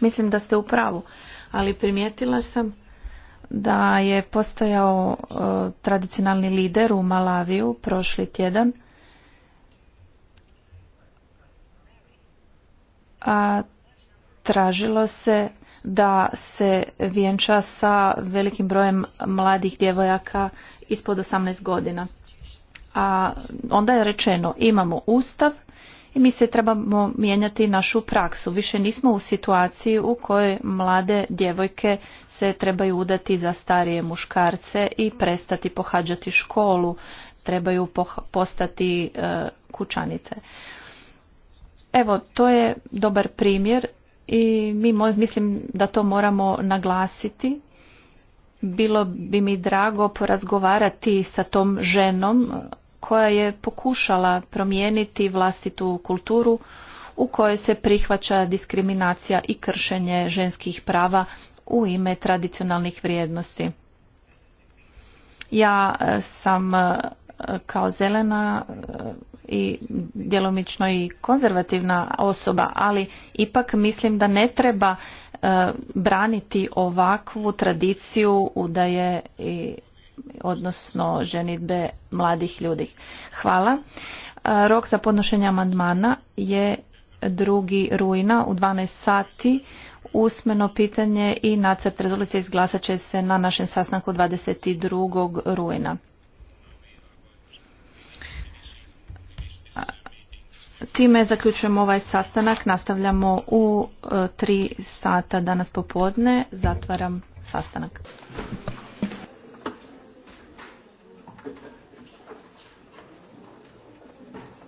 Mislim da ste u pravu ali primijetila sam da je postojao e, tradicionalni lider u Malaviju prošli tjedan. A tražilo se da se vjenča sa velikim brojem mladih djevojaka ispod 18 godina. A onda je rečeno imamo ustav i mi se trebamo mijenjati našu praksu. Više nismo u situaciji u kojoj mlade djevojke se trebaju udati za starije muškarce i prestati pohađati školu, trebaju postati e, kućanice. Evo, to je dobar primjer i mi mislim da to moramo naglasiti. Bilo bi mi drago porazgovarati sa tom ženom koja je pokušala promijeniti vlastitu kulturu u kojoj se prihvaća diskriminacija i kršenje ženskih prava u ime tradicionalnih vrijednosti. Ja e, sam e, kao zelena e, i djelomično i konzervativna osoba, ali ipak mislim da ne treba braniti ovakvu tradiciju da i odnosno ženitbe mladih ljudi. Hvala. E, rok za podnošenje amandmana je 2. rujna u 12 sati. Usmeno pitanje i nacrt rezolucije izglasat će se na našem sastanku 22. rujna. Time zaključujemo ovaj sastanak. Nastavljamo u 3 e, sata danas popodne. Zatvaram sastanak.